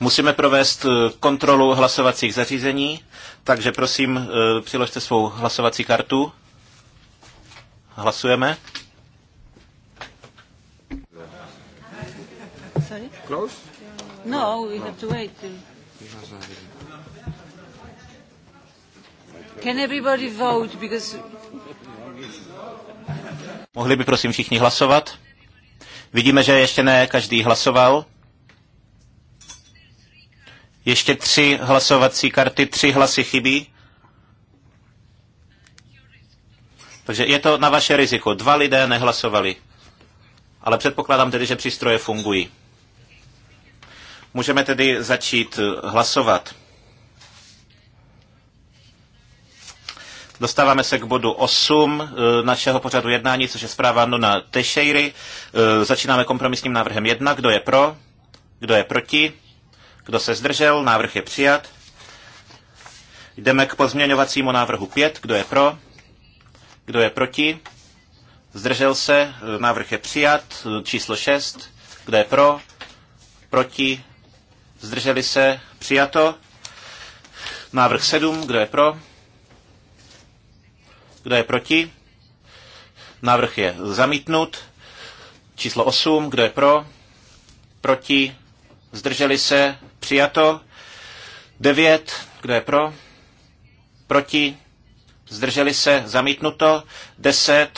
Musíme provést uh, kontrolu hlasovacích zařízení, takže prosím, uh, přiložte svou hlasovací kartu. Hlasujeme. Close? No, Mohli by prosím všichni hlasovat? Vidíme, že ještě ne každý hlasoval. Ještě tři hlasovací karty, tři hlasy chybí. Takže je to na vaše riziko. Dva lidé nehlasovali. Ale předpokládám tedy, že přístroje fungují. Můžeme tedy začít hlasovat. Dostáváme se k bodu 8 eh, našeho pořadu jednání, což je zpráva na Tešejry. Eh, začínáme kompromisním návrhem 1. Kdo je pro? Kdo je proti? Kdo se zdržel? Návrh je přijat. Jdeme k pozměňovacímu návrhu 5. Kdo je pro? Kdo je proti? Zdržel se? Eh, návrh je přijat. Číslo 6. Kdo je pro? Proti? Zdrželi se? Přijato. Návrh 7. Kdo je pro? Kdo je proti? Návrh je zamítnut. Číslo 8. Kdo je pro? Proti? Zdrželi se? Přijato. 9. Kdo je pro? Proti? Zdrželi se? Zamítnuto. 10.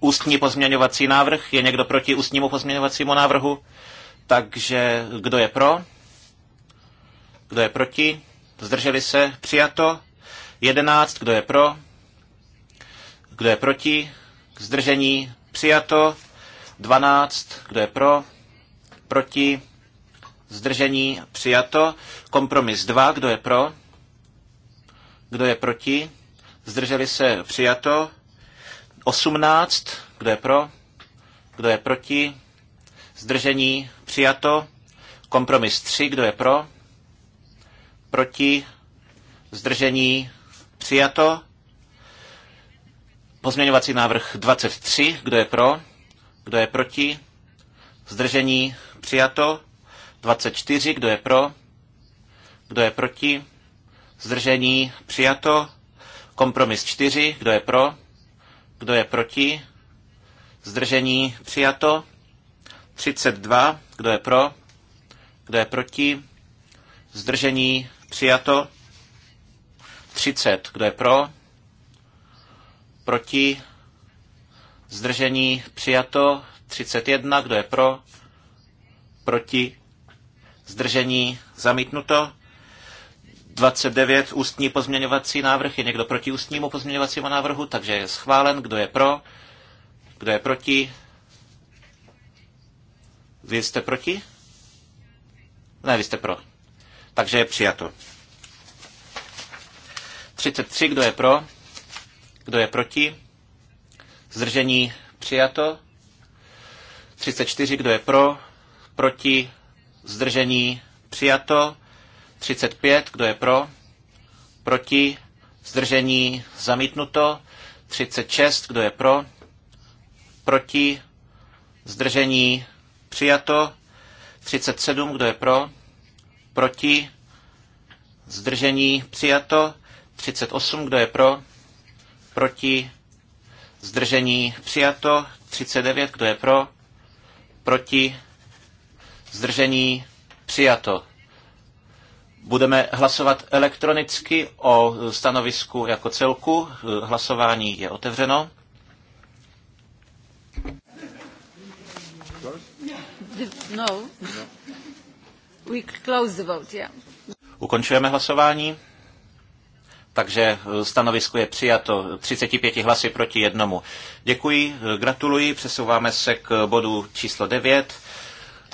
Ústní pozměňovací návrh. Je někdo proti ústnímu pozměňovacímu návrhu? Takže kdo je pro? Kdo je proti? Zdrželi se? Přijato. 11. Kdo je pro? Kdo je proti? K zdržení? Přijato. 12. Kdo je pro? Proti? Zdržení? Přijato. Kompromis 2. Kdo je pro? Kdo je proti? Zdrželi se? Přijato. 18. Kdo je pro? Kdo je proti? Zdržení? Přijato. Kompromis 3. Kdo je pro? Proti? Zdržení? Přijato. Pozměňovací návrh 23, kdo je pro, kdo je proti, zdržení přijato. 24, kdo je pro, kdo je proti, zdržení přijato. Kompromis 4, kdo je pro, kdo je proti, zdržení přijato. 32, kdo je pro, kdo je proti, zdržení přijato. 30, kdo je pro, Proti? Zdržení přijato. 31. Kdo je pro? Proti? Zdržení zamítnuto. 29. Ústní pozměňovací návrh. Je někdo proti ústnímu pozměňovacímu návrhu? Takže je schválen. Kdo je pro? Kdo je proti? Vy jste proti? Ne, vy jste pro. Takže je přijato. 33, kdo je pro? Kdo je proti? Zdržení přijato. 34, kdo je pro? Proti? Zdržení přijato. 35, kdo je pro? Proti? Zdržení zamítnuto. 36, kdo je pro? Proti? Zdržení přijato. 37, kdo je pro? Proti? Zdržení přijato. 38, kdo je pro? proti, zdržení přijato, 39, kdo je pro, proti, zdržení přijato. Budeme hlasovat elektronicky o stanovisku jako celku. Hlasování je otevřeno. No. We close the vote, yeah. Ukončujeme hlasování. Takže eh, stanovisko je přijato 35 hlasy proti jednomu. Děkuji, eh, gratuluji, přesouváme se k bodu číslo 9.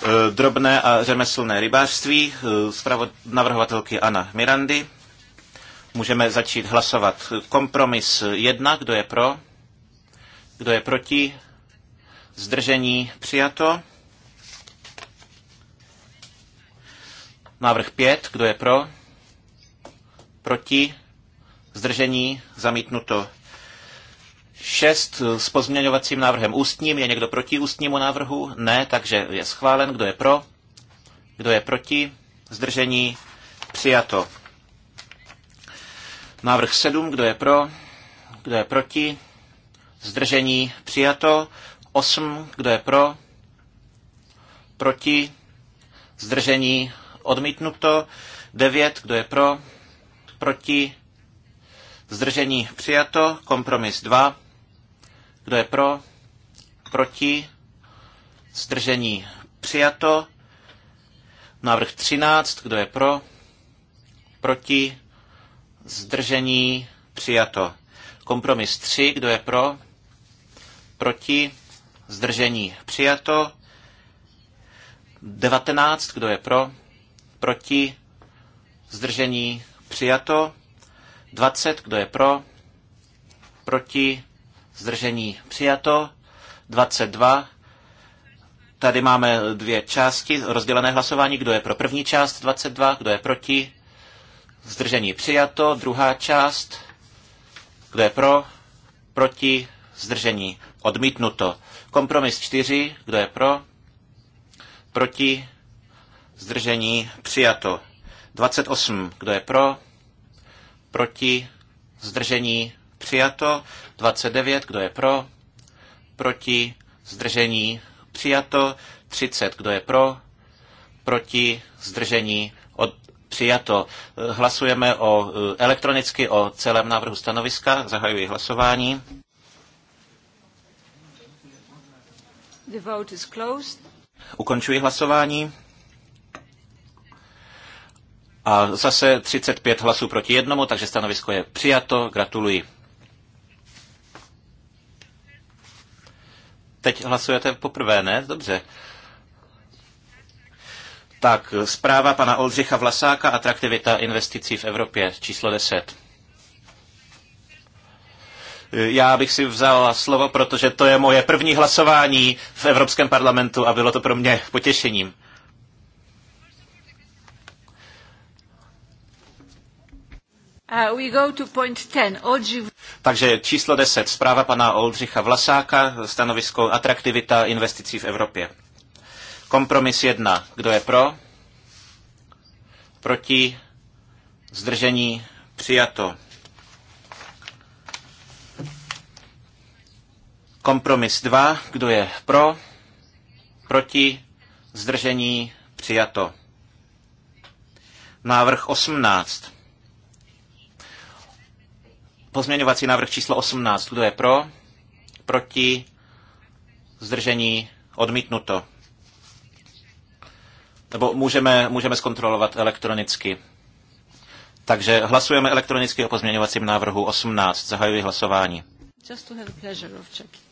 Eh, Drobné a řemeslné rybářství, zpravo navrhovatelky Ana Mirandy. Můžeme začít hlasovat. Kompromis 1, kdo je pro, kdo je proti, zdržení přijato. Návrh 5, kdo je pro, proti, zdržení, zamítnuto. šest eh, s pozměňovacím návrhem ústním. Je někdo proti ústnímu návrhu? Ne, takže je schválen. Kdo je pro? Kdo je proti? Zdržení? Přijato. Návrh sedm Kdo je pro? Kdo je proti? Zdržení? Přijato. osm Kdo je pro? Proti? Zdržení? Odmítnuto. devět Kdo je pro? Proti? Zdržení přijato. Kompromis 2. Kdo je pro? Proti? Zdržení přijato. Návrh 13. Kdo je pro? Proti? Zdržení přijato. Kompromis 3. Kdo je pro? Proti? Zdržení přijato. 19. Kdo je pro? Proti? Zdržení přijato. 20, kdo je pro, proti, zdržení přijato, 22, Tady máme dvě části, rozdělené hlasování, kdo je pro první část 22, kdo je proti, zdržení přijato, druhá část, kdo je pro, proti, zdržení odmítnuto. Kompromis 4, kdo je pro, proti, zdržení přijato. 28, kdo je pro, proti, zdržení, přijato. 29, kdo je pro, proti, zdržení, přijato. 30, kdo je pro, proti, zdržení, od, přijato. Hlasujeme o, eh, elektronicky o celém návrhu stanoviska. Zahajuji hlasování. The vote is closed. Ukončuji hlasování. A zase 35 hlasů proti jednomu, takže stanovisko je přijato. Gratuluji. Teď hlasujete poprvé, ne? Dobře. Tak, zpráva pana Oldřicha Vlasáka, atraktivita investicí v Evropě, číslo 10. Já bych si vzal slovo, protože to je moje první hlasování v Evropském parlamentu a bylo to pro mě potěšením. Uh, we go to point 10. Odživ... Takže číslo 10, zpráva pana Oldřicha Vlasáka, stanovisko atraktivita investicí v Evropě. Kompromis 1. Kdo je pro? Proti? Zdržení? Přijato. Kompromis 2. Kdo je pro? Proti? Zdržení? Přijato. Návrh 18. Pozměňovací návrh číslo 18. Kdo je pro? Proti? Zdržení? Odmítnuto. Nebo můžeme, můžeme zkontrolovat elektronicky. Takže hlasujeme elektronicky o pozměňovacím návrhu 18. Zahajuji hlasování. Just to have pleasure of checking.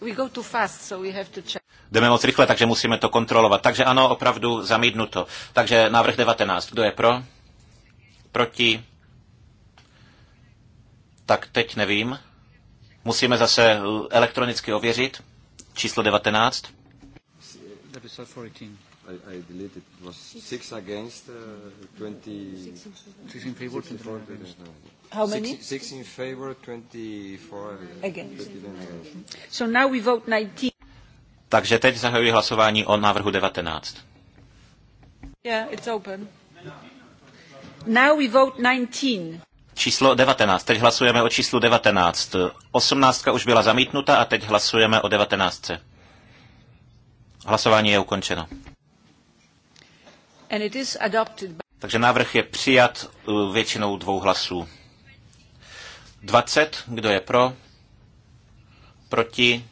We go too fast, so we have to check jdeme moc rychle, takže musíme to kontrolovat. Takže ano, opravdu zamítnuto. Takže návrh 19. Kdo je pro? Proti? Tak teď nevím. Musíme zase uh, elektronicky ověřit. Číslo 19. six Six How many? Six, six in favor, 24 no, no. against. against. So now we vote 19. Takže teď zahajuji hlasování o návrhu 19. Yeah, it's open. Now we vote 19. Číslo 19. Teď hlasujeme o číslu 19. 18 už byla zamítnuta a teď hlasujeme o 19. Hlasování je ukončeno. And it is adopted by... Takže návrh je přijat uh, většinou dvou hlasů. 20. Kdo je pro? Proti?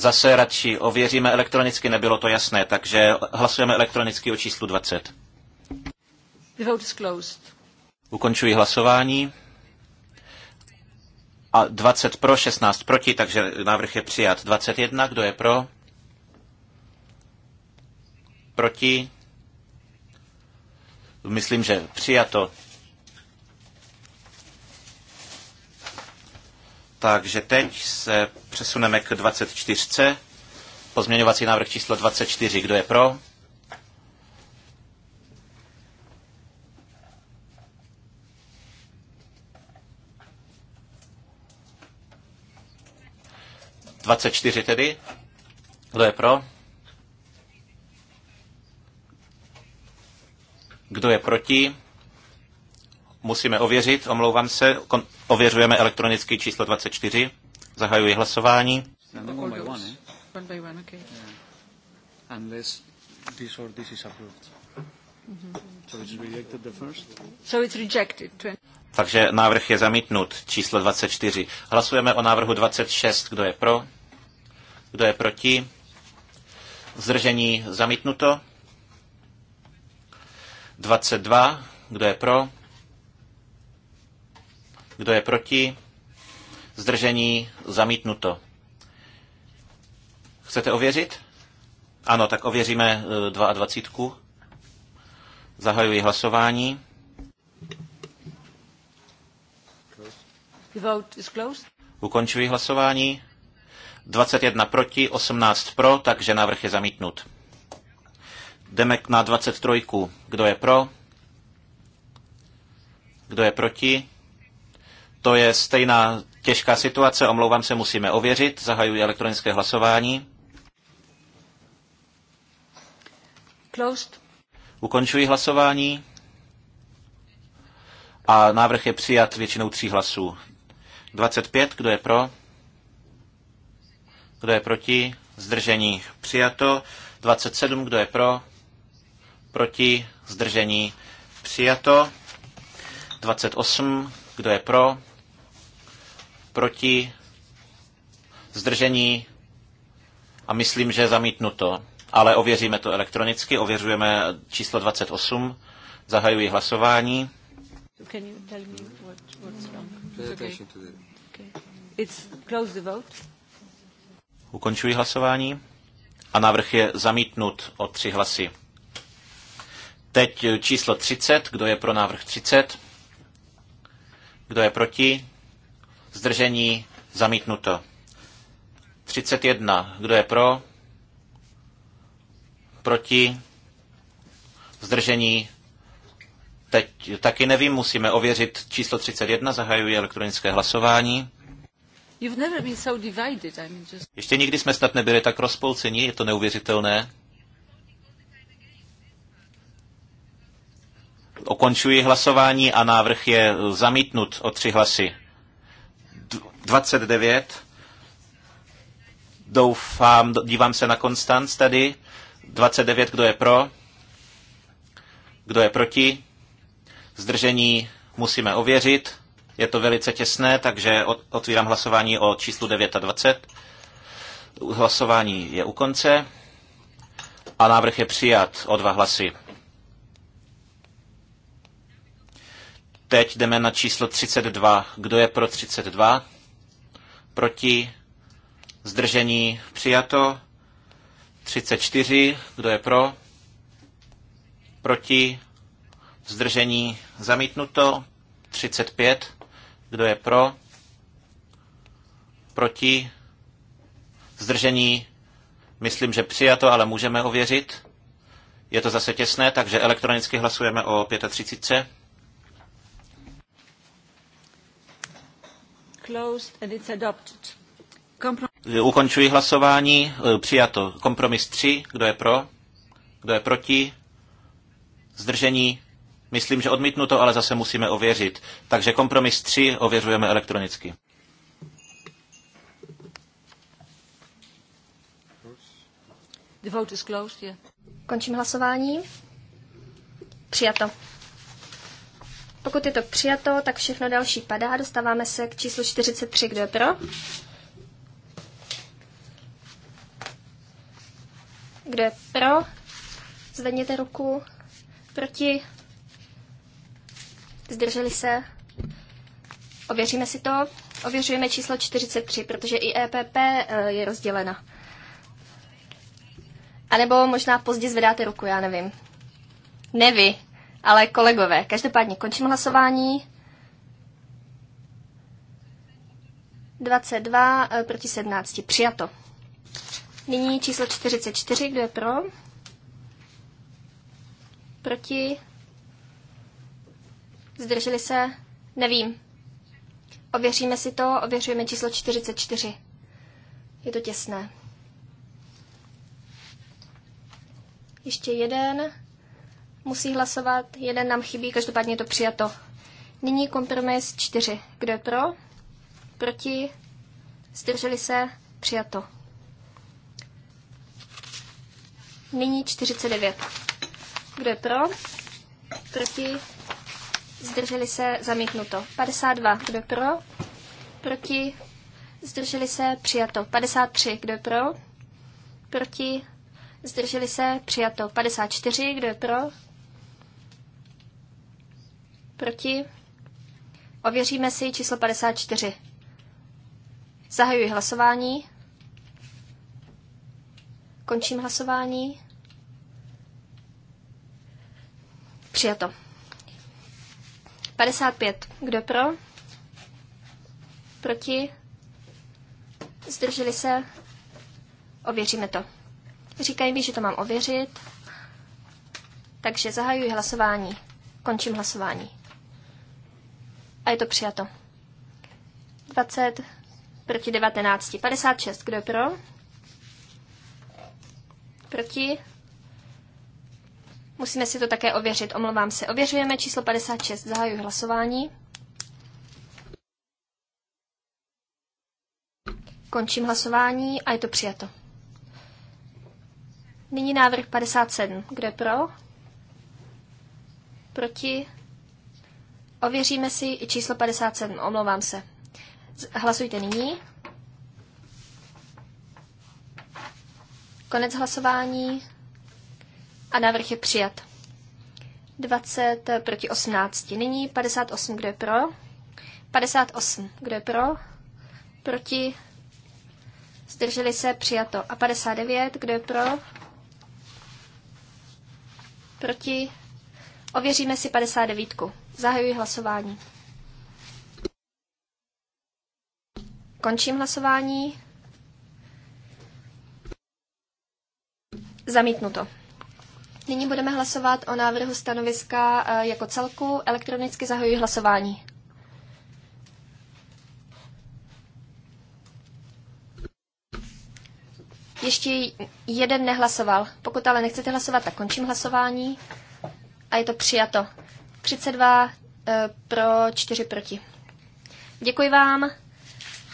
Zase radši ověříme elektronicky, nebylo to jasné, takže hlasujeme elektronicky o číslu 20. The vote is closed. Ukončuji hlasování. A 20 pro, 16 proti, takže návrh je přijat. 21, kdo je pro? Proti? Myslím, že přijato. Takže teď se přesuneme k 24. Pozměňovací návrh číslo 24. Kdo je pro? Dvacet čtyři tedy. Kdo je pro? Kdo je proti? musíme ověřit, omlouvám se, kon- ověřujeme elektronické číslo 24, zahajuji hlasování. Mm-hmm. Takže návrh je zamítnut, číslo 24. Hlasujeme o návrhu 26. Kdo je pro? Kdo je proti? Zdržení zamítnuto. 22. Kdo je pro? Kdo je proti? Zdržení zamítnuto. Chcete ověřit? Ano, tak ověříme 22. Eh, Zahajuji hlasování. The vote is closed. Ukončuji hlasování. 21 proti, 18 pro, takže návrh je zamítnut. Jdeme na 23. Kdo je pro? Kdo je proti? To je stejná těžká situace, omlouvám se, musíme ověřit. Zahajuji elektronické hlasování. Closed. Ukončuji hlasování. A návrh je přijat většinou tří hlasů. 25, kdo je pro? Kdo je proti? Zdržení přijato. 27, kdo je pro? Proti? Zdržení přijato. 28, kdo je pro? proti, zdržení a myslím, že zamítnuto. Ale ověříme to elektronicky, ověřujeme číslo 28, zahajuji hlasování. Ukončuji hlasování a návrh je zamítnut o tři hlasy. Teď číslo 30, kdo je pro návrh 30? Kdo je proti? zdržení, zamítnuto. 31. Kdo je pro? Proti? Zdržení? Teď taky nevím, musíme ověřit číslo 31, zahajuji elektronické hlasování. You've never been so divided, I mean just... Ještě nikdy jsme snad nebyli tak rozpolceni, je to neuvěřitelné. Okončuji hlasování a návrh je zamítnut o tři hlasy. 29. Doufám, dívám se na Konstanc tady. 29, kdo je pro? Kdo je proti? Zdržení musíme ověřit. Je to velice těsné, takže otvírám hlasování o číslu 29. Hlasování je u konce a návrh je přijat o dva hlasy. Teď jdeme na číslo 32. Kdo je pro 32? proti, zdržení přijato, 34, kdo je pro, proti, zdržení zamítnuto, 35, kdo je pro, proti, zdržení, myslím, že přijato, ale můžeme ověřit. Je to zase těsné, takže elektronicky hlasujeme o 35. Eh, ukončuji hlasování. Eh, přijato. Kompromis 3. Kdo je pro? Kdo je proti? Zdržení? Myslím, že odmítnu to, ale zase musíme ověřit. Takže kompromis 3 ověřujeme elektronicky. The vote is closed, yeah. Končím hlasování. Přijato. Pokud je to přijato, tak všechno další padá. Dostáváme se k číslu 43. Kdo je pro? Kdo je pro? Zvedněte ruku. Proti? Zdrželi se? Ověříme si to. Ověřujeme číslo 43, protože i EPP eh, je rozdělena. A nebo možná pozdě zvedáte ruku, já nevím. Nevy ale kolegové, každopádně končím hlasování. 22 eh, proti 17. Přijato. Nyní číslo 44, kdo je pro? Proti? Zdrželi se? Nevím. Ověříme si to, ověřujeme číslo 44. Je to těsné. Ještě jeden musí hlasovat, jeden nám chybí, každopádně je to přijato. Nyní kompromis 4. Kdo je pro? Proti? Zdrželi se? Přijato. Nyní 49. Kdo je pro? Proti? Zdrželi se? Zamítnuto. 52. Kdo je pro? Proti? Zdrželi se? Přijato. 53. Kdo je pro? Proti? Zdrželi se? Přijato. 54. Kdo je pro? Proti? Ověříme si číslo 54. Zahajuji hlasování. Končím hlasování. Přijato. 55. Kdo pro? Proti? Zdrželi se? Ověříme to. Říkají mi, že to mám ověřit. Takže zahajuji hlasování. Končím hlasování. A je to přijato. 20 proti 19. 56. Kdo je pro? Proti? Musíme si to také ověřit. Omlouvám se. Ověřujeme číslo 56. Zahajuji hlasování. Končím hlasování a je to přijato. Nyní návrh 57. Kdo je pro? Proti? Ověříme si i číslo 57, omlouvám se. Hlasujte nyní. Konec hlasování a návrh je přijat. 20 eh, proti 18. Nyní 58, kdo je pro? 58, kdo je pro? Proti? Zdrželi se, přijato. A 59, kdo je pro? Proti? Ověříme si 59. Zahajuji hlasování. Končím hlasování. Zamítnuto. Nyní budeme hlasovat o návrhu stanoviska eh, jako celku. Elektronicky zahajuji hlasování. Ještě jeden nehlasoval. Pokud ale nechcete hlasovat, tak končím hlasování. A je to přijato. 32 eh, pro, 4 proti. Děkuji vám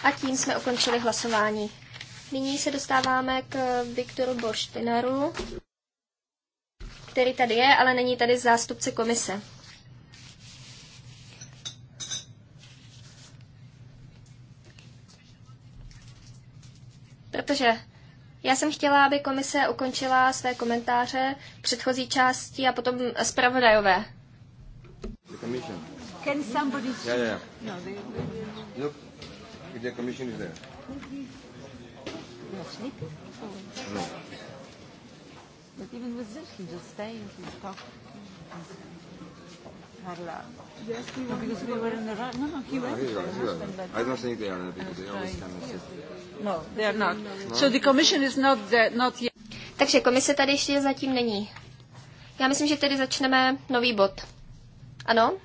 a tím jsme ukončili hlasování. Nyní se dostáváme k Viktoru Borštinaru, který tady je, ale není tady zástupce komise. Protože já jsem chtěla, aby komise ukončila své komentáře předchozí části a potom zpravodajové. The commission. Can somebody see? Yeah, yeah. No, they, they, Look, the commission is there. Sneak it No. But even with this, he just stays, he's talking. Yes, we no, because we were in the right. No, no, he no, went. was, I don't think they are there because they always come and sit. No, they are not. No, no, no? So the commission is not there, not yet. Takže komise tady ještě zatím není. Já myslím, že tedy začneme nový bod. Ano?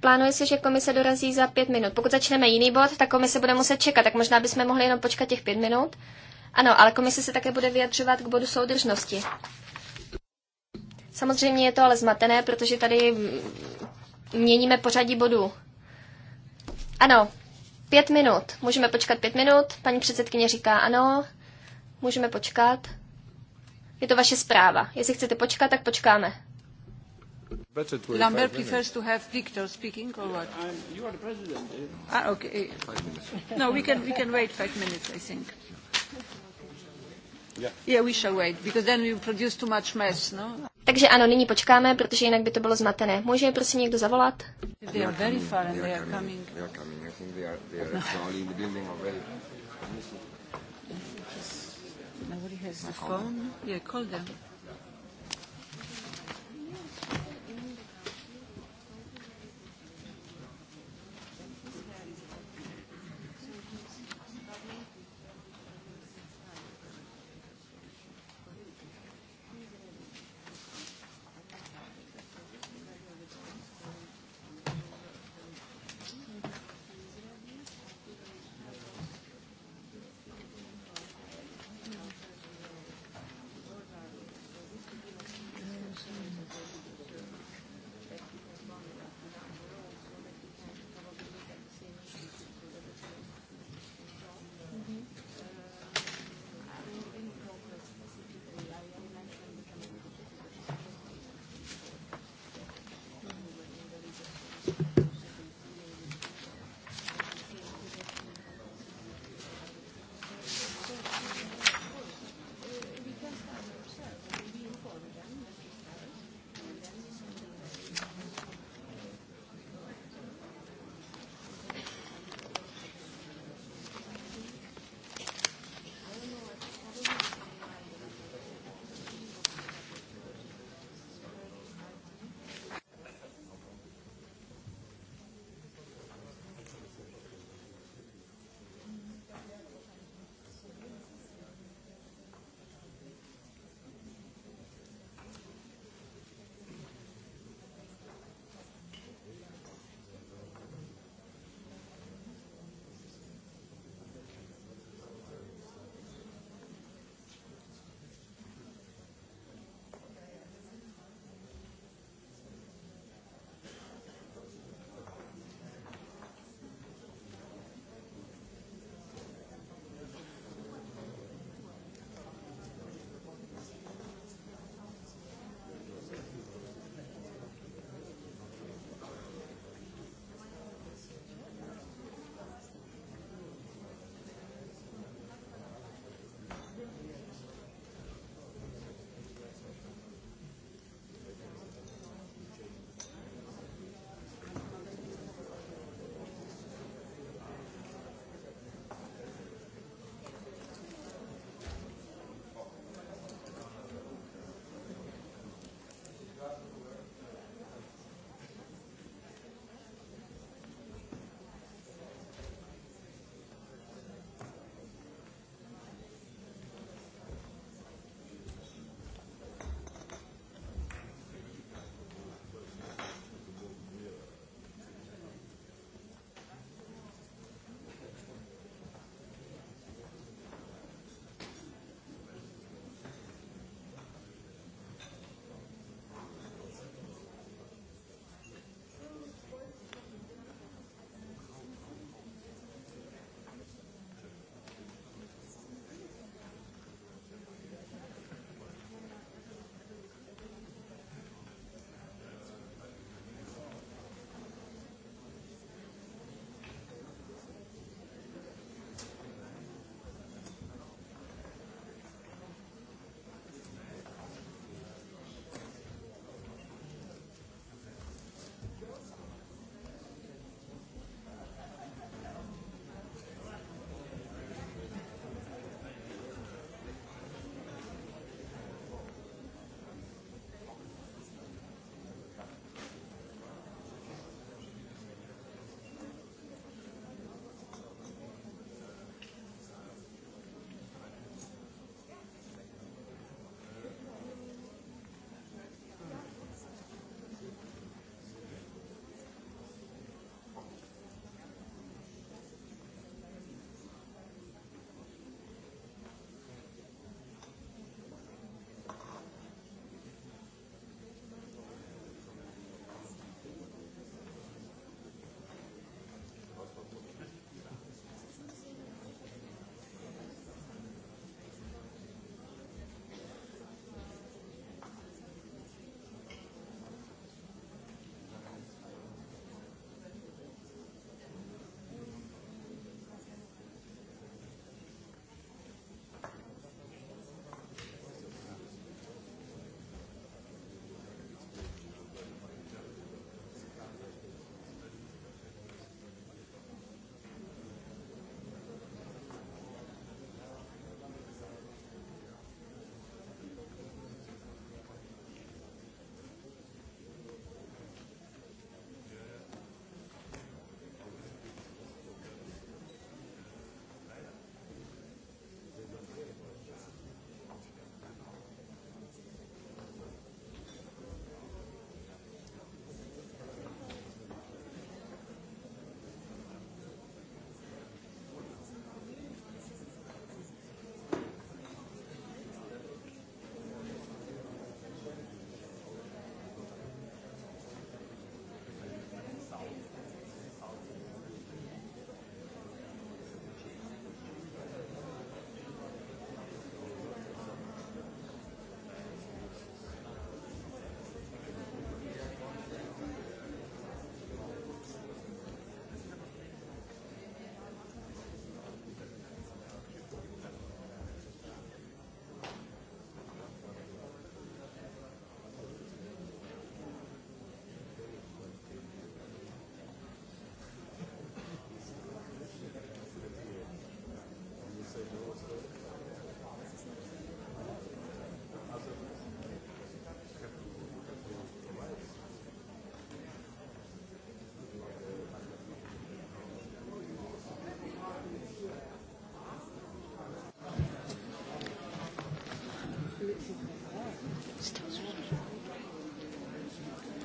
Plánuje se, že komise dorazí za pět minut. Pokud začneme jiný bod, tak komise bude muset čekat, tak možná bychom mohli jenom počkat těch pět minut. Ano, ale komise se také bude vyjadřovat k bodu soudržnosti. Samozřejmě je to ale zmatené, protože tady měníme pořadí bodů. Ano, pět minut. Můžeme počkat pět minut. Paní předsedkyně říká ano, můžeme počkat. Je to vaše zpráva. Jestli chcete počkat, tak počkáme. Lambert prefers to have Victor speaking or what? I'm, you are the president. Eh? Ah, okay. No, we can, we can wait five minutes, I think. Yeah. yeah, we shall wait, because then we produce too much mess, no? Takže ano, nyní počkáme, protože jinak by to bylo zmatené. Může je prosím někdo zavolat? They are very far and they are coming. They are coming. I think they are, they are actually in the building already. Nobody has the phone. Yeah, call them.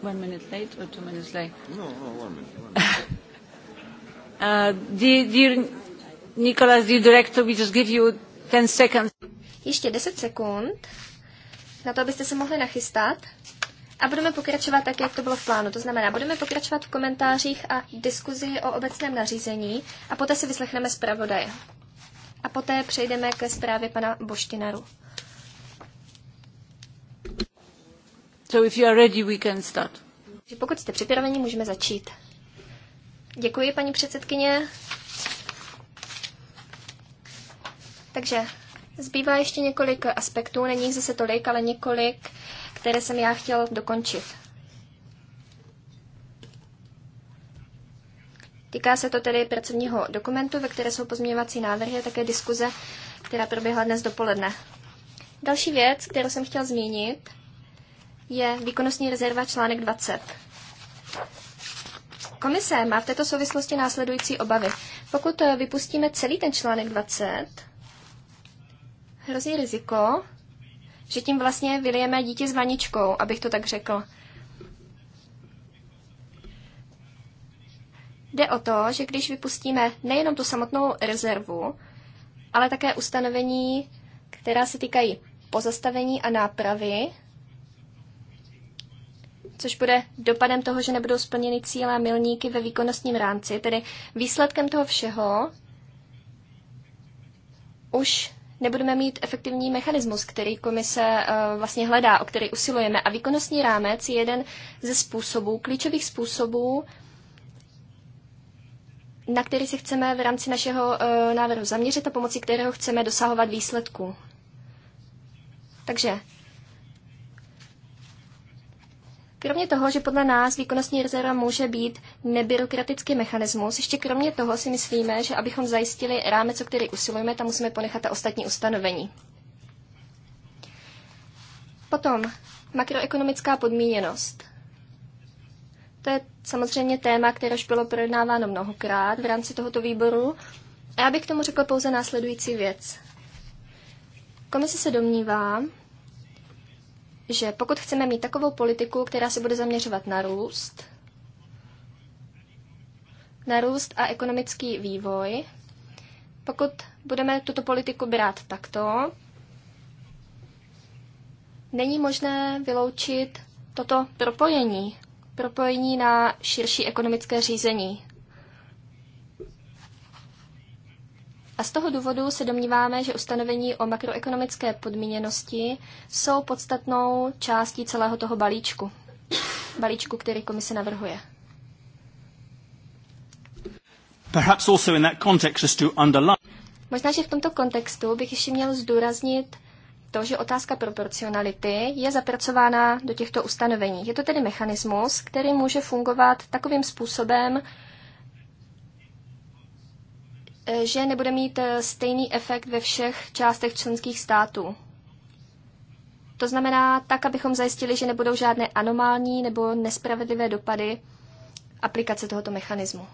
one minute late or two minutes late? No, no, one minute. One minute. uh, dear, dear Nicholas, dear director, we just give you 10 seconds. Ještě 10 sekund na to, abyste se mohli nachystat. A budeme pokračovat tak, jak to bylo v plánu. To znamená, budeme pokračovat v komentářích a diskuzi o obecném nařízení a poté si vyslechneme zpravodaje. A poté přejdeme ke zprávě pana Boštinaru. So if you are ready, we can start. Pokud jste připraveni, můžeme začít. Děkuji, paní předsedkyně. Takže zbývá ještě několik aspektů, není jich zase tolik, ale několik, které jsem já chtěl dokončit. Týká se to tedy pracovního dokumentu, ve které jsou pozměňovací návrhy a také diskuze, která proběhla dnes dopoledne. Další věc, kterou jsem chtěl zmínit, je výkonnostní rezerva článek 20. Komise má v této souvislosti následující obavy. Pokud eh, vypustíme celý ten článek 20, hrozí riziko, že tím vlastně vylijeme dítě s vaničkou, abych to tak řekl. Jde o to, že když vypustíme nejenom tu samotnou rezervu, ale také ustanovení, která se týkají pozastavení a nápravy, což bude dopadem toho, že nebudou splněny cíle a milníky ve výkonnostním rámci. Tedy výsledkem toho všeho už nebudeme mít efektivní mechanismus, který komise eh, vlastně hledá, o který usilujeme. A výkonnostní rámec je jeden ze způsobů, klíčových způsobů, na který se chceme v rámci našeho eh, návrhu zaměřit a pomocí kterého chceme dosahovat výsledku. Takže Kromě toho, že podle nás výkonnostní rezerva může být nebyrokratický mechanismus, ještě kromě toho si myslíme, že abychom zajistili rámec, o který usilujeme, tam musíme ponechat ta ostatní ustanovení. Potom makroekonomická podmíněnost. To je samozřejmě téma, které už bylo projednáváno mnohokrát v rámci tohoto výboru. A já bych k tomu řekla pouze následující věc. Komise se domnívá, že pokud chceme mít takovou politiku, která se bude zaměřovat na růst, na růst a ekonomický vývoj, pokud budeme tuto politiku brát takto, není možné vyloučit toto propojení, propojení na širší ekonomické řízení. A z toho důvodu se domníváme, že ustanovení o makroekonomické podmíněnosti jsou podstatnou částí celého toho balíčku. Balíčku, který komise navrhuje. also in that to underline... Možná, že v tomto kontextu bych ještě měl zdůraznit to, že otázka proporcionality je zapracována do těchto ustanovení. Je to tedy mechanismus, který může fungovat takovým způsobem, že nebude mít eh, stejný efekt ve všech částech členských států. To znamená tak, abychom zajistili, že nebudou žádné anomální nebo nespravedlivé dopady aplikace tohoto mechanismu.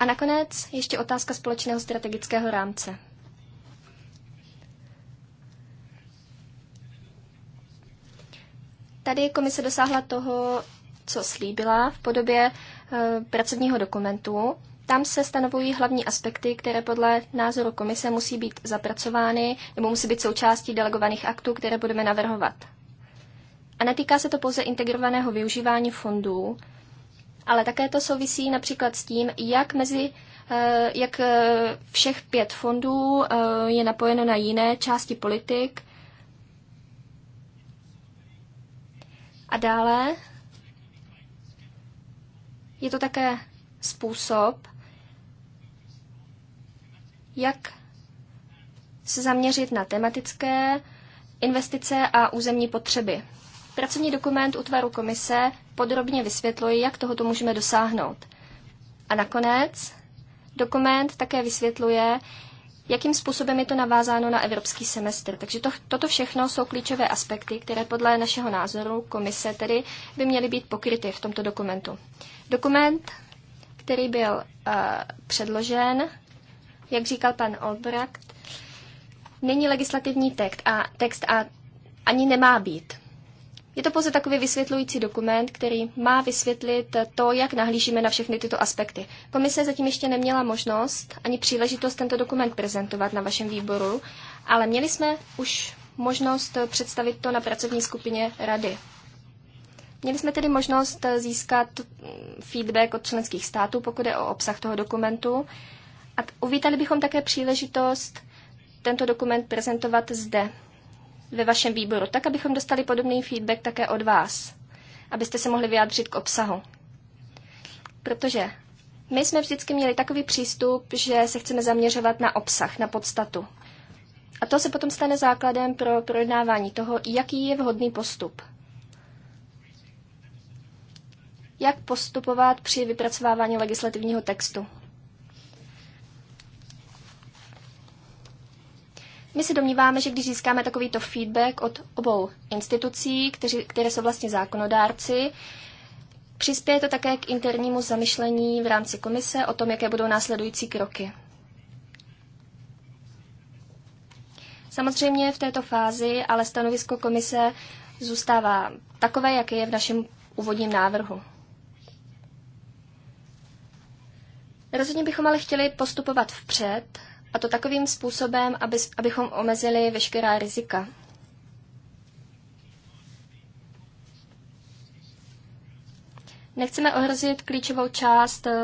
A nakonec ještě otázka společného strategického rámce. Tady komise dosáhla toho, co slíbila v podobě eh, pracovního dokumentu. Tam se stanovují hlavní aspekty, které podle názoru komise musí být zapracovány nebo musí být součástí delegovaných aktů, které budeme navrhovat. A netýká se to pouze integrovaného využívání fondů, ale také to souvisí například s tím, jak mezi eh, jak eh, všech pět fondů je napojeno na jiné části politik A dále je to také způsob, jak se zaměřit na tematické investice a územní potřeby. Pracovní dokument útvaru komise podrobně vysvětluje, jak tohoto můžeme dosáhnout. A nakonec dokument také vysvětluje, jakým způsobem je to navázáno na evropský semestr. Takže to, toto všechno jsou klíčové aspekty, které podle našeho názoru komise tedy by měly být pokryty v tomto dokumentu. Dokument, který byl uh, předložen, jak říkal pan Olbrak, není legislativní text a, text a ani nemá být. Je to pouze takový vysvětlující dokument, který má vysvětlit to, jak nahlížíme na všechny tyto aspekty. Komise zatím ještě neměla možnost ani příležitost tento dokument prezentovat na vašem výboru, ale měli jsme už možnost představit to na pracovní skupině rady. Měli jsme tedy možnost získat feedback od členských států, pokud je o obsah toho dokumentu. A uvítali bychom také příležitost tento dokument prezentovat zde, ve vašem výboru, tak abychom dostali podobný feedback také od vás, abyste se mohli vyjádřit k obsahu. Protože my jsme vždycky měli takový přístup, že se chceme zaměřovat na obsah, na podstatu. A to se potom stane základem pro projednávání toho, jaký je vhodný postup. Jak postupovat při vypracovávání legislativního textu. My se domníváme, že když získáme takovýto feedback od obou institucí, kteři, které jsou vlastně zákonodárci, přispěje to také k internímu zamyšlení v rámci komise o tom, jaké budou následující kroky. Samozřejmě v této fázi ale stanovisko komise zůstává takové, jaké je v našem úvodním návrhu. Rozhodně bychom ale chtěli postupovat vpřed a to takovým způsobem, aby, abychom omezili veškerá rizika. Nechceme ohrozit klíčovou část eh,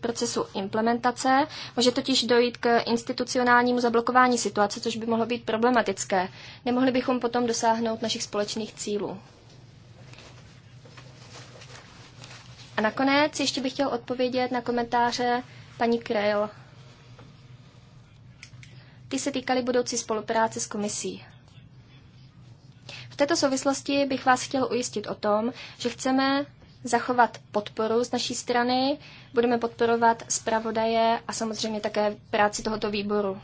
procesu implementace. Může totiž dojít k institucionálnímu zablokování situace, což by mohlo být problematické. Nemohli bychom potom dosáhnout našich společných cílů. A nakonec ještě bych chtěl odpovědět na komentáře paní Krejl. Ty se týkaly budoucí spolupráce s komisí. V této souvislosti bych vás chtěl ujistit o tom, že chceme zachovat podporu z naší strany, budeme podporovat zpravodaje a samozřejmě také práci tohoto výboru.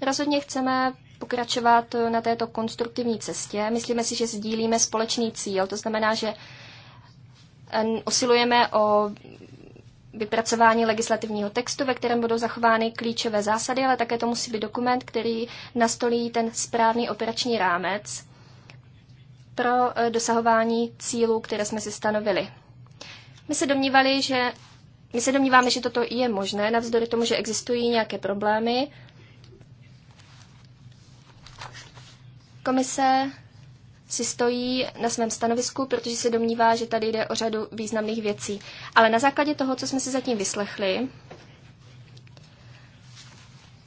Rozhodně chceme pokračovat na této konstruktivní cestě. Myslíme si, že sdílíme společný cíl, to znamená, že osilujeme o vypracování legislativního textu, ve kterém budou zachovány klíčové zásady, ale také to musí být dokument, který nastolí ten správný operační rámec pro eh, dosahování cílů, které jsme si stanovili. My se domnívali, že my se domníváme, že toto je možné, navzdory tomu, že existují nějaké problémy. Komise si stojí na svém stanovisku, protože se domnívá, že tady jde o řadu významných věcí. Ale na základě toho, co jsme si zatím vyslechli,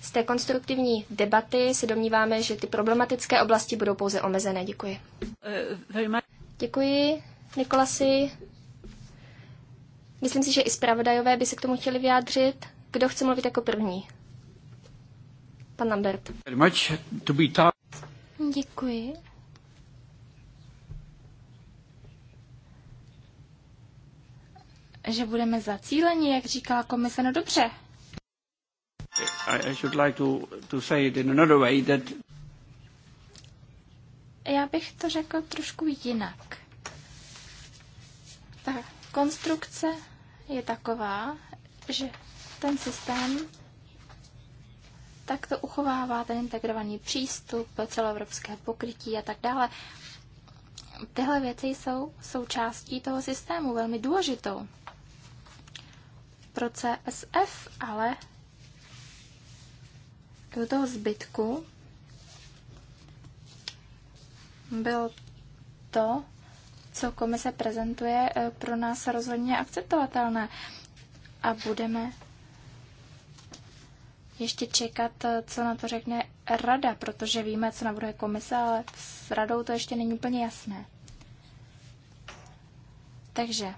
z té konstruktivní debaty se domníváme, že ty problematické oblasti budou pouze omezené. Děkuji. Děkuji, Nikolasi. Myslím si, že i zpravodajové by se k tomu chtěli vyjádřit. Kdo chce mluvit jako první? Pan Lambert. Děkuji. že budeme zacíleni, jak říkala komise, no dobře. I, Já bych to řekl trošku jinak. Ta konstrukce je taková, že ten systém tak to uchovává ten integrovaný přístup, celoevropské pokrytí a tak dále. Tyhle věci jsou součástí toho systému, velmi důležitou pro CSF, ale do toho zbytku byl to, co komise prezentuje, eh, pro nás rozhodně akceptovatelné. A budeme ještě čekat, eh, co na to řekne rada, protože víme, co navrhuje komise, ale s radou to ještě není úplně jasné. Takže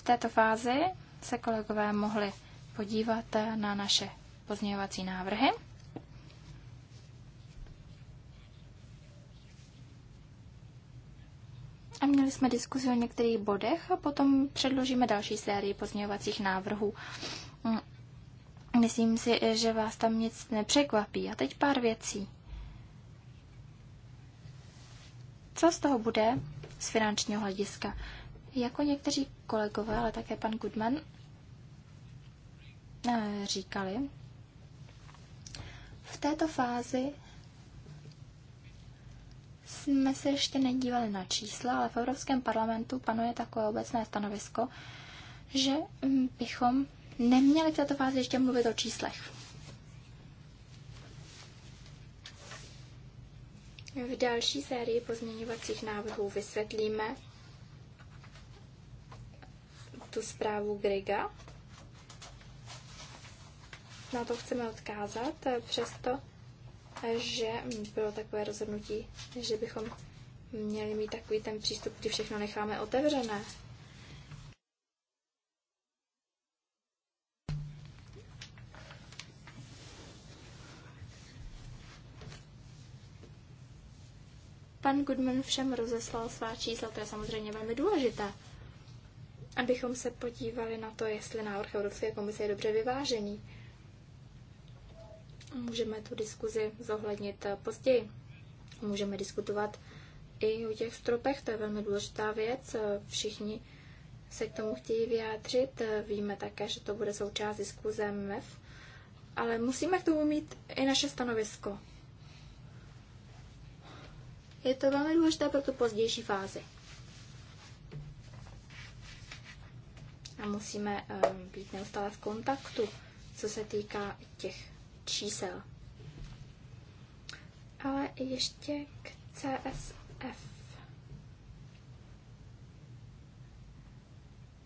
v této fázi se kolegové mohli podívat na naše pozměňovací návrhy. A měli jsme diskuzi o některých bodech a potom předložíme další sérii pozměňovacích návrhů. Myslím si, že vás tam nic nepřekvapí. A teď pár věcí. Co z toho bude z finančního hlediska? Jako někteří kolegové, ale také pan Goodman, eh, říkali, v této fázi jsme se ještě nedívali na čísla, ale v Evropském parlamentu panuje takové obecné stanovisko, že mm, bychom neměli v této fázi ještě mluvit o číslech. V další sérii pozměňovacích návrhů vysvětlíme, tu zprávu Griga. Na to chceme odkázat, eh, přesto, že bylo takové rozhodnutí, že bychom měli mít takový ten přístup, kdy všechno necháme otevřené. Pan Goodman všem rozeslal svá čísla, to je samozřejmě velmi důležité abychom se podívali na to, jestli návrh Evropské komise je dobře vyvážený. Můžeme tu diskuzi zohlednit eh, později. Můžeme diskutovat i o těch stropech, to je velmi důležitá věc. Eh, Všichni se k tomu chtějí vyjádřit. Eh, Víme také, že to bude součást diskuze MF, e ale musíme k tomu mít i naše stanovisko. Je to velmi důležité pro tu pozdější fázi. a musíme eh, být neustále v kontaktu, co se týká těch čísel. Ale ještě k CSF.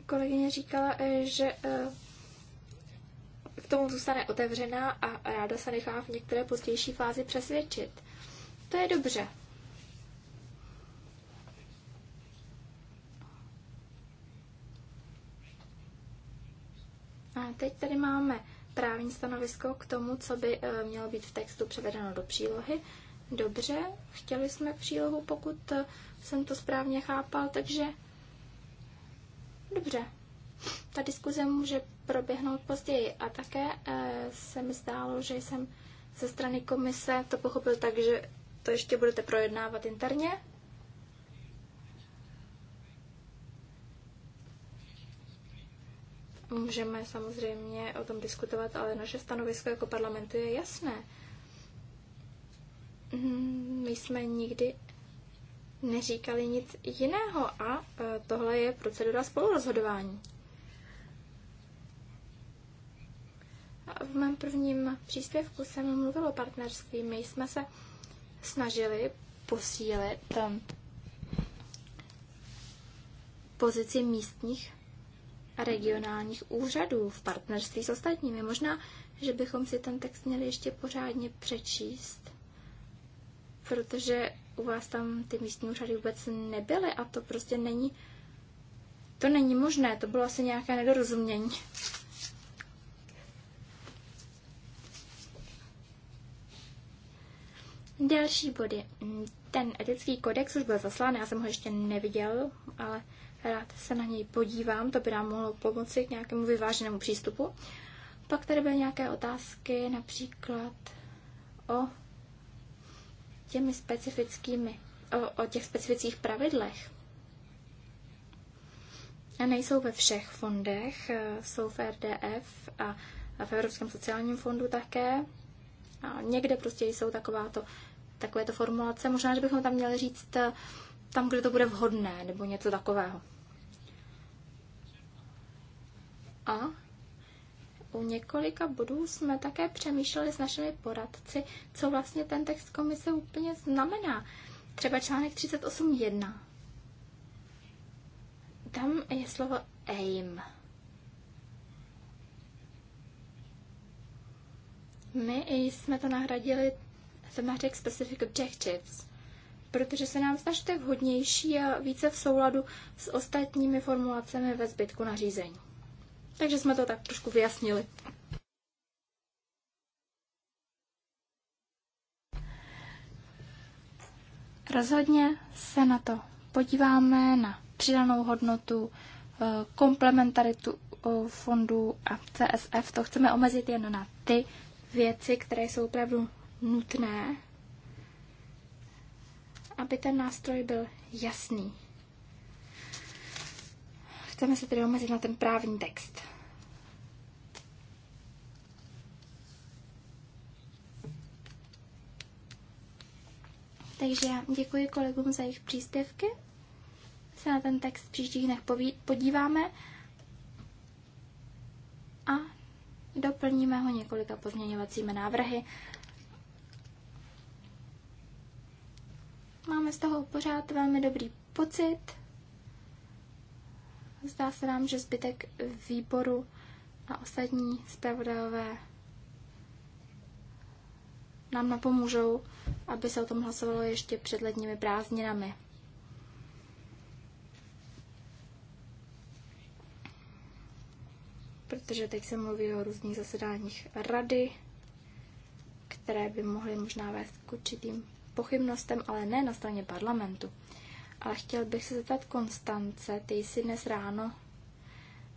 Kolegyně říkala, eh, že eh, k tomu zůstane otevřená a ráda se nechá v některé pozdější fázi přesvědčit. To je dobře, A teď tady máme právní stanovisko k tomu, co by eh, mělo být v textu převedeno do přílohy. Dobře, chtěli jsme přílohu, pokud eh, jsem to správně chápal, takže dobře. Ta diskuze může proběhnout později. A také eh, se mi zdálo, že jsem ze strany komise to pochopil tak, že to ještě budete projednávat interně, Můžeme samozřejmě o tom diskutovat, ale naše stanovisko jako parlamentu je jasné. Mm, my jsme nikdy neříkali nic jiného a e, tohle je procedura spolurozhodování. v mém prvním příspěvku jsem mluvil o partnerství. My jsme se snažili posílit e, pozici místních regionálních úřadů v partnerství s ostatními. Možná, že bychom si ten text měli ještě pořádně přečíst, protože u vás tam ty místní úřady vůbec nebyly a to prostě není, to není možné, to bylo asi nějaké nedorozumění. Další body. Ten etický kodex už byl zaslán, já jsem ho ještě neviděl, ale rád se na něj podívám, to by nám mohlo pomoci k nějakému vyváženému přístupu. Pak tady byly nějaké otázky, například o těmi specifickými, o, o těch specifických pravidlech. A nejsou ve všech fondech, e, jsou v RDF a v Evropském sociálním fondu také. A někde prostě jsou takováto, takovéto formulace. Možná, že bychom tam měli říct e, tam, kde to bude vhodné, nebo něco takového. A u několika bodů jsme také přemýšleli s našimi poradci, co vlastně ten text komise úplně znamená. Třeba článek 38.1. Tam je slovo aim. My jsme to nahradili thematic specific objectives, protože se nám snažte vhodnější a více v souladu s ostatními formulacemi ve zbytku nařízení. Takže jsme to tak trošku vyjasnili. Rozhodně se na to podíváme, na přidanou hodnotu, eh, komplementaritu eh, fondů a CSF. To chceme omezit jen na ty věci, které jsou opravdu nutné, aby ten nástroj byl jasný, Chceme se tedy omezit na ten právní text. Takže já děkuji kolegům za jejich příspěvky. Se na ten text v příštích dnech podíváme a doplníme ho několika pozměňovacími návrhy. Máme z toho pořád velmi dobrý pocit. Zdá se nám, že zbytek výboru a ostatní zpravodajové nám napomůžou, aby se o tom hlasovalo ještě před letními prázdninami. Protože teď se mluví o různých zasedáních rady, které by mohly možná vést k určitým pochybnostem, ale ne na straně parlamentu. A chtěl bych se zeptat Konstance, ty jsi dnes ráno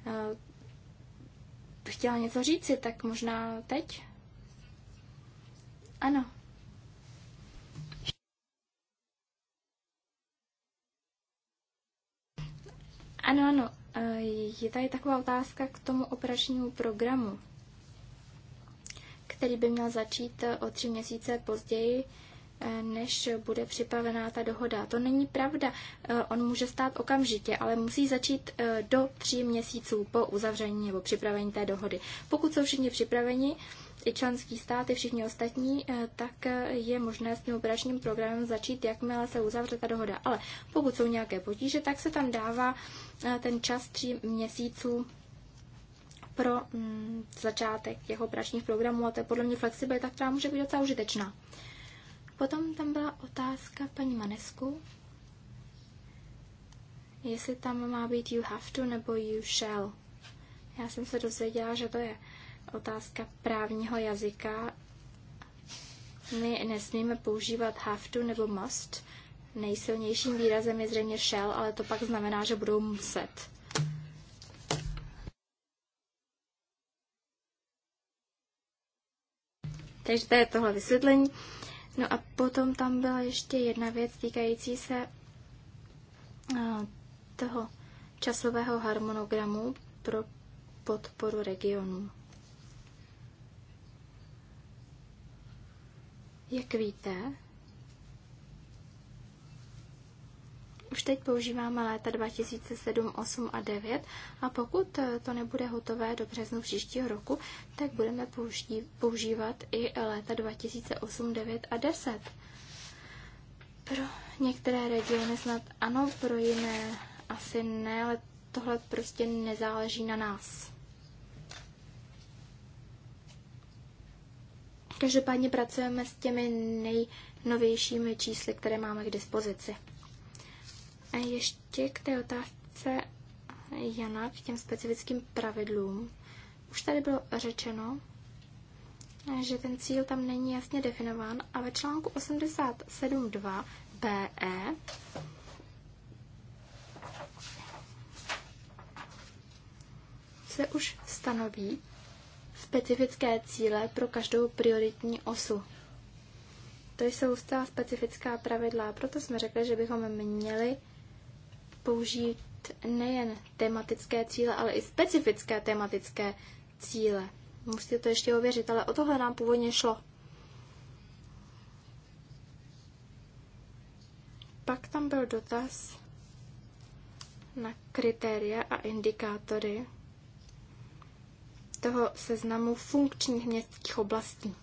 eh, chtěla něco říci, tak možná teď? Ano. Ano, ano. Eh, je tady taková otázka k tomu operačnímu programu, který by měl začít eh, o tři měsíce později než bude připravená ta dohoda. To není pravda. Eh, on může stát okamžitě, ale musí začít eh, do tří měsíců po uzavření nebo připravení té dohody. Pokud jsou všichni připraveni, i členský stát, i všichni ostatní, eh, tak je možné s tím operačním programem začít, jakmile se uzavře ta dohoda. Ale pokud jsou nějaké potíže, tak se tam dává ten čas tří měsíců pro mm, začátek jeho operačních programů a to je podle mě flexibilita, která může být docela užitečná. Potom tam byla otázka paní Manesku, jestli tam má být you have to nebo you shall. Já jsem se dozvěděla, že to je otázka právního jazyka. My nesmíme používat have to nebo must. Nejsilnějším výrazem je zřejmě shall, ale to pak znamená, že budou muset. Takže to je tohle vysvětlení. No a potom tam byla ještě jedna věc týkající se eh, toho časového harmonogramu pro podporu regionů. Jak víte, Už teď používáme léta 2007, 8 a 9 a pokud eh, to nebude hotové do březnu příštího roku, tak budeme používat i léta 2008, 9 a 10. Pro některé regiony snad ano, pro jiné asi ne, ale tohle prostě nezáleží na nás. Každopádně pracujeme s těmi nejnovějšími čísly, které máme k dispozici. Ještě k té otázce Jana, k těm specifickým pravidlům. Už tady bylo řečeno, že ten cíl tam není jasně definován a ve článku 87.2 BE se už stanoví specifické cíle pro každou prioritní osu. To jsou zcela specifická pravidla, proto jsme řekli, že bychom měli použít nejen tematické cíle, ale i specifické tematické cíle. Musíte to ještě ověřit, ale o tohle nám původně šlo. Pak tam byl dotaz na kritéria a indikátory toho seznamu funkčních městských oblastí.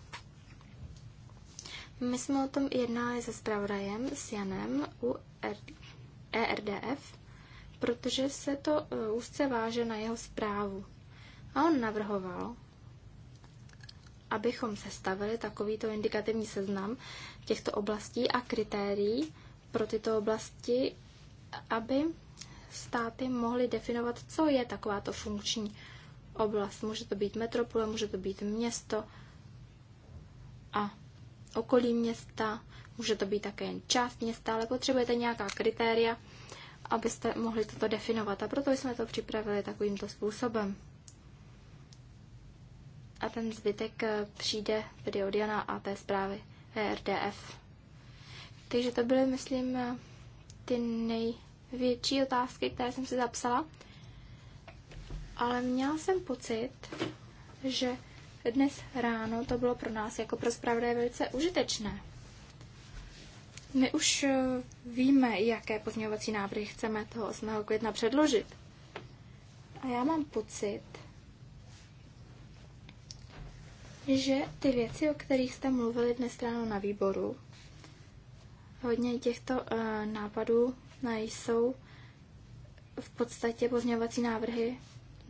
My jsme o tom jednali se zpravodajem, s Janem, u ERDF, protože se to e, úzce váže na jeho zprávu. A on navrhoval, abychom sestavili takovýto indikativní seznam těchto oblastí a kritérií pro tyto oblasti, aby státy mohly definovat, co je takováto funkční oblast. Může to být metropole, může to být město a okolí města, Může to být také jen část města, ale potřebujete nějaká kritéria, abyste mohli toto definovat. A proto jsme to připravili takovýmto způsobem. A ten zbytek eh, přijde tedy od Jana a té zprávy VRDF. E Takže to byly, myslím, eh, ty největší otázky, které jsem si zapsala. Ale měla jsem pocit, že dnes ráno to bylo pro nás jako pro zpravodaje velice užitečné. My už eh, víme, jaké pozměňovací návrhy chceme toho 8. května předložit. A já mám pocit, že ty věci, o kterých jste mluvili dnes ráno na výboru, hodně těchto uh, nápadů nejsou v podstatě pozměňovací návrhy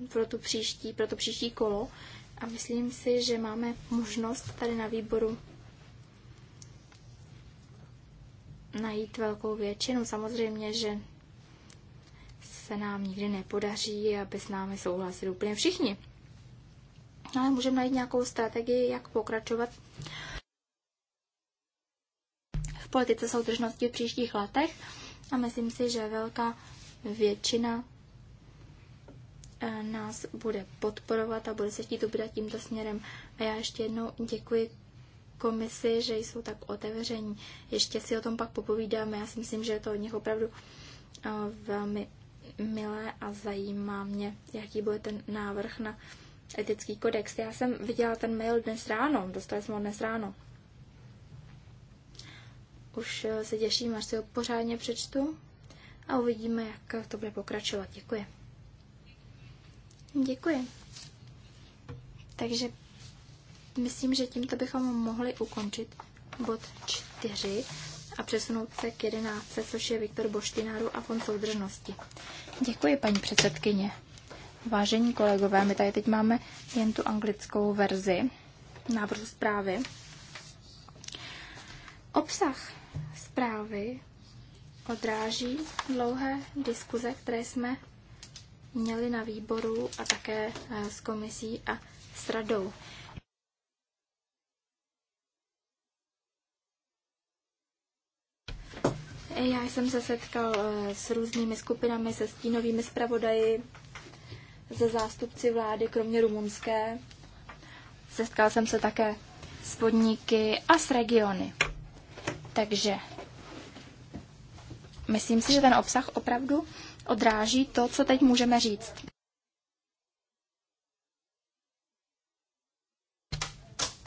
pro, tu příští, pro to příští kolo. A myslím si, že máme možnost tady na výboru najít velkou většinu. Samozřejmě, že se nám nikdy nepodaří, aby s námi souhlasili úplně všichni. Ale můžeme najít nějakou strategii, jak pokračovat v politice soudržnosti v příštích letech. A myslím si, že velká většina eh, nás bude podporovat a bude se chtít ubrat tímto směrem. A já ještě jednou děkuji komisi, že jsou tak otevření. Ještě si o tom pak popovídáme. Já si myslím, že je to od nich opravdu eh, velmi milé a zajímá mě, jaký bude ten návrh na etický kodex. Já jsem viděla ten mail dnes ráno, dostala jsem ho dnes ráno. Už eh, se těším, až si ho pořádně přečtu a uvidíme, jak to bude pokračovat. Děkuji. Děkuji. Takže Myslím, že tímto bychom mohli ukončit bod 4 a přesunout se k 11, což je Viktor Boštináru a Fond soudržnosti. Děkuji, paní předsedkyně. Vážení kolegové, my tady teď máme jen tu anglickou verzi návrhu zprávy. Obsah zprávy odráží dlouhé diskuze, které jsme měli na výboru a také eh, s komisí a s radou. Já jsem se setkal eh, s různými skupinami, se stínovými zpravodaji, ze zástupci vlády, kromě rumunské. Setkal jsem se také s podniky a s regiony. Takže myslím si, že ten obsah opravdu odráží to, co teď můžeme říct.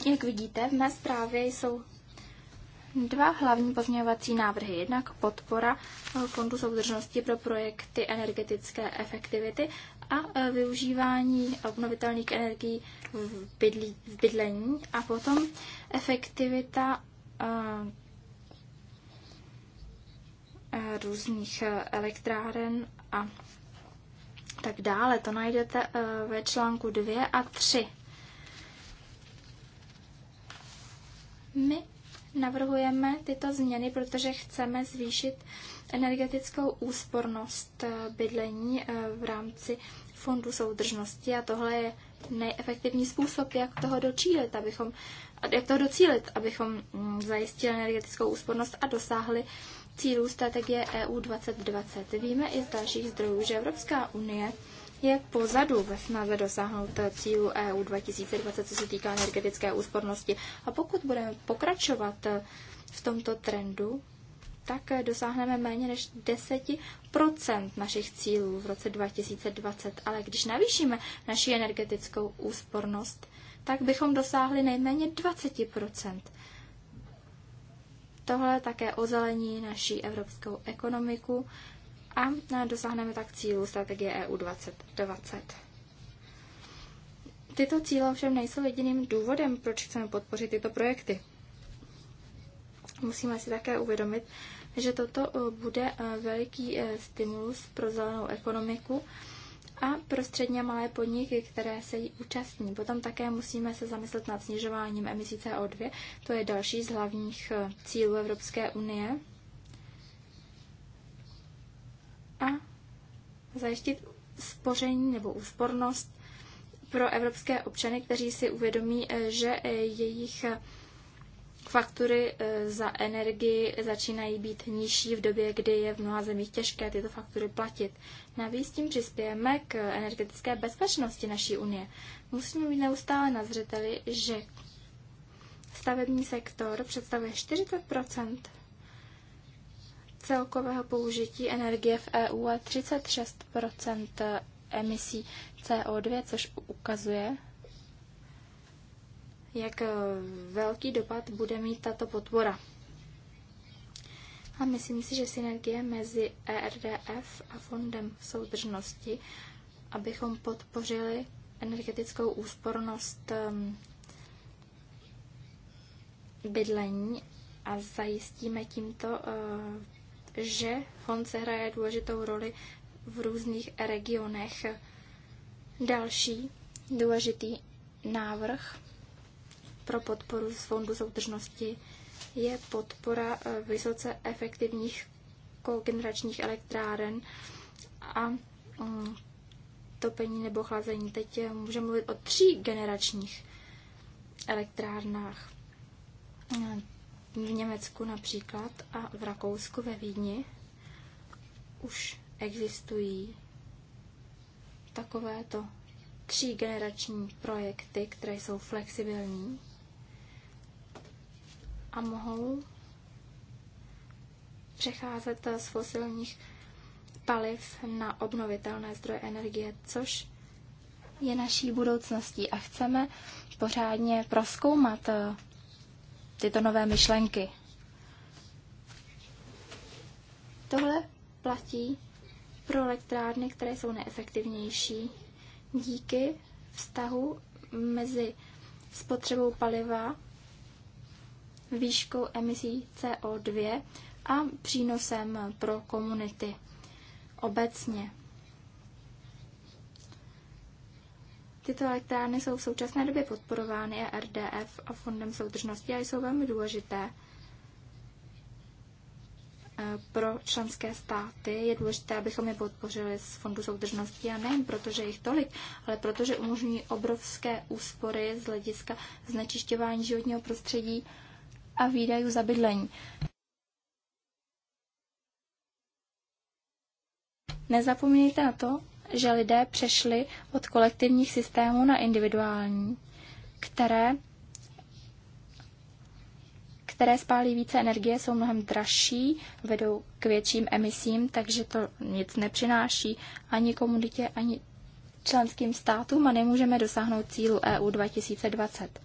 Jak vidíte, v mé zprávě jsou dva hlavní pozměňovací návrhy. Jednak podpora eh, Fondu soudržnosti pro projekty energetické efektivity a eh, využívání obnovitelných energií v, bydlení a potom efektivita eh, různých elektráren a tak dále. To najdete ve článku 2 a 3. My navrhujeme tyto změny, protože chceme zvýšit energetickou úspornost eh, bydlení eh, v rámci fondu soudržnosti a tohle je nejefektivní způsob, jak toho docílit, abychom, jak toho docílit, abychom mm, zajistili energetickou úspornost a dosáhli cílů strategie EU 2020. Víme i z dalších zdrojů, že Evropská unie jak pozadu ve snaze dosáhnout cílu EU 2020, co se týká energetické úspornosti. A pokud budeme pokračovat eh, v tomto trendu, tak eh, dosáhneme méně než 10% našich cílů v roce 2020. Ale když navýšíme naši energetickou úspornost, tak bychom dosáhli nejméně 20%. Tohle také ozelení naší evropskou ekonomiku a dosáhneme tak cílu strategie EU 2020. Tyto cíle ovšem nejsou jediným důvodem, proč chceme podpořit tyto projekty. Musíme si také uvědomit, že toto eh, bude eh, veliký eh, stimulus pro zelenou ekonomiku a pro středně malé podniky, které se jí účastní. Potom také musíme se zamyslet nad snižováním emisí CO2, to je další z hlavních cílů Evropské unie a zajistit spoření nebo úspornost pro evropské občany, kteří si uvědomí, eh, že eh, jejich eh, faktury za energii začínají být nižší v době, kdy je v mnoha zemích těžké tyto faktury platit. Navíc tím přispějeme k energetické bezpečnosti naší unie. Musíme mít neustále na zřeteli, že stavební sektor představuje 40 celkového použití energie v EU a 36 eh, emisí CO2, což ukazuje, jak eh, velký dopad bude mít tato podpora. A myslím si, že synergie mezi ERDF a Fondem soudržnosti, abychom podpořili energetickou úspornost ehm, bydlení a zajistíme tímto eh, že Honce hraje důležitou roli v různých regionech. Další důležitý návrh pro podporu z Fondu soudržnosti je podpora eh, vysoce efektivních kogeneračních elektráren a mm, topení nebo chlazení. Teď eh, můžeme mluvit o tří generačních elektrárnách v Německu například a v Rakousku ve Vídni už existují takovéto třígenerační projekty, které jsou flexibilní a mohou přecházet z fosilních paliv na obnovitelné zdroje energie, což je naší budoucností a chceme pořádně proskoumat eh, tyto nové myšlenky. Tohle platí pro elektrárny, které jsou neefektivnější díky vztahu mezi spotřebou paliva, výškou emisí CO2 a přínosem pro komunity obecně. Tyto elektrárny jsou v současné době podporovány RDF a Fondem soudržnosti a jsou velmi důležité eh, pro členské státy. Je důležité, abychom je podpořili z Fondu soudržnosti a nejen proto, že jich tolik, ale protože umožňují obrovské úspory z hlediska znečišťování životního prostředí a výdajů za bydlení. Nezapomeňte na to, že lidé přešli od kolektivních systémů na individuální, které které spálí více energie, jsou mnohem dražší, vedou k větším emisím, takže to nic nepřináší ani komunitě, ani členským státům a nemůžeme dosáhnout cílu EU 2020.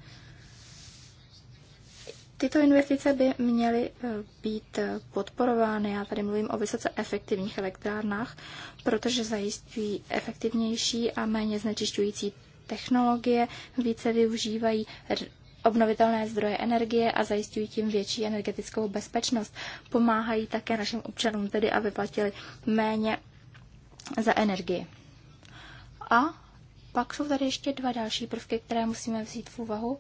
Tyto investice by měly eh, být eh, podporovány. Já tady mluvím o vysoce efektivních elektrárnách, protože zajistují efektivnější a méně znečišťující technologie, více využívají obnovitelné zdroje energie a zajistují tím větší energetickou bezpečnost. Pomáhají také našim občanům tedy, aby platili méně za energii. A pak jsou tady ještě dva další prvky, které musíme vzít v úvahu.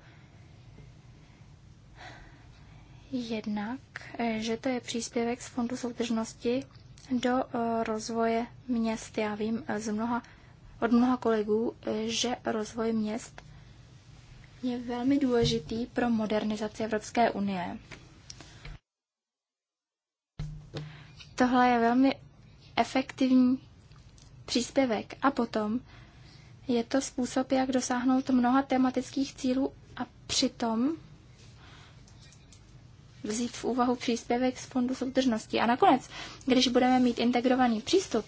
Jednak, eh, že to je příspěvek z Fondu soudržnosti do eh, rozvoje měst. Já vím eh, z mnoha, od mnoha kolegů, že rozvoj měst je velmi důležitý pro modernizaci Evropské unie. Tohle je velmi efektivní příspěvek. A potom je to způsob, jak dosáhnout mnoha tematických cílů a přitom vzít v úvahu příspěvek z Fondu soudržnosti. A nakonec, když budeme mít integrovaný přístup,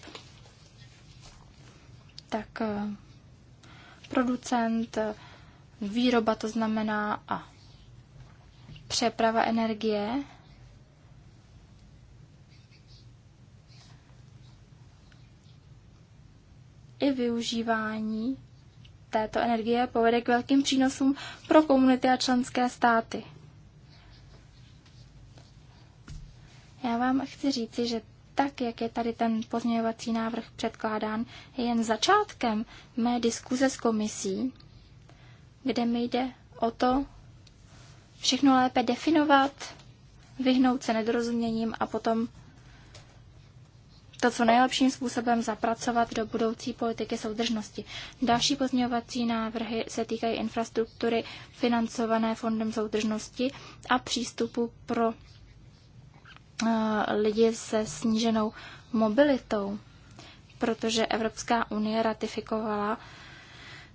tak eh, producent, eh, výroba to znamená a přeprava energie, i využívání této energie povede k velkým přínosům pro komunity a členské státy. Já vám chci říci, že tak, jak je tady ten pozměňovací návrh předkládán, je jen začátkem mé diskuze s komisí, kde mi jde o to všechno lépe definovat, vyhnout se nedorozuměním a potom to, co nejlepším způsobem zapracovat do budoucí politiky soudržnosti. Další pozměňovací návrhy se týkají infrastruktury financované Fondem soudržnosti a přístupu pro Eh, lidi se sníženou mobilitou, protože Evropská unie ratifikovala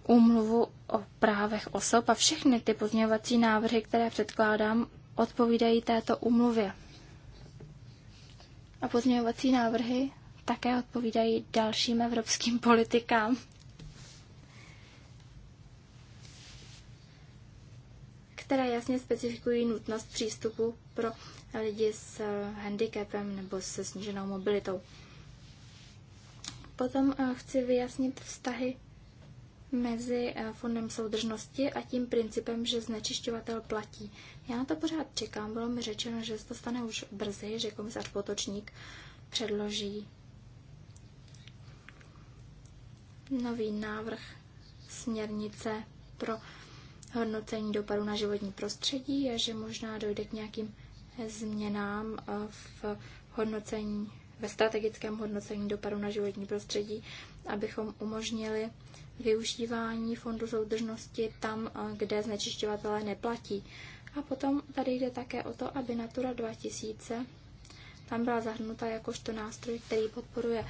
úmluvu o právech osob a všechny ty pozměňovací návrhy, které předkládám, odpovídají této úmluvě. A pozměňovací návrhy také odpovídají dalším evropským politikám, které jasně specifikují nutnost přístupu pro lidi s handicapem nebo se sníženou mobilitou. Potom eh, chci vyjasnit vztahy mezi eh, Fondem soudržnosti a tím principem, že znečišťovatel platí. Já na to pořád čekám. Bylo mi řečeno, že se to stane už brzy, že komisař Potočník předloží nový návrh směrnice pro hodnocení dopadu na životní prostředí a že možná dojde k nějakým změnám eh, v hodnocení, ve strategickém hodnocení dopadu na životní prostředí, abychom umožnili využívání fondu soudržnosti tam, eh, kde znečišťovatelé neplatí. A potom tady jde také o to, aby Natura 2000 tam byla zahrnuta jakožto nástroj, který podporuje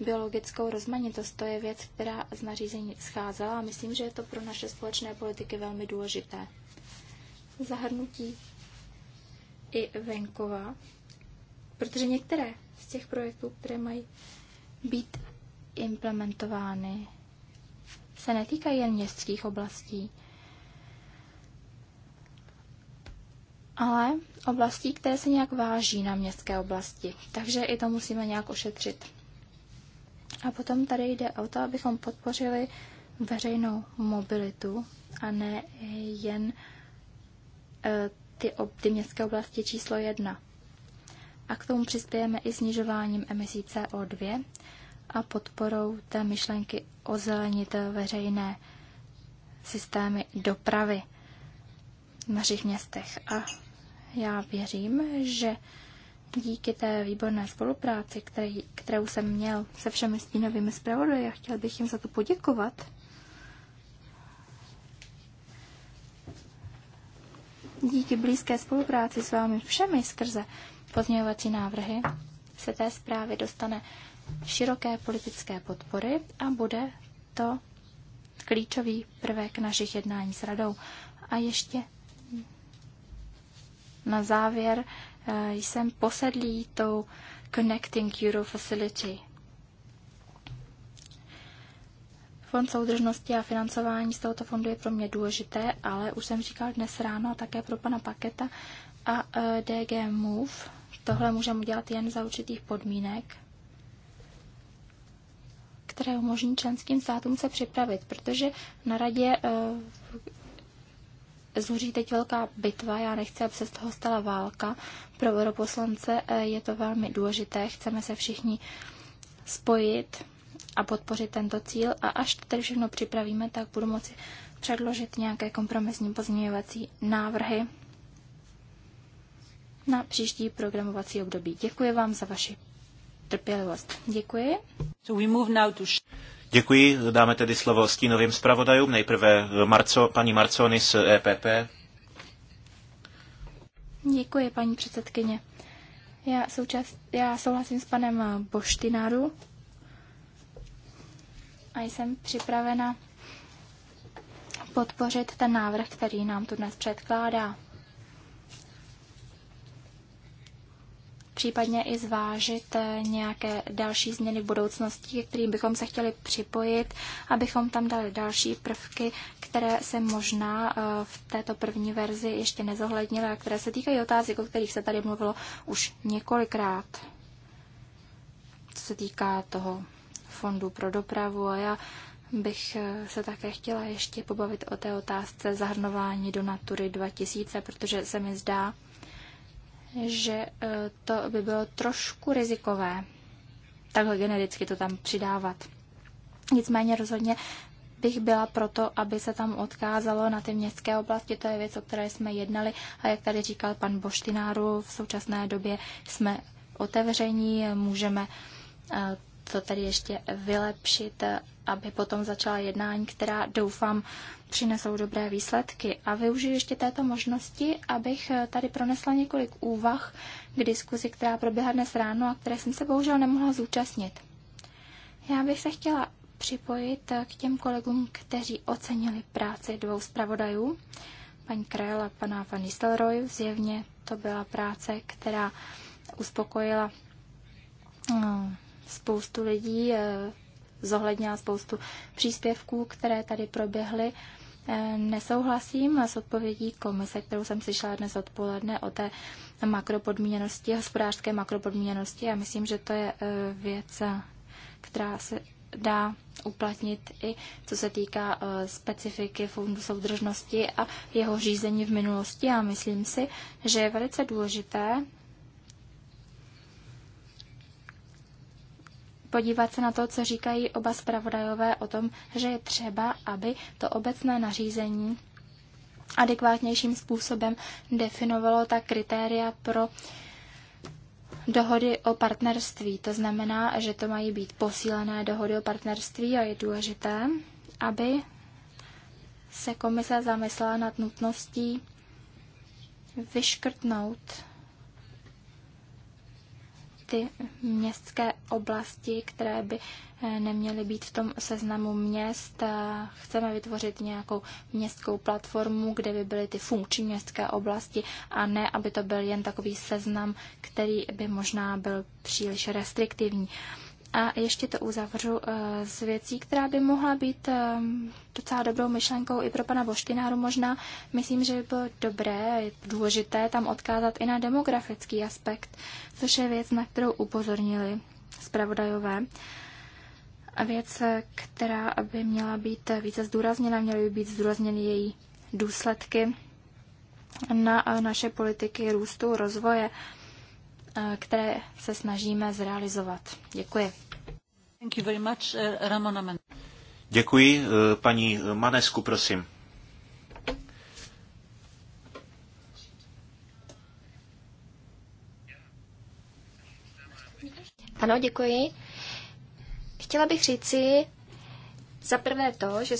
biologickou rozmanitost. To je věc, která z nařízení scházela a myslím, že je to pro naše společné politiky velmi důležité. Zahrnutí i venkova, protože některé z těch projektů, které mají být implementovány, se netýkají jen městských oblastí, ale oblastí, které se nějak váží na městské oblasti. Takže i to musíme nějak ošetřit. A potom tady jde o to, abychom podpořili veřejnou mobilitu a ne jen eh, ty, ty městské oblasti číslo jedna. A k tomu přispějeme i snižováním emisí CO2 a podporou té myšlenky ozelenit veřejné systémy dopravy v našich městech. A já věřím, že díky té výborné spolupráci, který, kterou jsem měl se všemi stínovými zpravodaji a chtěl bych jim za to poděkovat, díky blízké spolupráci s vámi všemi skrze pozměňovací návrhy se té zprávy dostane široké politické podpory a bude to klíčový prvek našich jednání s radou. A ještě na závěr eh, jsem posedlý tou Connecting Euro Facility Fond soudržnosti a financování z tohoto fondu je pro mě důležité, ale už jsem říkal dnes ráno a také pro pana Paketa a e, DG Move. Tohle můžeme udělat jen za určitých podmínek, které umožní členským státům se připravit, protože na radě e, zuří teď velká bitva, já nechci, aby se z toho stala válka. Pro europoslance e, je to velmi důležité, chceme se všichni spojit a podpořit tento cíl a až to tedy všechno připravíme, tak budu moci předložit nějaké kompromisní pozměňovací návrhy na příští programovací období. Děkuji vám za vaši trpělivost. Děkuji. So we move now to... Děkuji, dáme tedy slovo stínovým zpravodajům. Nejprve Marco, paní Marconi z EPP. Děkuji, paní předsedkyně. Já, součas, já souhlasím s panem Boštináru a jsem připravena podpořit ten návrh, který nám tu dnes předkládá. Případně i zvážit eh, nějaké další změny v budoucnosti, kterým bychom se chtěli připojit, abychom tam dali další prvky, které se možná eh, v této první verzi ještě nezohlednily a které se týkají otázek, o kterých se tady mluvilo už několikrát. Co se týká toho fondu pro dopravu a já bych eh, se také chtěla ještě pobavit o té otázce zahrnování do Natury 2000, protože se mi zdá, že eh, to by bylo trošku rizikové, takhle genericky to tam přidávat. Nicméně rozhodně bych byla proto, aby se tam odkázalo na ty městské oblasti. To je věc, o které jsme jednali a jak tady říkal pan Boštináru, v současné době jsme otevření, můžeme eh, co tady ještě vylepšit, aby potom začala jednání, která doufám přinesou dobré výsledky. A využiju ještě této možnosti, abych tady pronesla několik úvah k diskuzi, která proběhla dnes ráno a které jsem se bohužel nemohla zúčastnit. Já bych se chtěla připojit k těm kolegům, kteří ocenili práci dvou zpravodajů, paní Krajel a pana Van Nistelrooy. Zjevně to byla práce, která uspokojila no, spoustu lidí, eh, zohlednila spoustu příspěvků, které tady proběhly. Eh, nesouhlasím s odpovědí komise, kterou jsem slyšela dnes odpoledne o té makropodmíněnosti, hospodářské makropodmíněnosti. Já myslím, že to je eh, věc, která se dá uplatnit i co se týká specifiky fondu soudržnosti a jeho řízení v minulosti. A myslím si, že je velice důležité, podívat se na to, co říkají oba zpravodajové o tom, že je třeba, aby to obecné nařízení adekvátnějším způsobem definovalo ta kritéria pro dohody o partnerství. To znamená, že to mají být posílené dohody o partnerství a je důležité, aby se komise zamyslela nad nutností vyškrtnout ty městské oblasti, které by eh, neměly být v tom seznamu měst. Chceme vytvořit nějakou městskou platformu, kde by byly ty funkční městské oblasti a ne, aby to byl jen takový seznam, který by možná byl příliš restriktivní. A ještě to uzavřu z eh, věcí, která by mohla být eh, docela dobrou myšlenkou i pro pana Boštináru možná. Myslím, že by bylo dobré, důležité tam odkázat i na demografický aspekt, což je věc, na kterou upozornili zpravodajové. A věc, která by měla být více zdůrazněna, měly by být zdůrazněny její důsledky na eh, naše politiky růstu, rozvoje. Eh, které se snažíme zrealizovat. Děkuji. Thank you very much, eh, Ramona Man. Děkuji. Eh, paní Manesku, prosím. Ano, děkuji. Chtěla bych říci za prvé to, že,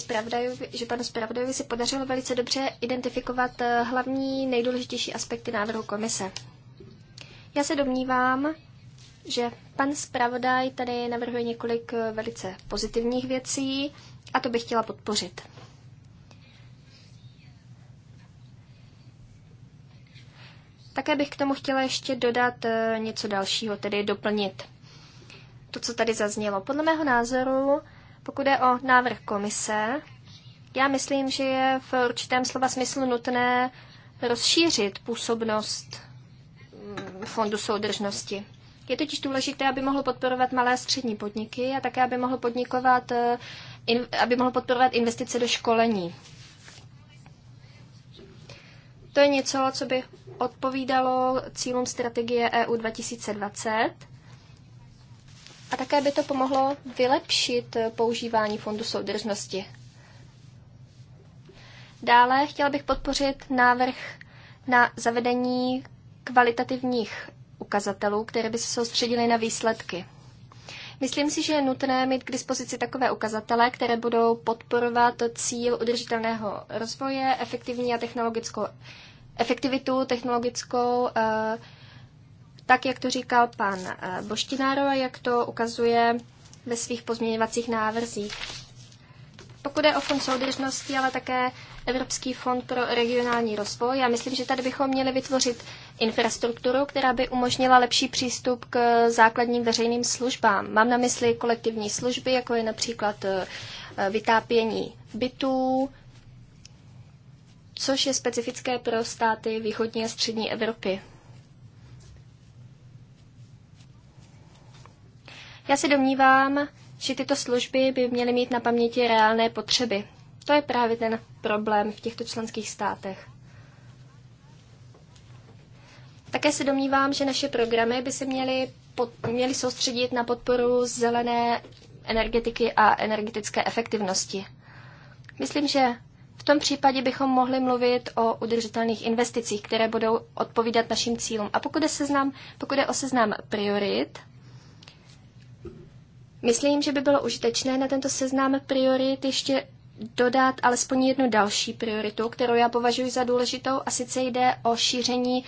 že panu zpravodajovi se podařilo velice dobře identifikovat hlavní nejdůležitější aspekty návrhu komise. Já se domnívám, že pan zpravodaj tady navrhuje několik eh, velice pozitivních věcí a to bych chtěla podpořit. Také bych k tomu chtěla ještě dodat eh, něco dalšího, tedy doplnit to, co tady zaznělo. Podle mého názoru, pokud je o návrh komise, já myslím, že je v určitém slova smyslu nutné rozšířit působnost fondu soudržnosti. Je totiž důležité, aby mohl podporovat malé a střední podniky a také, aby mohl, podnikovat, eh, aby mohl podporovat investice do školení. To je něco, co by odpovídalo cílům strategie EU 2020 a také by to pomohlo vylepšit eh, používání fondu soudržnosti. Dále chtěla bych podpořit návrh na zavedení kvalitativních ukazatelů, které by se soustředily na výsledky. Myslím si, že je nutné mít k dispozici takové ukazatele, které budou podporovat cíl udržitelného rozvoje, efektivní a technologickou efektivitu technologickou, eh, tak jak to říkal pan eh, Boštináro a jak to ukazuje ve svých pozměňovacích návrzích. Pokud je o fond soudržnosti, ale také Evropský fond pro regionální rozvoj, já myslím, že tady bychom měli vytvořit infrastrukturu, která by umožnila lepší přístup k základním veřejným službám. Mám na mysli kolektivní služby, jako je například eh, vytápění bytů, což je specifické pro státy východní a střední Evropy. Já se domnívám, že tyto služby by měly mít na paměti reálné potřeby. To je právě ten problém v těchto členských státech. Také se domnívám, že naše programy by se měly, pod, měly soustředit na podporu zelené energetiky a energetické efektivnosti. Myslím, že v tom případě bychom mohli mluvit o udržitelných investicích, které budou odpovídat našim cílům. A pokud je, seznam, pokud je o seznam priorit, Myslím, že by bylo užitečné na tento seznam priorit ještě dodat alespoň jednu další prioritu, kterou já považuji za důležitou, a sice jde o šíření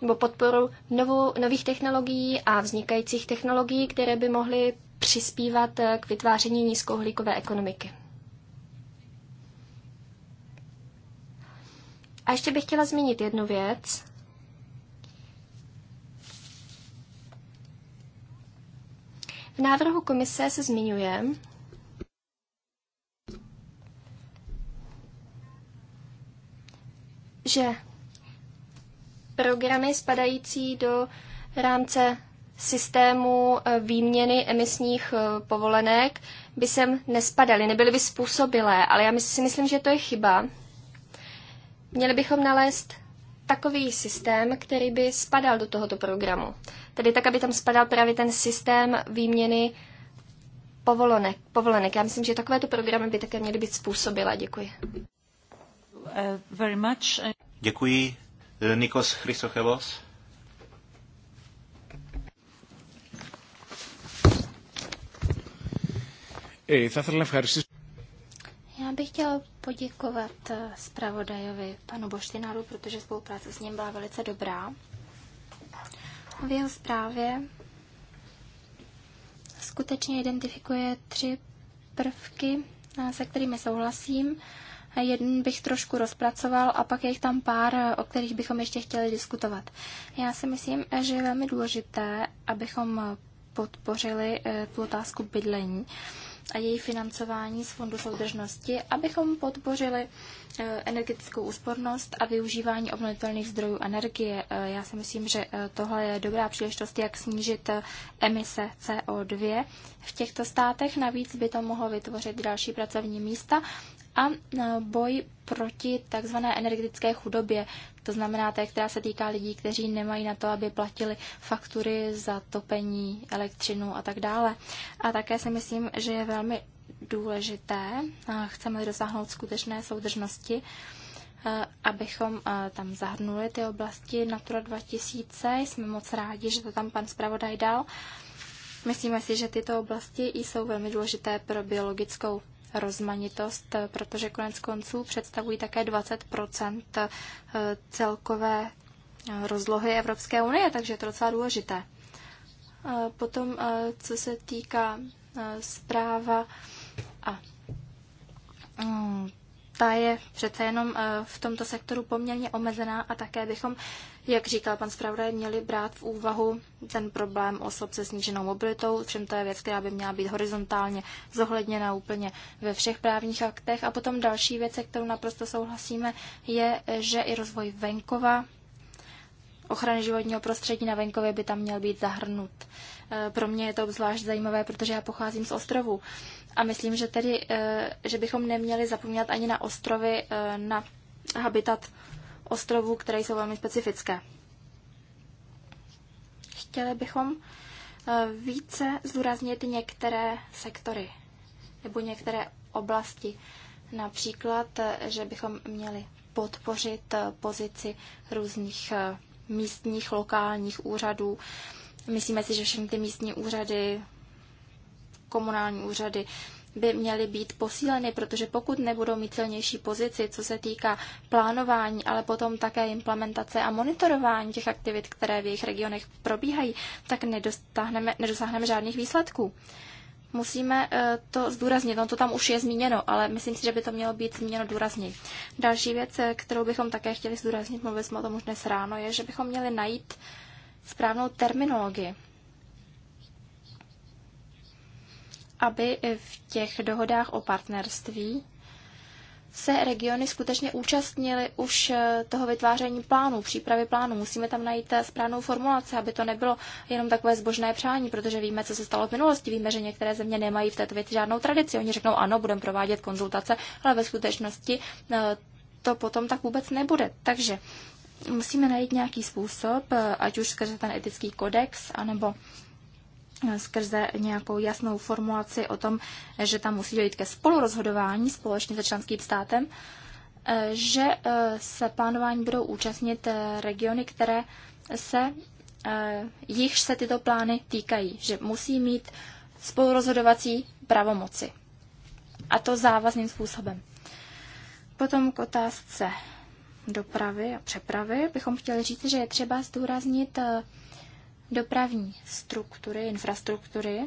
nebo podporu novou, nových technologií a vznikajících technologií, které by mohly přispívat k vytváření nízkouhlíkové ekonomiky. A ještě bych chtěla zmínit jednu věc, V návrhu komise se zmiňuje, že programy spadající do rámce systému e, výměny emisních e, povolenek by sem nespadaly, nebyly by způsobilé, ale já si myslím, že to je chyba. Měli bychom nalézt takový systém, který by spadal do tohoto programu tedy tak, aby tam spadal právě ten systém výměny povolenek. povolenek. Já myslím, že takovéto programy by také měly být způsobila. Děkuji. Uh, very much. Děkuji. Nikos Chrysochelos. Eh, Já bych chtěl poděkovat eh, zpravodajovi panu Boštinaru, protože spolupráce s ním byla velice dobrá v jeho zprávě skutečně identifikuje tři prvky, se kterými souhlasím. Jeden bych trošku rozpracoval a pak je jich tam pár, o kterých bychom ještě chtěli diskutovat. Já si myslím, že je velmi důležité, abychom podpořili eh, tu otázku bydlení a její financování z Fondu soudržnosti, abychom podpořili eh, energetickou úspornost a využívání obnovitelných zdrojů energie. Eh, já si myslím, že eh, tohle je dobrá příležitost, jak snížit emise CO2 v těchto státech. Navíc by to mohlo vytvořit další pracovní místa a boj proti takzvané energetické chudobě. To znamená té, která se týká lidí, kteří nemají na to, aby platili faktury za topení, elektřinu a tak dále. A také si myslím, že je velmi důležité, chceme dosáhnout skutečné soudržnosti, abychom tam zahrnuli ty oblasti Natura 2000. Jsme moc rádi, že to tam pan zpravodaj dal. Myslíme si, že tyto oblasti jsou velmi důležité pro biologickou rozmanitost, eh, protože konec konců představují také 20 eh, celkové eh, rozlohy Evropské unie, takže je to docela důležité. Potom, co se týká zpráva a mm, ta je přece jenom eh, v tomto sektoru poměrně omezená a také bychom, jak říkal pan zpravodaj, měli brát v úvahu ten problém osob se sníženou mobilitou, všem to je věc, která by měla být horizontálně zohledněna úplně ve všech právních aktech. A potom další věc, se kterou naprosto souhlasíme, je, že i rozvoj venkova ochrany životního prostředí na venkově by tam měl být zahrnut. Eh, pro mě je to obzvlášť zajímavé, protože já pocházím z ostrovu. A myslím, že tedy, eh, že bychom neměli zapomínat ani na ostrovy, eh, na habitat ostrovů, které jsou velmi specifické. Chtěli bychom eh, více zdůraznit některé sektory nebo některé oblasti. Například, že bychom měli podpořit pozici různých místních, lokálních úřadů. Myslíme si, že všechny ty místní úřady komunální úřady by měly být posíleny, protože pokud nebudou mít silnější pozici, co se týká plánování, ale potom také implementace a monitorování těch aktivit, které v jejich regionech probíhají, tak nedosáhneme, nedosáhneme žádných výsledků. Musíme eh, to zdůraznit, no to tam už je zmíněno, ale myslím si, že by to mělo být zmíněno důrazněji. Další věc, eh, kterou bychom také chtěli zdůraznit, mluvili jsme o tom už dnes ráno, je, že bychom měli najít správnou terminologii. aby v těch dohodách o partnerství se regiony skutečně účastnily už eh, toho vytváření plánu, přípravy plánu. Musíme tam najít eh, správnou formulaci, aby to nebylo jenom takové zbožné přání, protože víme, co se stalo v minulosti. Víme, že některé země nemají v této věci žádnou tradici. Oni řeknou, ano, budeme provádět konzultace, ale ve skutečnosti eh, to potom tak vůbec nebude. Takže musíme najít nějaký způsob, ať už skrze ten etický kodex, anebo Eh, skrze nějakou jasnou formulaci o tom, že tam musí dojít ke spolurozhodování společně se členským státem, eh, že eh, se plánování budou účastnit regiony, které se, jichž se tyto plány týkají, že musí mít spolurozhodovací pravomoci. A to závazným způsobem. Potom k otázce dopravy a přepravy bychom chtěli říct, že je třeba zdůraznit dopravní struktury, infrastruktury,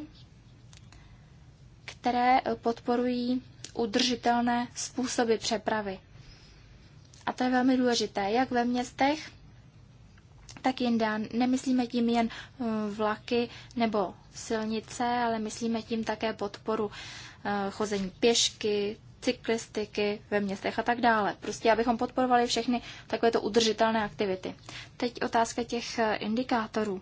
které podporují udržitelné způsoby přepravy. A to je velmi důležité, jak ve městech, tak jinde. Nemyslíme tím jen eh, vlaky nebo silnice, ale myslíme tím také podporu eh, chození pěšky, cyklistiky ve městech a tak dále. Prostě abychom podporovali všechny takovéto udržitelné aktivity. Teď otázka těch eh, indikátorů.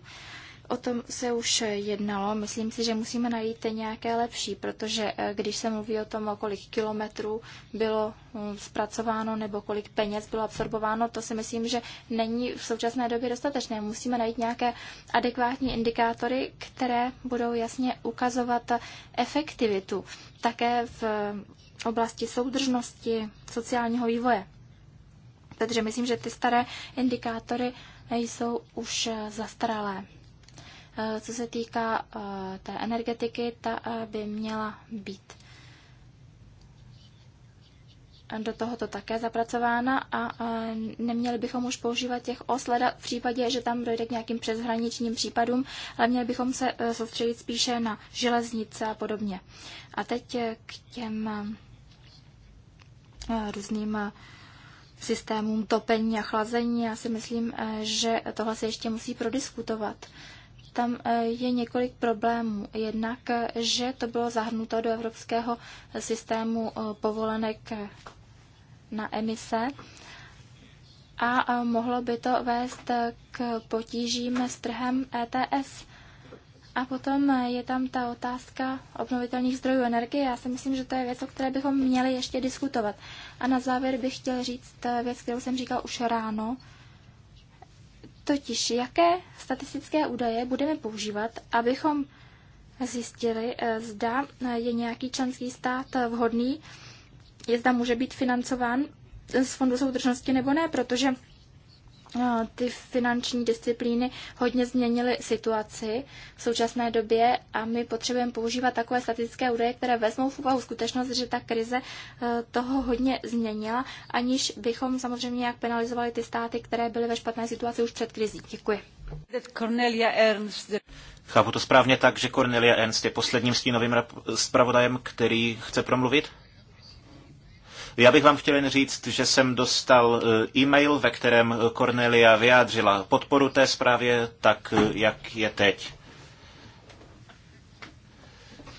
O tom se už jednalo. Myslím si, že musíme najít nějaké lepší, protože eh, když se mluví o tom, kolik kilometrů bylo hm, zpracováno nebo kolik peněz bylo absorbováno, to si myslím, že není v současné době dostatečné. Musíme najít nějaké adekvátní indikátory, které budou jasně ukazovat eh, efektivitu. Také v oblasti soudržnosti, sociálního vývoje. Takže myslím, že ty staré indikátory jsou už eh, zastaralé. Eh, co se týká eh, té energetiky, ta by měla být do tohoto také zapracována a neměli bychom už používat těch osleda v případě, že tam dojde k nějakým přeshraničním případům, ale měli bychom se soustředit spíše na železnice a podobně. A teď k těm různým eh, systémům topení a chlazení. Já si myslím, eh, že tohle se ještě musí prodiskutovat. Tam eh, je několik problémů. Jednak, že to bylo zahrnuto do evropského systému povolenek na emise a mohlo by to vést k potížím s trhem ETS. A potom eh, je tam ta otázka obnovitelných zdrojů energie. Já si myslím, že to je věc, o které bychom měli ještě diskutovat. A na závěr bych chtěl říct eh, věc, kterou jsem říkal už ráno. Totiž, jaké statistické údaje budeme používat, abychom zjistili, eh, zda je nějaký členský stát vhodný, zda může být financován z Fondu soudržnosti nebo ne, protože ty finanční disciplíny hodně změnily situaci v současné době a my potřebujeme používat takové statistické údaje, které vezmou v úvahu skutečnost, že ta krize eh, toho hodně změnila, aniž bychom samozřejmě jak penalizovali ty státy, které byly ve špatné situaci už před krizí. Děkuji. Chápu to správně tak, že Cornelia Ernst je posledním stínovým zpravodajem, který chce promluvit? Já bych vám chtěl jen říct, že jsem dostal eh, e-mail, ve kterém eh, Cornelia vyjádřila podporu té zprávě, tak eh, jak je teď.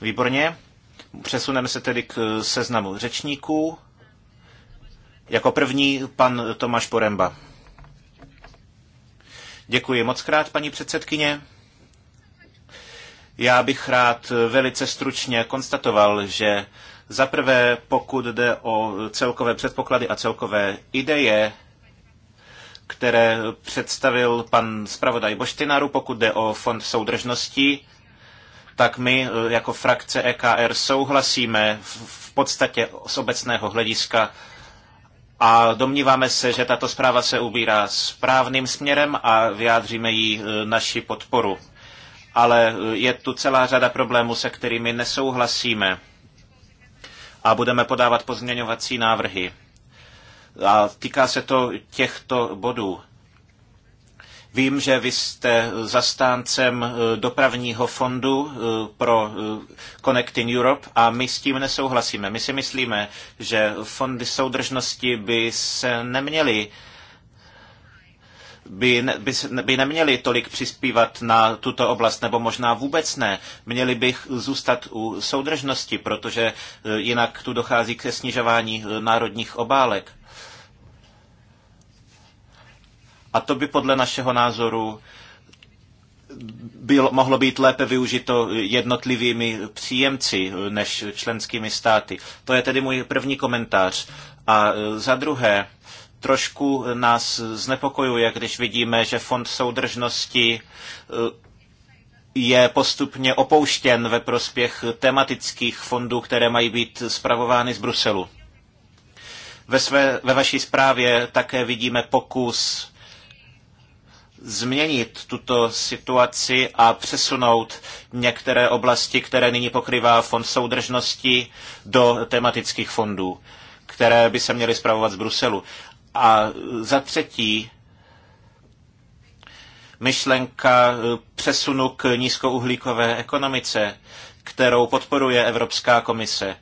Výborně. Přesuneme se tedy k seznamu řečníků. Jako první pan Tomáš Poremba. Děkuji moc krát, paní předsedkyně. Já bych rád velice stručně konstatoval, že za prvé, pokud jde o celkové předpoklady a celkové ideje, které představil pan zpravodaj Boštinaru, pokud jde o fond soudržnosti, tak my eh, jako frakce EKR souhlasíme v podstatě z obecného hlediska a domníváme se, že tato zpráva se ubírá správným směrem a vyjádříme jí eh, naši podporu. Ale eh, je tu celá řada problémů, se kterými nesouhlasíme a budeme podávat pozměňovací návrhy. A týká se to těchto bodů. Vím, že vy jste zastáncem e, dopravního fondu e, pro e, Connecting Europe a my s tím nesouhlasíme. My si myslíme, že fondy soudržnosti by se neměly uh, by, by, by neměli tolik přispívat na tuto oblast, nebo možná vůbec ne. Měli bych zůstat u soudržnosti, protože e, jinak tu dochází ke snižování e, národních obálek. A to by podle našeho názoru bylo, mohlo být lépe využito jednotlivými příjemci e, než členskými státy. To je tedy můj první komentář. A za druhé, trošku nás znepokojuje, když vidíme, že fond soudržnosti eh, je postupně opouštěn ve prospěch tematických fondů, které mají být zpravovány z Bruselu. Ve, své, ve vaší zprávě také vidíme pokus změnit tuto situaci a přesunout některé oblasti, které nyní pokrývá fond soudržnosti, do tematických fondů, které by se měly zpravovat z Bruselu. A za třetí, myšlenka přesunu k nízkouhlíkové ekonomice, kterou podporuje Evropská komise.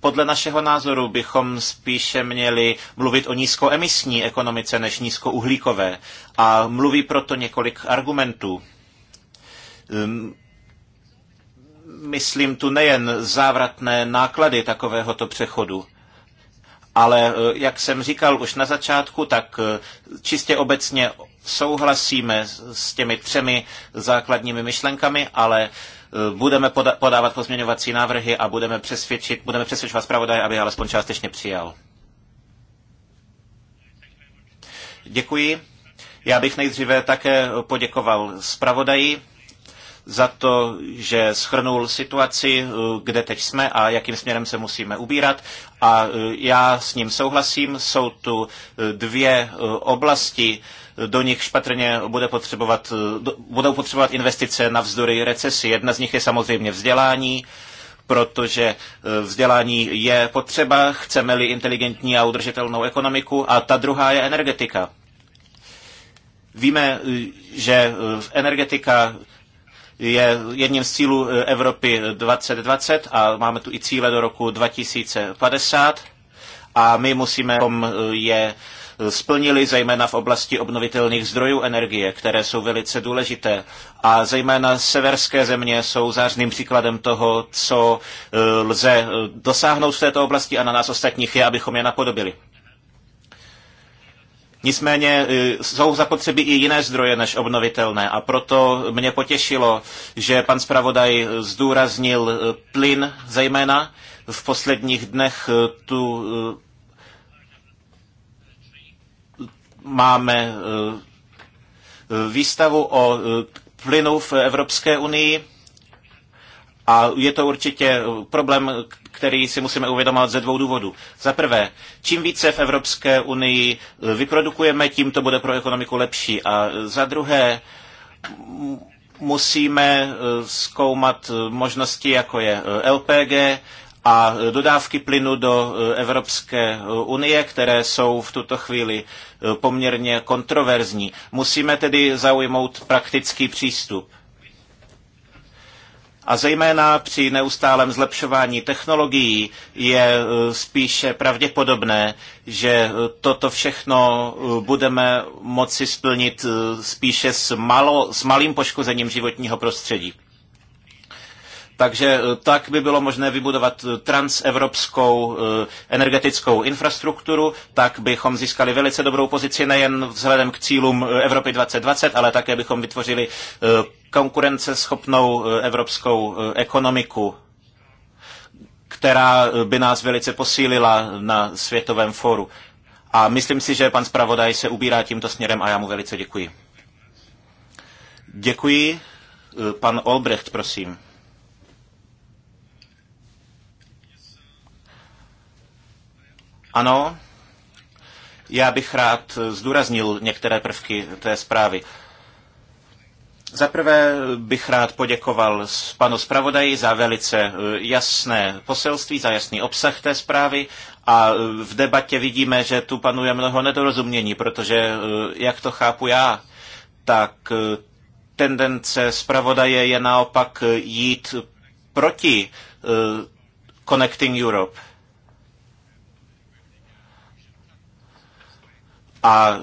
Podle našeho názoru bychom spíše měli mluvit o nízkoemisní ekonomice než nízkouhlíkové. A mluví proto několik argumentů. Hm, myslím tu nejen závratné náklady takovéhoto přechodu, ale eh, jak jsem říkal už na začátku, tak eh, čistě obecně souhlasíme s těmi třemi základními myšlenkami, ale eh, budeme podávat pozměňovací návrhy a budeme, přesvědčit, budeme přesvědčovat zpravodaje, aby alespoň částečně přijal. Děkuji. Já bych nejdříve také poděkoval zpravodaji za to, že schrnul situaci, eh, kde teď jsme a jakým směrem se musíme ubírat. A eh, já s ním souhlasím. Jsou tu eh, dvě oblasti, do nich špatrně bude potřebovat, budou potřebovat investice navzdory recesi. Jedna z nich je samozřejmě vzdělání protože vzdělání je potřeba, chceme-li inteligentní a udržitelnou ekonomiku, a ta druhá je energetika. Víme, že energetika je jedním z cílů eh, Evropy 2020 a máme tu i cíle do roku 2050 a my musíme eh, je eh, splnili, zejména v oblasti obnovitelných zdrojů energie, které jsou velice důležité. A zejména severské země jsou zářným příkladem toho, co lze dosáhnout v této oblasti a na nás ostatních je, abychom je napodobili. Nicméně e, jsou zapotřebí i jiné zdroje než obnovitelné a proto mě potěšilo, že pan zpravodaj zdůraznil e, plyn zejména. V posledních dnech e, tu máme výstavu o plynu v Evropské unii a je to určitě problém, který si musíme uvědomovat ze dvou důvodů. Za prvé, čím více v Evropské unii vyprodukujeme, tím to bude pro ekonomiku lepší. A za druhé, musíme eh, zkoumat eh, možnosti, jako je eh, LPG, a dodávky plynu do Evropské unie, které jsou v tuto chvíli poměrně kontroverzní. Musíme tedy zaujmout praktický přístup a zejména při neustálém zlepšování technologií je e, spíše pravděpodobné, že e, toto všechno e, budeme moci splnit spíše s, malo, s malým poškozením životního prostředí. Takže tak by bylo možné vybudovat transevropskou energetickou infrastrukturu, tak bychom získali velice dobrou pozici nejen vzhledem k cílům Evropy 2020, ale také bychom vytvořili konkurenceschopnou eh, evropskou eh, ekonomiku, která eh, by nás velice posílila na světovém fóru. A myslím si, že pan zpravodaj se ubírá tímto směrem a já mu velice děkuji. Děkuji. Pan Olbrecht, prosím. Ano, já bych rád zdůraznil některé prvky té zprávy. Zaprvé bych rád poděkoval panu zpravodaji za velice eh, jasné poselství, za jasný obsah té zprávy a eh, v debatě vidíme, že tu panuje mnoho nedorozumění, protože eh, jak to chápu já, tak tendence zpravodaje je naopak jít proti Connecting Europe. A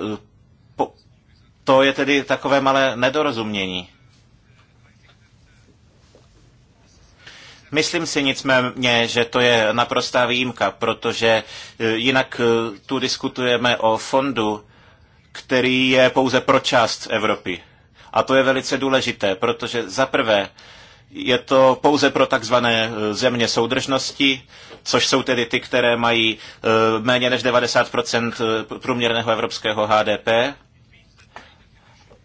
to je tedy takové malé nedorozumění. Myslím si nicméně, že to je naprostá výjimka, protože e, jinak e, tu diskutujeme o fondu, který je pouze pro část Evropy. A to je velice důležité, protože za prvé je to pouze pro takzvané e, země soudržnosti, což jsou tedy ty, které mají méně než 90 průměrného evropského HDP.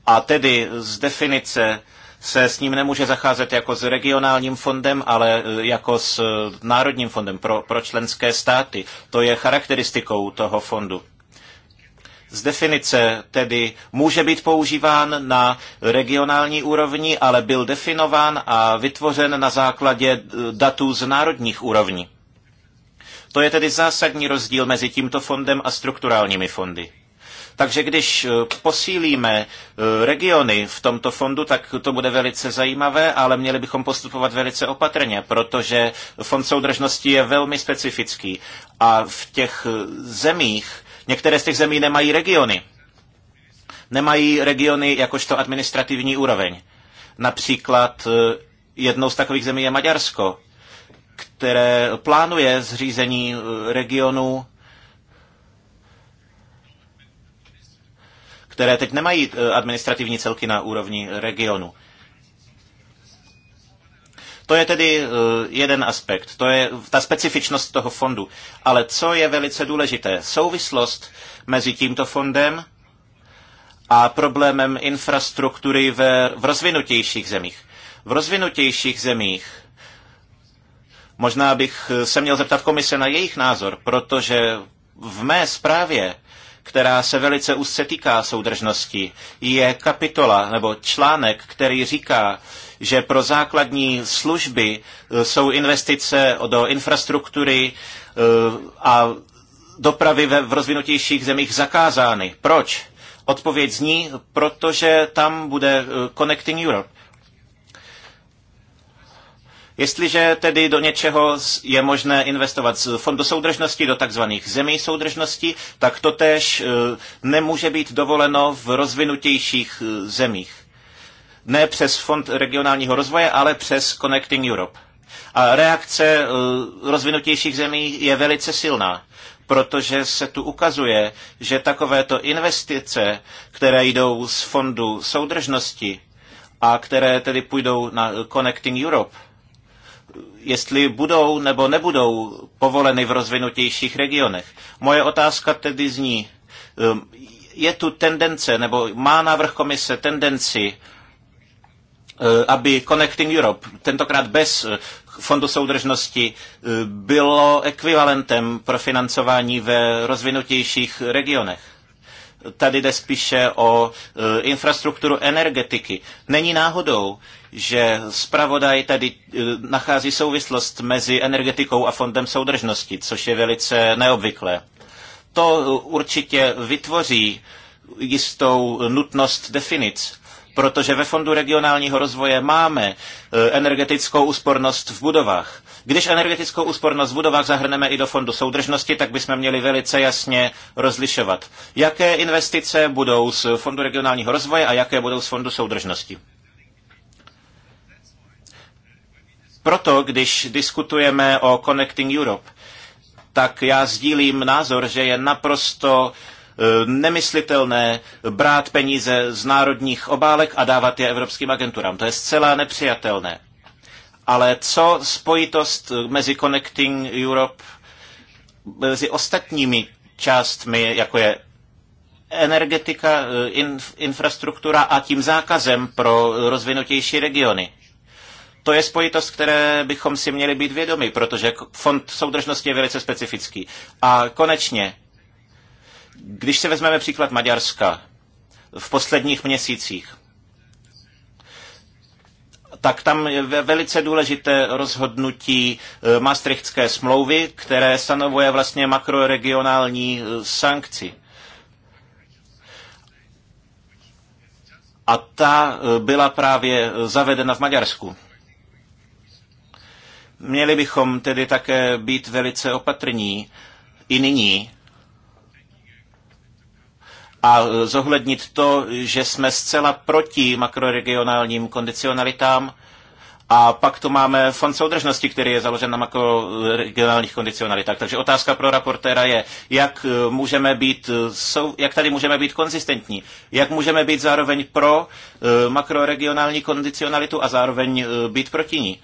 A tedy z definice se s ním nemůže zacházet jako s regionálním fondem, ale e, jako s e, Národním fondem pro, pro členské státy. To je charakteristikou toho fondu. Z definice tedy může být používán na regionální úrovni, ale byl definován a vytvořen na základě e, datů z národních úrovní. To je tedy zásadní rozdíl mezi tímto fondem a strukturálními fondy. Takže když eh, posílíme eh, regiony v tomto fondu, tak to bude velice zajímavé, ale měli bychom postupovat velice opatrně, protože fond soudržnosti je velmi specifický a v těch eh, zemích, některé z těch zemí nemají regiony. Nemají regiony jakožto administrativní úroveň. Například jednou z takových zemí je Maďarsko, které plánuje zřízení regionů které teď nemají eh, administrativní celky na úrovni regionu. To je tedy eh, jeden aspekt, to je ta specifičnost toho fondu. Ale co je velice důležité? Souvislost mezi tímto fondem a problémem infrastruktury v, v rozvinutějších zemích. V rozvinutějších zemích možná bych eh, se měl zeptat komise na jejich názor, protože v mé zprávě která se velice úzce týká soudržnosti, je kapitola nebo článek, který říká, že pro základní služby e, jsou investice do infrastruktury e, a dopravy v rozvinutějších zemích zakázány. Proč? Odpověď zní, protože tam bude e, Connecting Europe. Jestliže tedy do něčeho je možné investovat z fondu soudržnosti do takzvaných zemí soudržnosti, tak to tež e, nemůže být dovoleno v rozvinutějších e, zemích. Ne přes fond regionálního rozvoje, ale přes Connecting Europe. A reakce e, rozvinutějších zemí je velice silná, protože se tu ukazuje, že takovéto investice, které jdou z fondu soudržnosti a které tedy půjdou na Connecting Europe, jestli budou nebo nebudou povoleny v rozvinutějších regionech. Moje otázka tedy zní, um, je tu tendence, nebo má návrh komise tendenci, uh, aby Connecting Europe, tentokrát bez uh, fondu soudržnosti, uh, bylo ekvivalentem pro financování ve rozvinutějších regionech? Tady jde spíše o eh, infrastrukturu energetiky. Není náhodou, že zpravodaj tady eh, nachází souvislost mezi energetikou a fondem soudržnosti, což je velice neobvyklé. To eh, určitě vytvoří jistou nutnost definic, protože ve Fondu regionálního rozvoje máme energetickou úspornost v budovách. Když energetickou úspornost v budovách zahrneme i do fondu soudržnosti, tak bychom měli velice jasně rozlišovat, jaké investice budou z fondu regionálního rozvoje a jaké budou z fondu soudržnosti. Proto, když diskutujeme o Connecting Europe, tak já sdílím názor, že je naprosto eh, nemyslitelné brát peníze z národních obálek a dávat je evropským agenturám. To je zcela nepřijatelné. Ale co spojitost mezi Connecting Europe, mezi ostatními částmi, jako je energetika, eh, inf, infrastruktura a tím zákazem pro rozvinutější regiony? to je spojitost, které bychom si měli být vědomi, protože fond soudržnosti je velice specifický. A konečně, když se vezmeme příklad Maďarska v posledních měsících, tak tam je velice důležité rozhodnutí e, Maastrichtské smlouvy, které stanovuje vlastně makroregionální e, sankci. A ta e, byla právě zavedena v Maďarsku. Měli bychom tedy také být velice opatrní i nyní, a zohlednit to, že jsme zcela proti makroregionálním kondicionalitám, a pak tu máme fond soudržnosti, který je založen na makroregionálních kondicionalitách. Takže otázka pro raportéra je, jak, můžeme být, jak tady můžeme být konzistentní, jak můžeme být zároveň pro eh, makroregionální kondicionalitu a zároveň eh, být proti ní.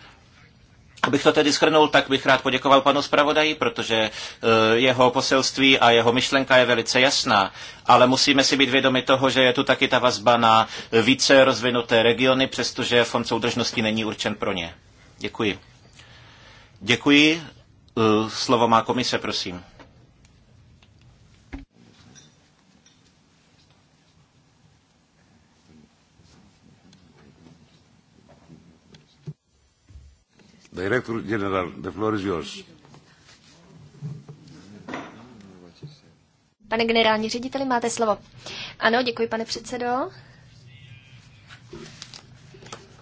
Abych to tedy schrnul, tak bych rád poděkoval panu zpravodaji, protože e, jeho poselství a jeho myšlenka je velice jasná, ale musíme si být vědomi toho, že je tu taky ta vazba na více rozvinuté regiony, přestože fond soudržnosti není určen pro ně. Děkuji. Děkuji. E, slovo má komise, prosím. Director General, the floor is yours. Pane generální řediteli, máte slovo. Ano, děkuji, pane předsedo.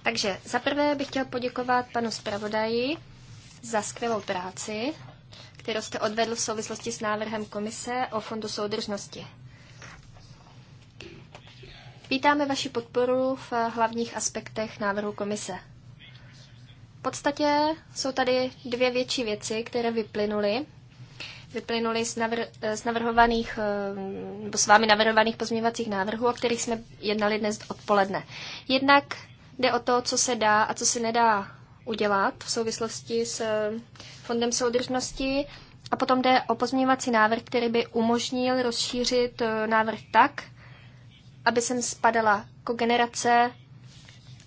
Takže za prvé bych chtěl poděkovat panu zpravodaji za skvělou práci, kterou jste odvedl v souvislosti s návrhem komise o Fondu soudržnosti. Vítáme vaši podporu v hlavních aspektech návrhu komise. V podstatě jsou tady dvě větší věci, které vyplynuly. Vyplynuly z, navr- z navrhovaných, eh, nebo s vámi navrhovaných pozměňovacích návrhů, o kterých jsme jednali dnes odpoledne. Jednak jde o to, co se dá a co se nedá udělat v souvislosti s eh, Fondem soudržnosti. A potom jde o pozměňovací návrh, který by umožnil rozšířit eh, návrh tak, aby sem spadala kogenerace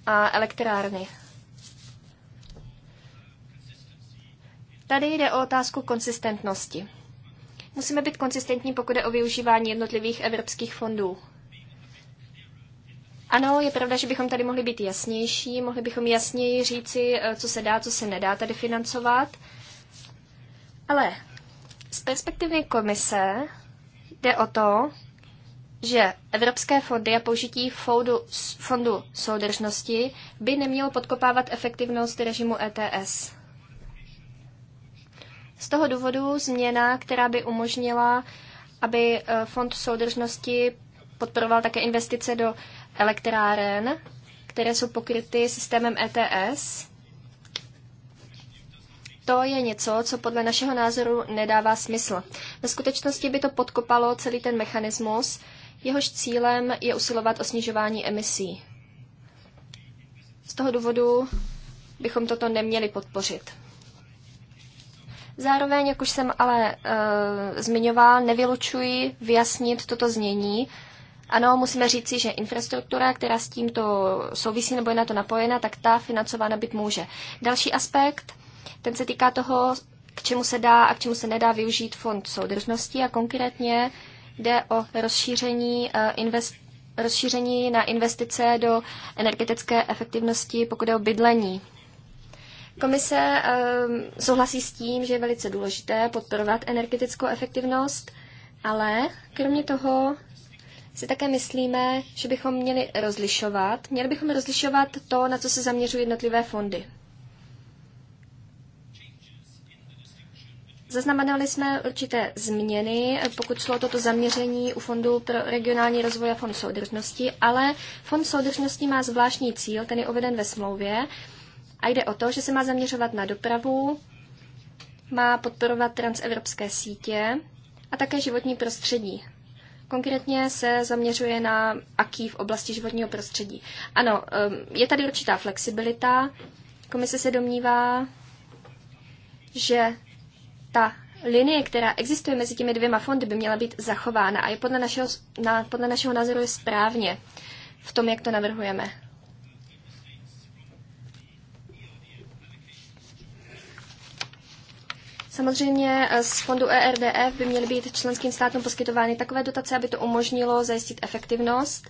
a elektrárny. Tady jde o otázku konsistentnosti. Musíme být konsistentní, pokud je o využívání jednotlivých evropských fondů. Ano, je pravda, že bychom tady mohli být jasnější, mohli bychom jasněji říci, eh, co se dá, co se nedá tady financovat. Ale z perspektivy komise jde o to, že evropské fondy a použití fondu, fondu soudržnosti by nemělo podkopávat efektivnost režimu ETS. Z toho důvodu změna, která by umožnila, aby eh, Fond soudržnosti podporoval také investice do elektráren, které jsou pokryty systémem ETS. To je něco, co podle našeho názoru nedává smysl. Ve skutečnosti by to podkopalo celý ten mechanismus, jehož cílem je usilovat o snižování emisí. Z toho důvodu bychom toto neměli podpořit. Zároveň, jak už jsem ale e, zmiňoval, nevylučuji vyjasnit toto znění. Ano, musíme říci, že infrastruktura, která s tímto souvisí nebo je na to napojena, tak ta financována být může. Další aspekt, ten se týká toho, k čemu se dá a k čemu se nedá využít fond soudržnosti a konkrétně jde o rozšíření, eh, invest, rozšíření na investice do energetické efektivnosti, pokud je o bydlení. Komise eh, souhlasí s tím, že je velice důležité podporovat energetickou efektivnost, ale kromě toho si také myslíme, že bychom měli rozlišovat, měli bychom rozlišovat to, na co se zaměřují jednotlivé fondy. Zaznamenali jsme určité změny, pokud šlo toto zaměření u Fondu pro regionální rozvoj a Fond soudržnosti, ale Fond soudržnosti má zvláštní cíl, ten je uveden ve smlouvě, a jde o to, že se má zaměřovat na dopravu, má podporovat transevropské sítě a také životní prostředí. Konkrétně se zaměřuje na aký v oblasti životního prostředí. Ano, um, je tady určitá flexibilita. Komise se domnívá, že ta linie, která existuje mezi těmi dvěma fondy, by měla být zachována a je podle našeho, na, podle našeho názoru je správně v tom, jak to navrhujeme. Samozřejmě eh, z fondu ERDF by měly být členským státům poskytovány takové dotace, aby to umožnilo zajistit efektivnost,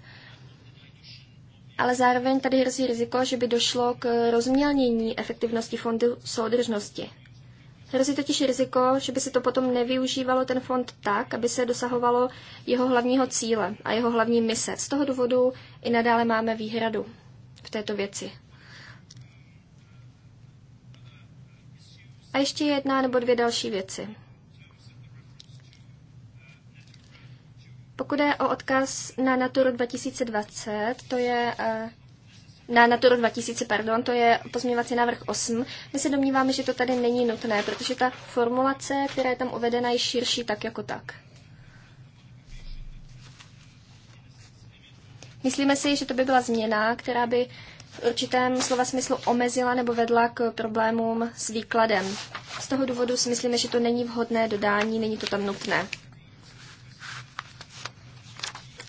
ale zároveň tady hrozí riziko, že by došlo k rozmělnění efektivnosti fondu soudržnosti. Hrozí totiž riziko, že by se to potom nevyužívalo ten fond tak, aby se dosahovalo jeho hlavního cíle a jeho hlavní mise. Z toho důvodu i nadále máme výhradu v této věci. A ještě jedna nebo dvě další věci. Pokud je o odkaz na Naturu 2020, to je eh, na Naturu 2000, pardon, to je pozměňovací návrh 8. My se domníváme, že to tady není nutné, protože ta formulace, která je tam uvedena, je širší tak jako tak. Myslíme si, že to by byla změna, která by v určitém slova smyslu omezila nebo vedla k problémům s výkladem. Z toho důvodu si myslíme, že to není vhodné dodání, není to tam nutné.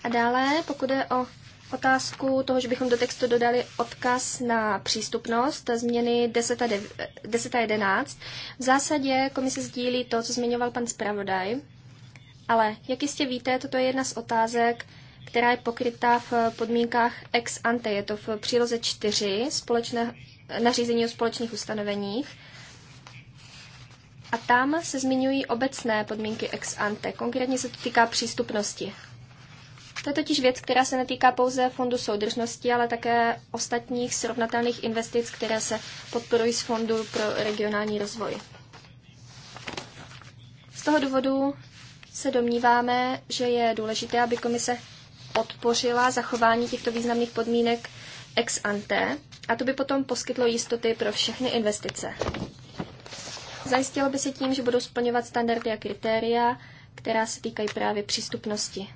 A dále, pokud je o otázku toho, že bychom do textu dodali odkaz na přístupnost změny 10 a, 9, 10 a 11. V zásadě komise sdílí to, co zmiňoval pan zpravodaj, ale jak jistě víte, toto je jedna z otázek, která je pokrytá v podmínkách ex ante. Je to v příloze 4 společné, nařízení o společných ustanoveních. A tam se zmiňují obecné podmínky ex ante. Konkrétně se to týká přístupnosti. To je totiž věc, která se netýká pouze fondu soudržnosti, ale také ostatních srovnatelných investic, které se podporují z Fondu pro regionální rozvoj. Z toho důvodu se domníváme, že je důležité, aby komise podpořila zachování těchto významných podmínek ex ante a to by potom poskytlo jistoty pro všechny investice. Zajistilo by se tím, že budou splňovat standardy a kritéria, která se týkají právě přístupnosti.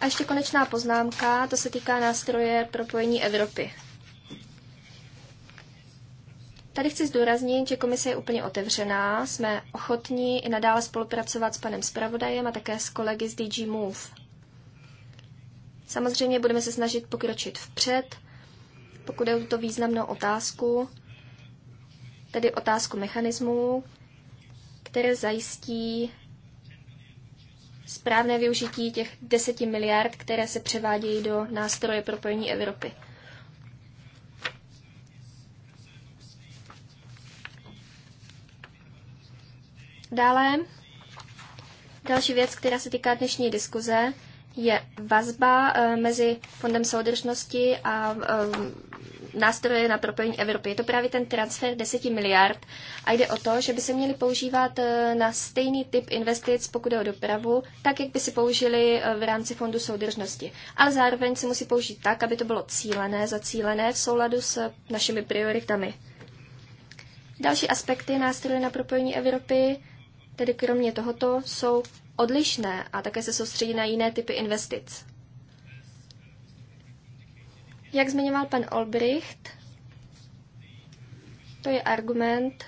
A ještě konečná poznámka, to se týká nástroje propojení Evropy. Tady chci zdůraznit, že komise je úplně otevřená, jsme ochotní i nadále spolupracovat s panem zpravodajem a také s kolegy z DG Move. Samozřejmě budeme se snažit pokročit vpřed, pokud je tuto významnou otázku, tedy otázku mechanismů, které zajistí správné využití těch 10 miliard, které se převádějí do nástroje propojení Evropy. Dále další věc, která se týká dnešní diskuze, je vazba eh, mezi Fondem soudržnosti a eh, nástroje na propojení Evropy. Je to právě ten transfer 10 miliard a jde o to, že by se měly používat eh, na stejný typ investic, pokud je o dopravu, tak, jak by si použili v rámci Fondu soudržnosti. Ale zároveň se musí použít tak, aby to bylo cílené, zacílené v souladu s našimi prioritami. Další aspekty nástroje na propojení Evropy, tedy kromě tohoto, jsou odlišné a také se soustředí na jiné typy investic. Jak zmiňoval pan Olbricht, to je argument,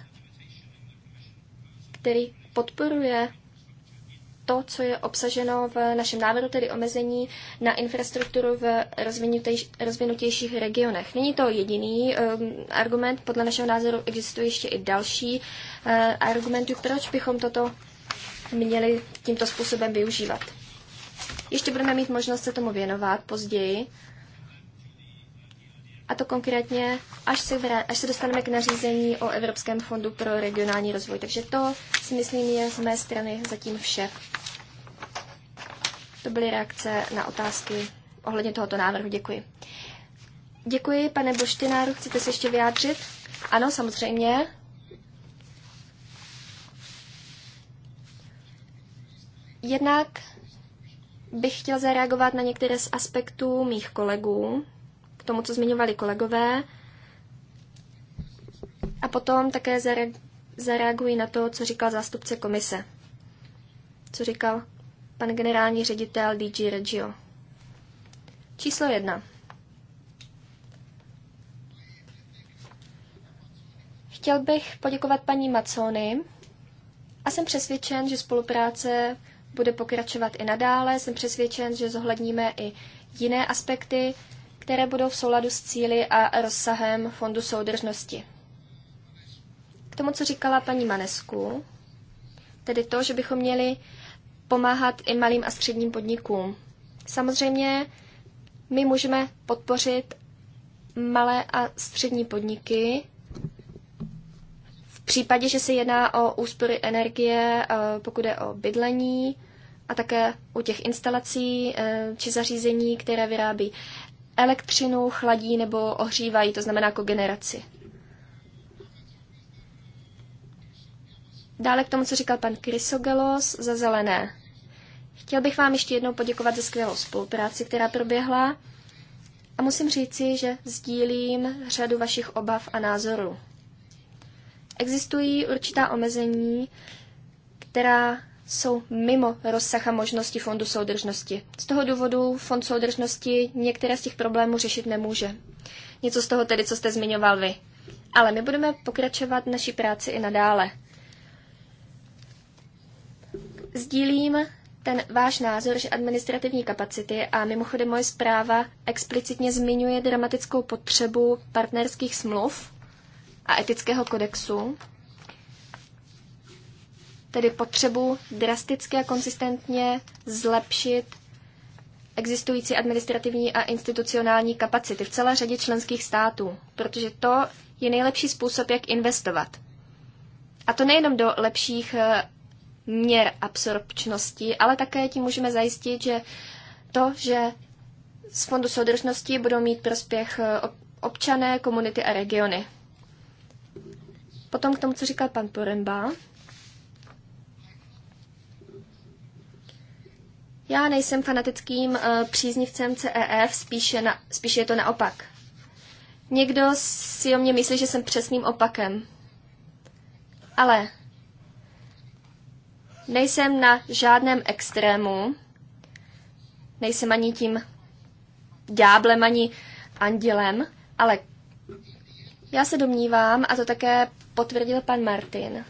který podporuje to, co je obsaženo v našem návrhu, tedy omezení na infrastrukturu v rozvinutějších regionech. Není to jediný um, argument, podle našeho názoru existují ještě i další uh, argumenty, proč bychom toto měli tímto způsobem využívat. Ještě budeme mít možnost se tomu věnovat později, a to konkrétně, až se, vrát, až se dostaneme k nařízení o Evropském fondu pro regionální rozvoj. Takže to si myslím je z mé strany zatím vše. To byly reakce na otázky ohledně tohoto návrhu. Děkuji. Děkuji, pane Boštináru. Chcete se ještě vyjádřit? Ano, samozřejmě. Jednak bych chtěl zareagovat na některé z aspektů mých kolegů, k tomu, co zmiňovali kolegové, a potom také zareaguji na to, co říkal zástupce komise, co říkal pan generální ředitel DG Regio. Číslo jedna. Chtěl bych poděkovat paní Macony a jsem přesvědčen, že spolupráce bude pokračovat i nadále. Jsem přesvědčen, že zohledníme i jiné aspekty, které budou v souladu s cíly a rozsahem Fondu soudržnosti. K tomu, co říkala paní Manesku, tedy to, že bychom měli pomáhat i malým a středním podnikům. Samozřejmě my můžeme podpořit malé a střední podniky případě, že se jedná o úspory energie, eh, pokud je o bydlení a také u těch instalací eh, či zařízení, které vyrábí elektřinu, chladí nebo ohřívají, to znamená kogeneraci. Dále k tomu, co říkal pan Krysogelos za zelené. Chtěl bych vám ještě jednou poděkovat za skvělou spolupráci, která proběhla a musím říci, že sdílím řadu vašich obav a názorů. Existují určitá omezení, která jsou mimo rozsah a možnosti fondu soudržnosti. Z toho důvodu fond soudržnosti některé z těch problémů řešit nemůže. Něco z toho tedy, co jste zmiňoval vy. Ale my budeme pokračovat naší práci i nadále. Sdílím ten váš názor, že administrativní kapacity a mimochodem moje zpráva explicitně zmiňuje dramatickou potřebu partnerských smluv a etického kodexu, tedy potřebu drasticky a konsistentně zlepšit existující administrativní a institucionální kapacity v celé řadě členských států, protože to je nejlepší způsob, jak investovat. A to nejenom do lepších eh, měr absorpčnosti, ale také tím můžeme zajistit, že to, že z Fondu soudržnosti budou mít prospěch eh, občané, komunity a regiony. Potom k tomu, co říkal pan Poremba. Já nejsem fanatickým uh, příznivcem CEF, spíše, na, spíše je to naopak. Někdo si o mě myslí, že jsem přesným opakem. Ale nejsem na žádném extrému, nejsem ani tím dňáblem, ani andělem, ale já se domnívám, a to také potvrdil pan Martin,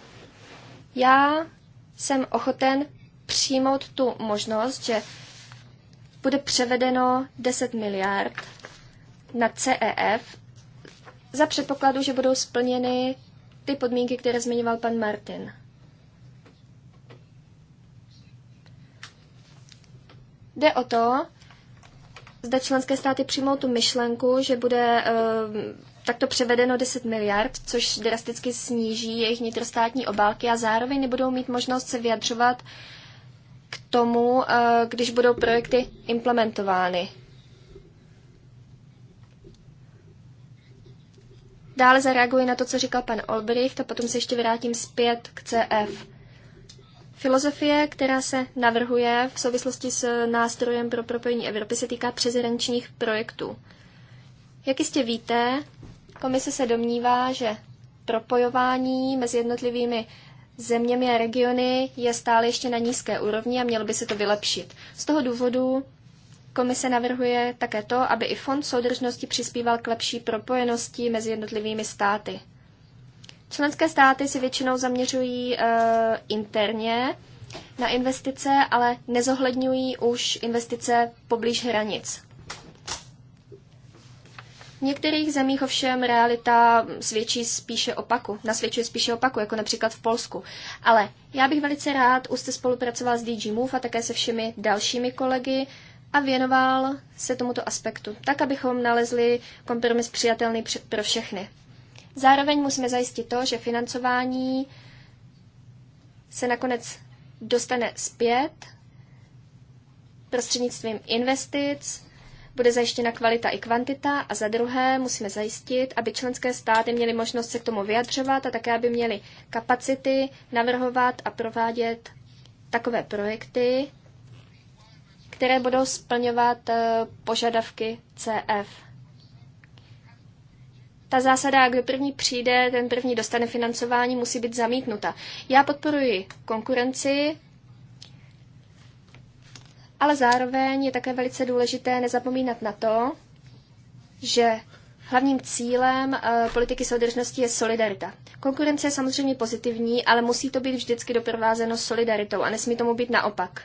já jsem ochoten přijmout tu možnost, že bude převedeno 10 miliard na CEF za předpokladu, že budou splněny ty podmínky, které zmiňoval pan Martin. Jde o to, zda členské státy přijmou tu myšlenku, že bude ehm, takto převedeno 10 miliard, což drasticky sníží jejich nitrostátní obálky a zároveň nebudou mít možnost se vyjadřovat k tomu, eh, když budou projekty implementovány. Dále zareaguji na to, co říkal pan Olbricht a potom se ještě vrátím zpět k CF. Filozofie, která se navrhuje v souvislosti s nástrojem pro propojení Evropy, se týká přezrančních projektů. Jak jistě víte, Komise se domnívá, že propojování mezi jednotlivými zeměmi a regiony je stále ještě na nízké úrovni a mělo by se to vylepšit. Z toho důvodu komise navrhuje také to, aby i fond soudržnosti přispíval k lepší propojenosti mezi jednotlivými státy. Členské státy si většinou zaměřují e, interně na investice, ale nezohledňují už investice poblíž hranic. V některých zemích ovšem realita svědčí spíše opaku, nasvědčuje spíše opaku, jako například v Polsku. Ale já bych velice rád úzce spolupracoval s DG Move a také se všemi dalšími kolegy a věnoval se tomuto aspektu, tak abychom nalezli kompromis přijatelný pro všechny. Zároveň musíme zajistit to, že financování se nakonec dostane zpět prostřednictvím investic, bude zajištěna kvalita i kvantita a za druhé musíme zajistit, aby členské státy měly možnost se k tomu vyjadřovat a také, aby měly kapacity navrhovat a provádět takové projekty, které budou splňovat eh, požadavky CF. Ta zásada, kdo první přijde, ten první dostane financování, musí být zamítnuta. Já podporuji konkurenci, ale zároveň je také velice důležité nezapomínat na to, že hlavním cílem eh, politiky soudržnosti je solidarita. Konkurence je samozřejmě pozitivní, ale musí to být vždycky doprovázeno solidaritou a nesmí tomu být naopak.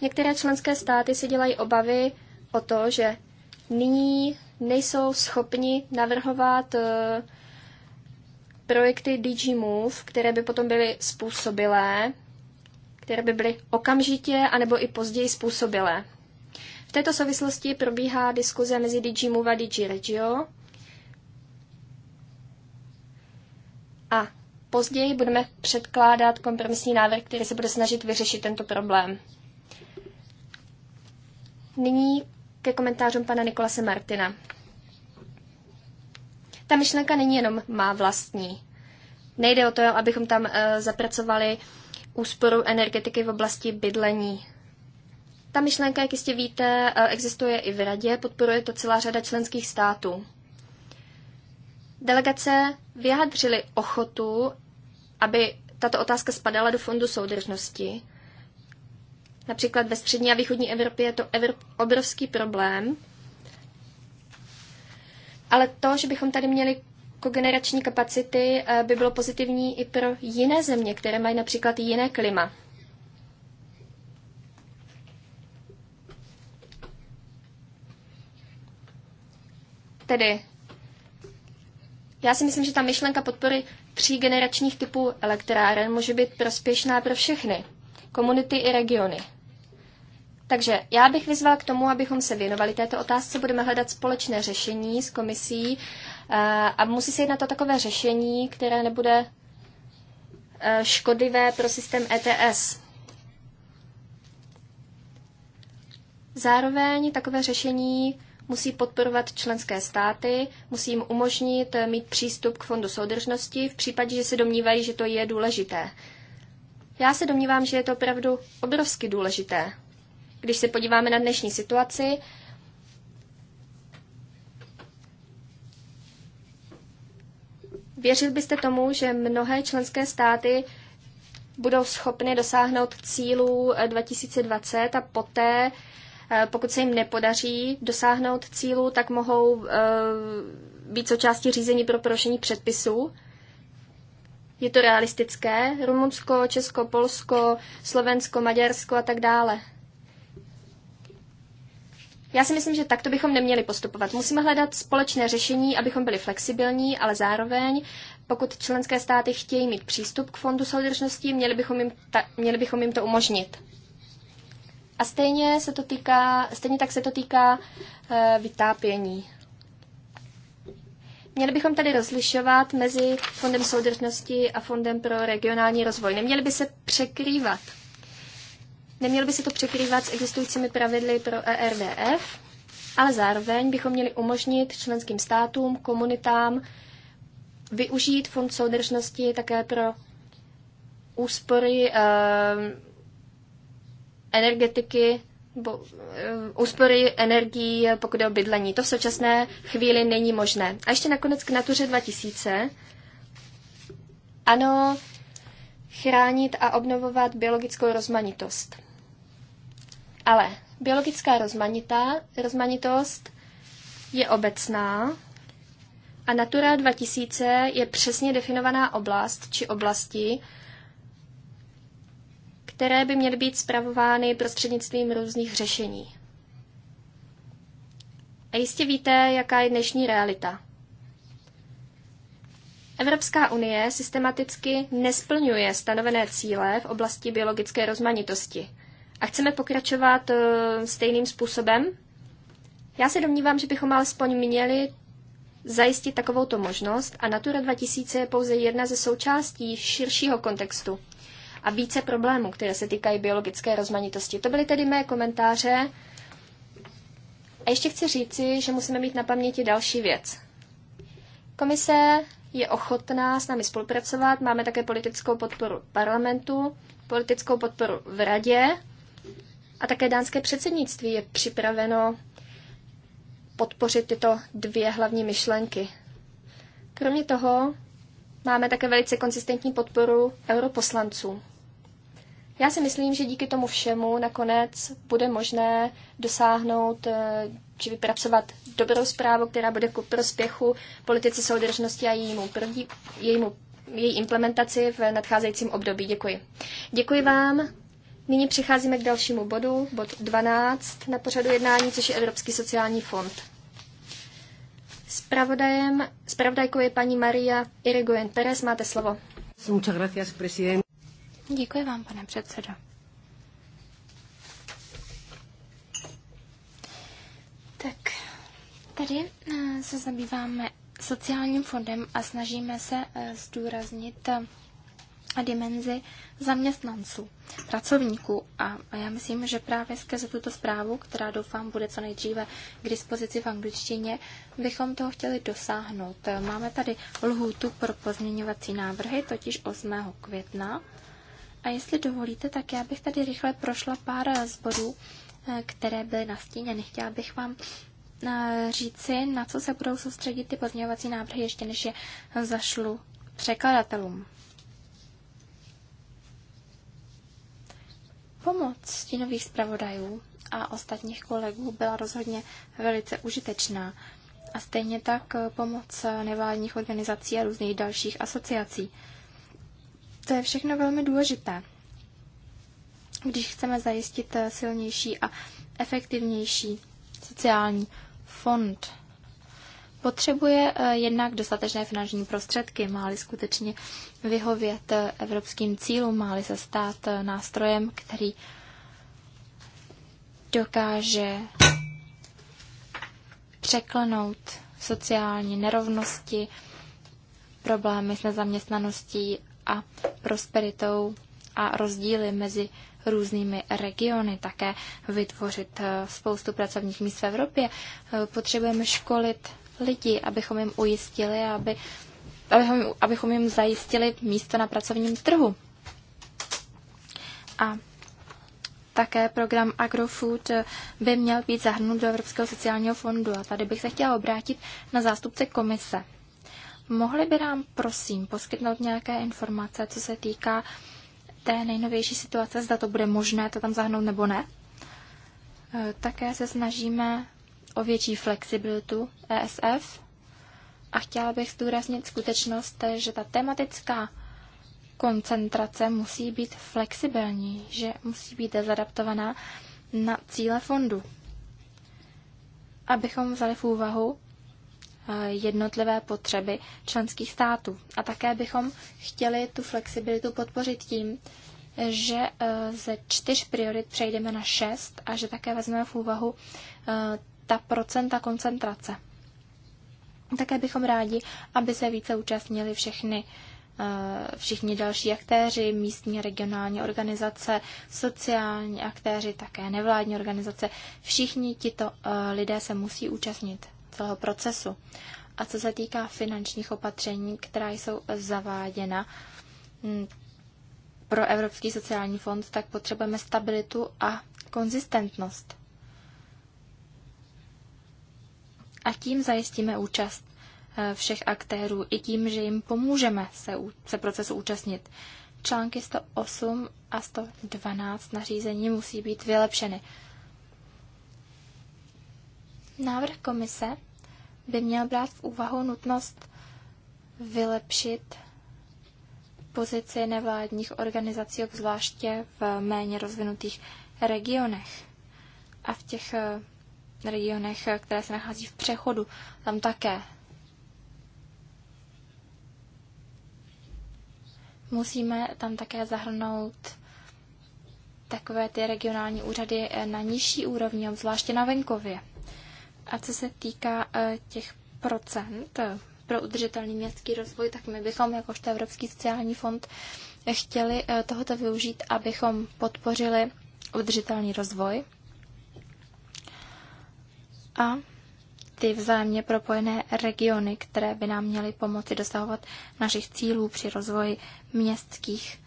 Některé členské státy si dělají obavy o to, že nyní nejsou schopni navrhovat eh, projekty DG Move, které by potom byly způsobilé které by byly okamžitě anebo i později způsobilé. V této souvislosti probíhá diskuze mezi DG Move a DG Regio a později budeme předkládat kompromisní návrh, který se bude snažit vyřešit tento problém. Nyní ke komentářům pana Nikolase Martina. Ta myšlenka není jenom má vlastní. Nejde o to, abychom tam eh, zapracovali úsporu energetiky v oblasti bydlení. Ta myšlenka, jak jistě víte, eh, existuje i v Radě, podporuje to celá řada členských států. Delegace vyjádřily ochotu, aby tato otázka spadala do Fondu soudržnosti. Například ve střední a východní Evropě je to Evrop- obrovský problém. Ale to, že bychom tady měli kogenerační kapacity eh, by bylo pozitivní i pro jiné země, které mají například jiné klima. Tedy, já si myslím, že ta myšlenka podpory tří generačních typů elektráren může být prospěšná pro všechny, komunity i regiony. Takže já bych vyzval k tomu, abychom se věnovali této otázce, budeme hledat společné řešení s komisí a musí se jednat o takové řešení, které nebude eh, škodlivé pro systém ETS. Zároveň takové řešení musí podporovat členské státy, musí jim umožnit eh, mít přístup k fondu soudržnosti v případě, že se domnívají, že to je důležité. Já se domnívám, že je to opravdu obrovsky důležité. Když se podíváme na dnešní situaci, Věřil byste tomu, že mnohé členské státy budou schopny dosáhnout cílů 2020 eh, a poté, eh, pokud se jim nepodaří dosáhnout cílů, tak mohou eh, být součástí řízení pro porušení předpisů? Je to realistické? Rumunsko, Česko, Polsko, Slovensko, Maďarsko a tak dále. Já si myslím, že takto bychom neměli postupovat. Musíme hledat společné řešení, abychom byli flexibilní, ale zároveň, pokud členské státy chtějí mít přístup k Fondu soudržnosti, měli bychom jim, ta, měli bychom jim to umožnit. A stejně, se to týká, stejně tak se to týká e, vytápění. Měli bychom tady rozlišovat mezi Fondem soudržnosti a Fondem pro regionální rozvoj. Neměli by se překrývat. Nemělo by se to překrývat s existujícími pravidly pro ERVF, ale zároveň bychom měli umožnit členským státům, komunitám využít fond soudržnosti také pro úspory eh, energetiky bo, ehm, úspory energií, pokud je o bydlení. To v současné chvíli není možné. A ještě nakonec k natuře 2000. Ano, chránit a obnovovat biologickou rozmanitost. Ale biologická rozmanitá, rozmanitost je obecná a Natura 2000 je přesně definovaná oblast či oblasti, které by měly být spravovány prostřednictvím různých řešení. A jistě víte, jaká je dnešní realita. Evropská unie systematicky nesplňuje stanovené cíle v oblasti biologické rozmanitosti. A chceme pokračovat eh, stejným způsobem? Já se domnívám, že bychom alespoň měli zajistit takovouto možnost a Natura 2000 je pouze jedna ze součástí širšího kontextu a více problémů, které se týkají biologické rozmanitosti. To byly tedy mé komentáře. A ještě chci říci, že musíme mít na paměti další věc. Komise je ochotná s námi spolupracovat, máme také politickou podporu parlamentu, politickou podporu v radě a také dánské předsednictví je připraveno podpořit tyto dvě hlavní myšlenky. Kromě toho máme také velice konzistentní podporu europoslanců. Já si myslím, že díky tomu všemu nakonec bude možné dosáhnout či eh, vypracovat dobrou zprávu, která bude ku prospěchu politice soudržnosti a jejímu, první, jejímu její implementaci v nadcházejícím období. Děkuji. Děkuji vám. Nyní přicházíme k dalšímu bodu, bod 12 na pořadu jednání, což je Evropský sociální fond. Spravodajem, spravodajkou je paní Maria Irigoyen Perez. Máte slovo. Děkuji vám, pane předsedo. Tak tady eh, se zabýváme sociálním fondem a snažíme se eh, zdůraznit eh, a dimenzi zaměstnanců, pracovníků. A já myslím, že právě skrze tuto zprávu, která doufám bude co nejdříve k dispozici v angličtině, bychom toho chtěli dosáhnout. Máme tady lhůtu pro pozměňovací návrhy, totiž 8. května. A jestli dovolíte, tak já bych tady rychle prošla pár z bodů, eh, které byly nastíněny. Chtěla bych vám eh, říci, na co se budou soustředit ty pozměňovací návrhy, ještě než je zašlu překladatelům. Pomoc stínových zpravodajů a ostatních kolegů byla rozhodně velice užitečná. A stejně tak pomoc nevládních organizací a různých dalších asociací. To je všechno velmi důležité. Když chceme zajistit silnější a efektivnější sociální fond Potřebuje eh, jednak dostatečné finanční prostředky, má-li skutečně vyhovět eh, evropským cílům, má-li se stát eh, nástrojem, který dokáže překlenout sociální nerovnosti, problémy s nezaměstnaností a prosperitou a rozdíly mezi různými regiony, také vytvořit spoustu pracovních míst v Evropě. Potřebujeme školit lidi, abychom jim ujistili, aby, abychom, abychom jim zajistili místo na pracovním trhu. A také program Agrofood by měl být zahrnut do Evropského sociálního fondu. A tady bych se chtěla obrátit na zástupce komise. Mohli by nám, prosím, poskytnout nějaké informace, co se týká té nejnovější situace, zda to bude možné to tam zahrnout nebo ne? E, také se snažíme o větší flexibilitu ESF a chtěla bych zdůraznit skutečnost, že ta tematická koncentrace musí být flexibilní, že musí být zadaptovaná na cíle fondu. Abychom vzali v úvahu eh, jednotlivé potřeby členských států. A také bychom chtěli tu flexibilitu podpořit tím, že eh, ze čtyř priorit přejdeme na šest a že také vezmeme v úvahu eh, ta procenta koncentrace. Také bychom rádi, aby se více účastnili všechny eh, všichni další aktéři, místní regionální organizace, sociální aktéři, také nevládní organizace. Všichni tito eh, lidé se musí účastnit celého procesu. A co se týká finančních opatření, která jsou zaváděna hm, pro Evropský sociální fond, tak potřebujeme stabilitu a konzistentnost. a tím zajistíme účast eh, všech aktérů i tím, že jim pomůžeme se, se procesu účastnit. Články 108 a 112 nařízení musí být vylepšeny. Návrh komise by měl brát v úvahu nutnost vylepšit pozici nevládních organizací, obzvláště v méně rozvinutých regionech a v těch eh, regionech, které se nachází v přechodu, tam také. Musíme tam také zahrnout takové ty regionální úřady eh, na nižší úrovni, zvláště na venkově. A co se týká eh, těch procent eh, pro udržitelný městský rozvoj, tak my bychom jakožto Evropský sociální fond chtěli tohoto využít, abychom podpořili udržitelný rozvoj a ty vzájemně propojené regiony, které by nám měly pomoci dosahovat našich cílů při rozvoji městských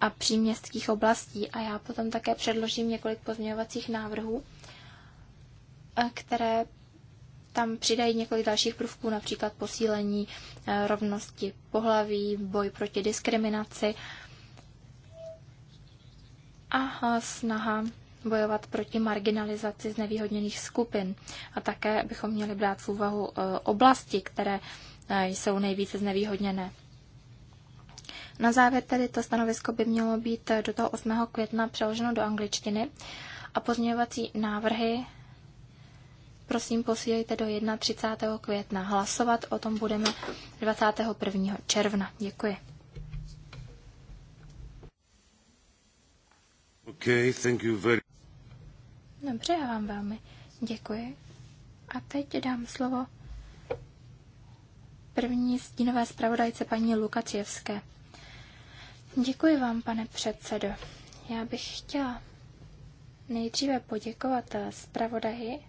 a příměstských oblastí. A já potom také předložím několik pozměňovacích návrhů, eh, které tam přidají několik dalších prvků, například posílení eh, rovnosti pohlaví, boj proti diskriminaci a snaha bojovat proti marginalizaci znevýhodněných skupin. A také bychom měli brát v úvahu e, oblasti, které e, jsou nejvíce znevýhodněné. Na závěr tedy to stanovisko by mělo být e, do toho 8. května přeloženo do angličtiny a pozměňovací návrhy prosím posílejte do 31. května. Hlasovat o tom budeme 21. června. Děkuji. Okay, thank you very... Dobře, já vám velmi děkuji. A teď dám slovo první stínové zpravodajce paní Lukačevské. Děkuji vám, pane předsedo. Já bych chtěla nejdříve poděkovat zpravodaji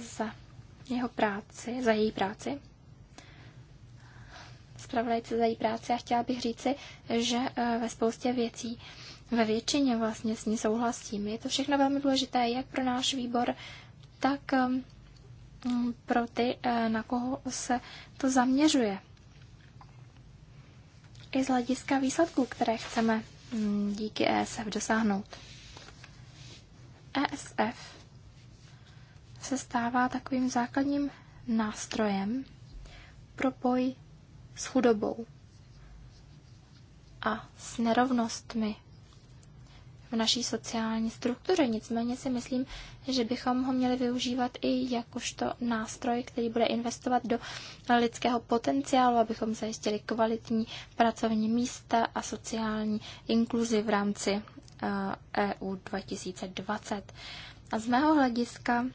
za jeho práci, za její práci. Zpravodajce za její práci a chtěla bych říci, že eh, ve spoustě věcí ve většině vlastně s ní souhlasím. Je to všechno velmi důležité, jak pro náš výbor, tak um, mm, pro ty, eh, na koho se to zaměřuje. I z hlediska výsledků, které chceme mm, díky ESF dosáhnout. ESF se stává takovým základním nástrojem pro boj s chudobou a s nerovnostmi v naší sociální struktuře. Nicméně si myslím, že bychom ho měli využívat i jakožto nástroj, který bude investovat do lidského potenciálu, abychom zajistili kvalitní pracovní místa a sociální inkluzi v rámci EU eh, e 2020. A z mého hlediska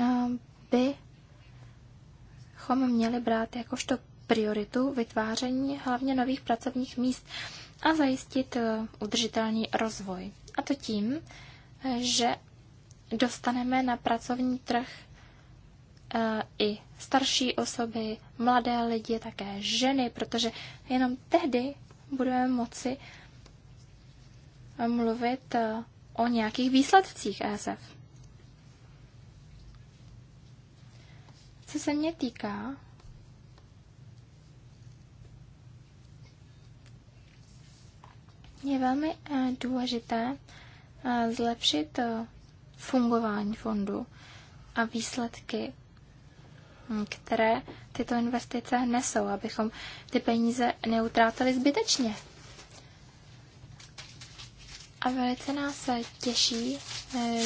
eh, bychom měli brát jakožto prioritu vytváření hlavně nových pracovních míst a zajistit eh, udržitelný rozvoj. A to tím, eh, že dostaneme na pracovní trh eh, i starší osoby, mladé lidi, také ženy, protože jenom tehdy budeme moci mluvit o nějakých výsledcích ESF. Co se mě týká, je velmi eh, důležité eh, zlepšit eh, fungování fondu a výsledky, hm, které tyto investice nesou, abychom ty peníze neutráceli zbytečně. A velice nás těší,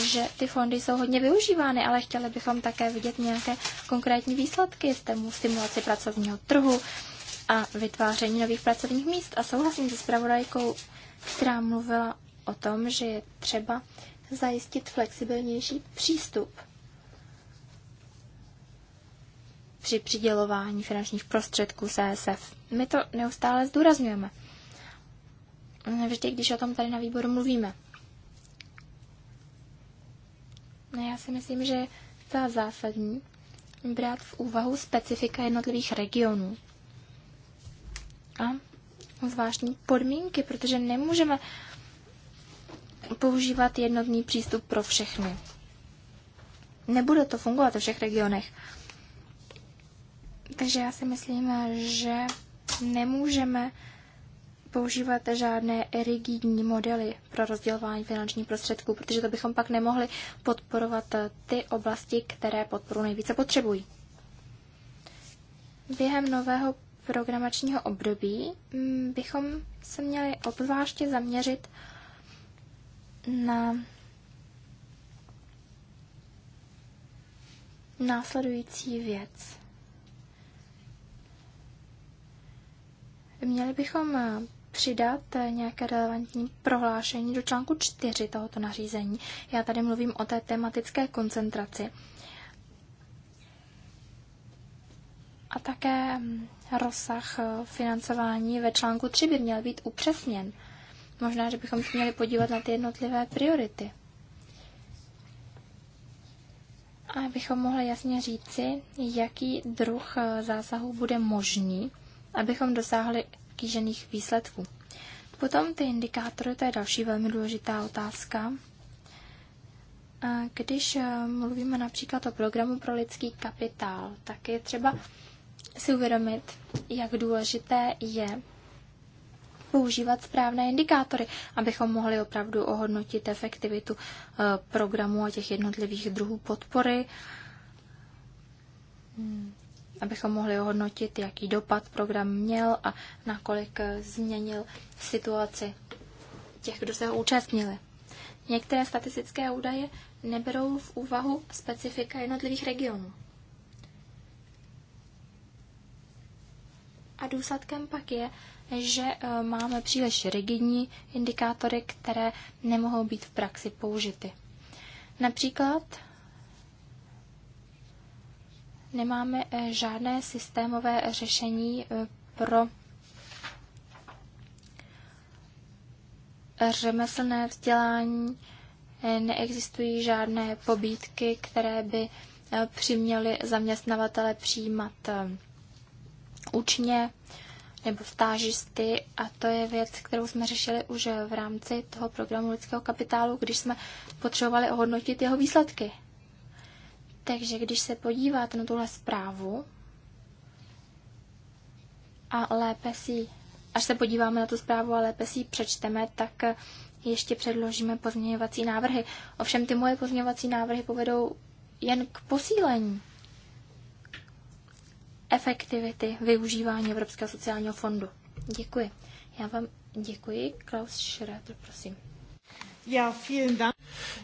že ty fondy jsou hodně využívány, ale chtěli bychom také vidět nějaké konkrétní výsledky z tému stimulaci pracovního trhu a vytváření nových pracovních míst. A souhlasím se zpravodajkou která mluvila o tom, že je třeba zajistit flexibilnější přístup při přidělování finančních prostředků CSF. E My to neustále zdůrazňujeme. Vždy, když o tom tady na výboru mluvíme. No, já si myslím, že je zcela zásadní brát v úvahu specifika jednotlivých regionů a zvláštní podmínky, protože nemůžeme používat jednotný přístup pro všechny. Nebude to fungovat ve všech regionech. Takže já si myslím, že nemůžeme používat žádné rigidní modely pro rozdělování finančních prostředků, protože to bychom pak nemohli podporovat ty oblasti, které podporu nejvíce potřebují. Během nového programačního období mm, bychom se měli obzvláště zaměřit na následující věc. Měli bychom eh, přidat eh, nějaké relevantní prohlášení do článku 4 tohoto nařízení. Já tady mluvím o té tematické koncentraci. A také mm, rozsah eh, financování ve článku 3 by měl být upřesněn. Možná, že bychom se měli podívat na ty jednotlivé priority. A abychom mohli jasně říci, jaký druh eh, zásahu bude možný, abychom dosáhli kýžených výsledků. Potom ty indikátory, to je další velmi důležitá otázka. Eh, když mluvíme například o programu pro lidský kapitál, tak je třeba si uvědomit, jak důležité je používat správné indikátory, abychom mohli opravdu ohodnotit efektivitu eh, programu a těch jednotlivých druhů podpory, hmm. abychom mohli ohodnotit, jaký dopad program měl a nakolik eh, změnil situaci těch, kdo se ho účastnili. Některé statistické údaje neberou v úvahu specifika jednotlivých regionů. A důsledkem pak je, že eh, máme příliš rigidní indikátory, které nemohou být v praxi použity. Například nemáme eh, žádné systémové řešení eh, pro řemeslné vzdělání, neexistují žádné pobídky, které by přiměly zaměstnavatele přijímat učně nebo stážisty a to je věc, kterou jsme řešili už v rámci toho programu lidského kapitálu, když jsme potřebovali ohodnotit jeho výsledky. Takže když se podíváte na tuhle zprávu a lépe si, až se podíváme na tu zprávu a lépe si ji přečteme, tak ještě předložíme pozměňovací návrhy. Ovšem ty moje pozměňovací návrhy povedou jen k posílení efektivity využívání Evropského sociálního fondu. Děkuji. Já vám děkuji. Klaus Schrader, prosím. Já, vielen Dank.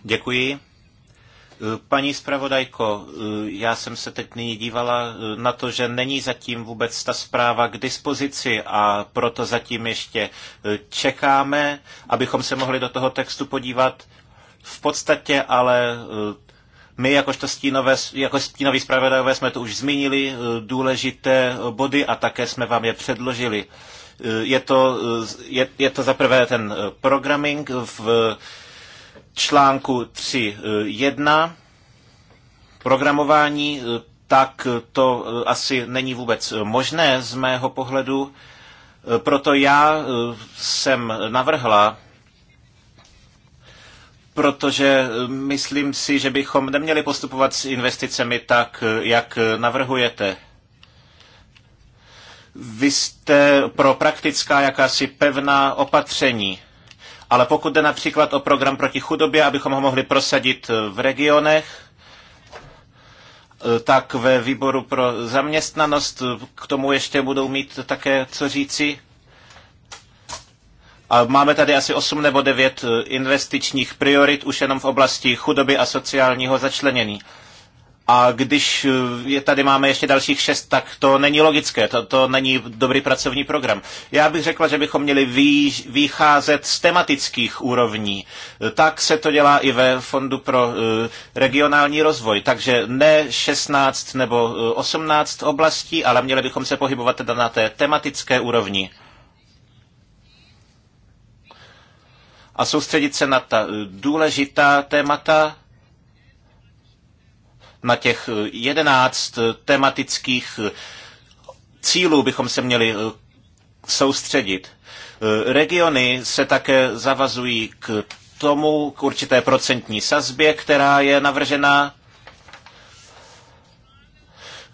Děkuji. Eh, paní zpravodajko, eh, já jsem se teď nyní dívala eh, na to, že není zatím vůbec ta zpráva k dispozici a proto zatím ještě čekáme, abychom se mohli do toho textu podívat. V podstatě ale my jakožto stínové, jako stínoví zpravodajové jsme to už zmínili, eh, důležité body a také jsme vám je předložili. Eh, je to, eh, je, je to zaprvé ten programming v článku 3.1, programování, tak to asi není vůbec možné z mého pohledu. Proto já jsem navrhla protože eh, myslím si, že bychom neměli postupovat s investicemi tak, eh, jak eh, navrhujete. Vy jste pro praktická jakási pevná opatření, ale pokud jde například o program proti chudobě, abychom ho mohli prosadit v regionech, tak ve výboru pro zaměstnanost k tomu ještě budou mít také co říci. A máme tady asi 8 nebo 9 eh, investičních priorit už jenom v oblasti chudoby a sociálního začlenění. A když eh, je tady máme ještě dalších šest, tak to není logické, to, to není dobrý pracovní program. Já bych řekla, že bychom měli vý, vycházet z tematických úrovní. Tak se to dělá i ve Fondu pro eh, regionální rozvoj. Takže ne 16 nebo 18 oblastí, ale měli bychom se pohybovat teda na té tematické úrovni. a soustředit se na ta eh, důležitá témata, na těch eh, jedenáct eh, tematických cílů bychom se měli soustředit. Regiony se také zavazují k tomu, k určité procentní sazbě, která je navržena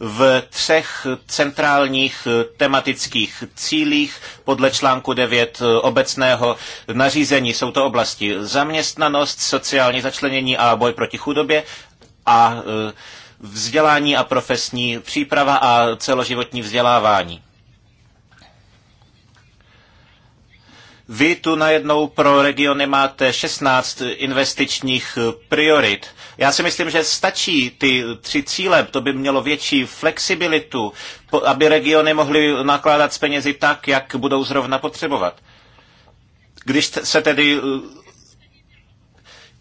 v třech centrálních eh, tematických cílích podle článku 9 eh, obecného nařízení. Jsou to oblasti zaměstnanost, sociální začlenění a boj proti chudobě a eh, vzdělání a profesní příprava a celoživotní vzdělávání. Vy tu najednou pro regiony máte 16 investičních priorit já si myslím, že stačí ty tři cíle, to by mělo větší flexibilitu, aby regiony mohly nakládat s penězi tak, jak budou zrovna potřebovat. Když se tedy uh,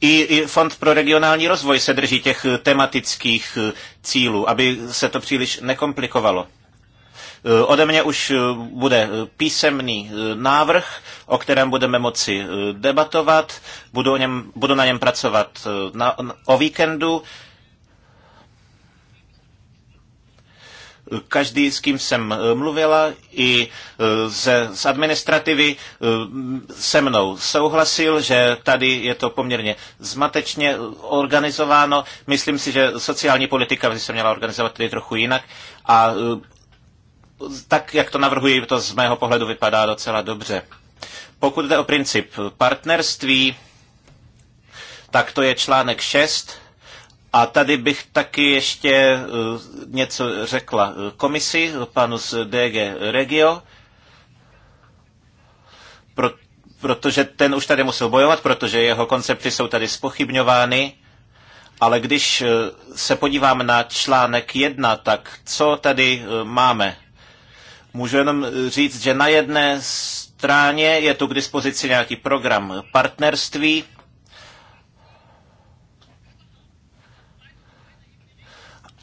i, I Fond pro regionální rozvoj se drží těch uh, tematických uh, cílů, aby se to příliš nekomplikovalo. Eh, ode mě už eh, bude eh, písemný návrh, o kterém budeme moci debatovat. Budu, o něm, budu na něm pracovat na, o víkendu. každý, s kým jsem mluvila, i ze, z administrativy se mnou souhlasil, že tady je to poměrně zmatečně organizováno. Myslím si, že sociální politika by se měla organizovat tedy trochu jinak. A tak, jak to navrhuji, to z mého pohledu vypadá docela dobře. Pokud jde o princip partnerství, tak to je článek 6. A tady bych taky ještě e, něco řekla komisi, panu z DG Regio, protože ten už tady musel bojovat, protože jeho koncepty jsou tady spochybňovány. Ale když e, se podívám na článek 1, tak co tady e, máme? Můžu jenom eh, říct, že na jedné stráně je tu k dispozici nějaký program partnerství,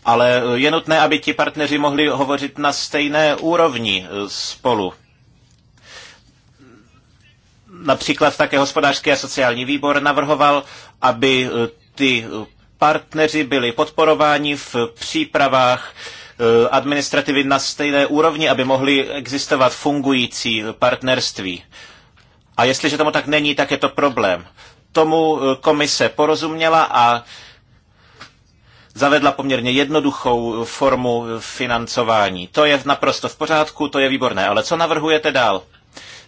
ale eh, je nutné, aby ti partneři mohli hovořit na stejné úrovni eh, spolu. Například také hospodářský a sociální výbor navrhoval, aby ty partneři byli podporováni v přípravách Eh, administrativy na stejné úrovni, aby mohly existovat fungující partnerství. A jestliže tomu tak není, tak je to problém. Tomu eh, komise porozuměla a zavedla poměrně jednoduchou formu financování. To je naprosto v pořádku, to je výborné. Ale co navrhujete dál?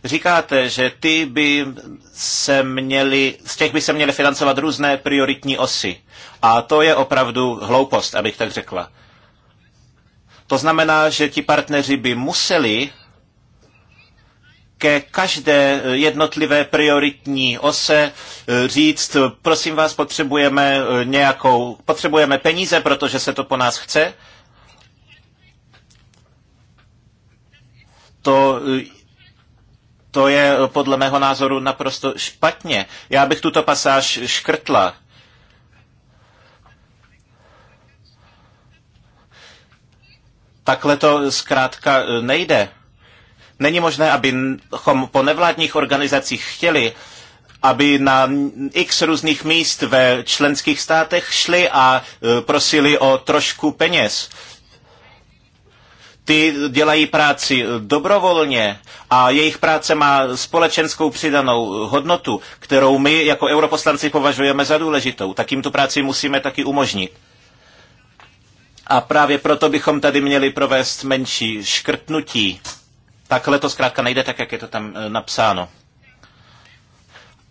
Říkáte, že ty by se měly, z těch by se měly financovat různé prioritní osy. A to je opravdu hloupost, abych tak řekla. To znamená, že ti partneři by museli ke každé jednotlivé prioritní ose eh, říct, prosím vás, potřebujeme eh, nějakou, potřebujeme peníze, protože se to po nás chce. To, eh, to je podle mého názoru naprosto špatně. Já bych tuto pasáž škrtla Takhle to zkrátka e, nejde. Není možné, abychom po nevládních organizacích chtěli, aby na x různých míst ve členských státech šli a e, prosili o trošku peněz. Ty dělají práci dobrovolně a jejich práce má společenskou přidanou hodnotu, kterou my jako europoslanci považujeme za důležitou. Tak jim tu práci musíme taky umožnit. A právě proto bychom tady měli provést menší škrtnutí. Takhle to zkrátka nejde tak, jak je to tam eh, napsáno.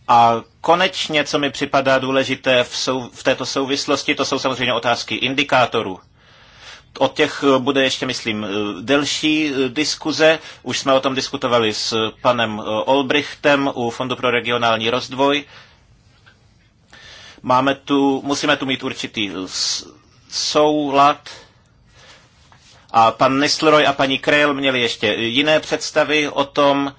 A konečně, co mi připadá důležité v, sou, v této souvislosti, to jsou samozřejmě otázky indikátorů. O těch eh, bude ještě, myslím, eh, delší diskuze. Už jsme o tom diskutovali s panem Olbrichtem u Fondu pro regionální rozdvoj. Máme tu, musíme tu mít určitý soulad a pan Nisleroy a paní Krejl měli ještě jiné představy o tom,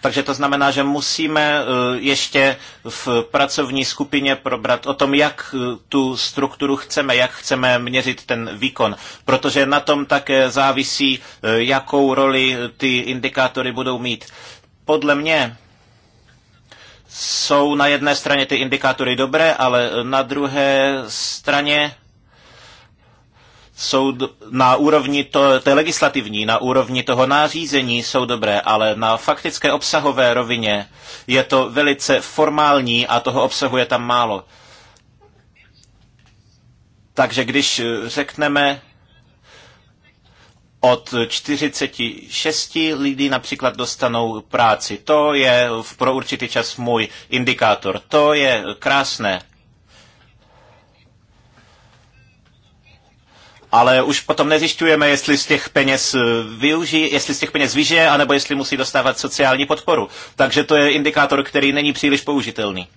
Takže to znamená, že musíme eh, ještě v pracovní skupině probrat o tom, jak eh, tu strukturu chceme, jak chceme měřit ten výkon, protože na tom také závisí, eh, jakou roli ty indikátory budou mít. Podle mě jsou na jedné straně ty indikátory dobré, ale na druhé straně jsou na úrovni to, té legislativní, na úrovni toho nářízení jsou dobré, ale na faktické obsahové rovině je to velice formální a toho obsahu je tam málo. Takže když řekneme, od 46 lidí například dostanou práci. To je pro určitý čas můj indikátor. To je krásné. ale už potom nezjišťujeme, jestli z těch peněz eh, využije, jestli z těch peněz vyžije, anebo jestli musí dostávat sociální podporu. Takže to je indikátor, který není příliš použitelný.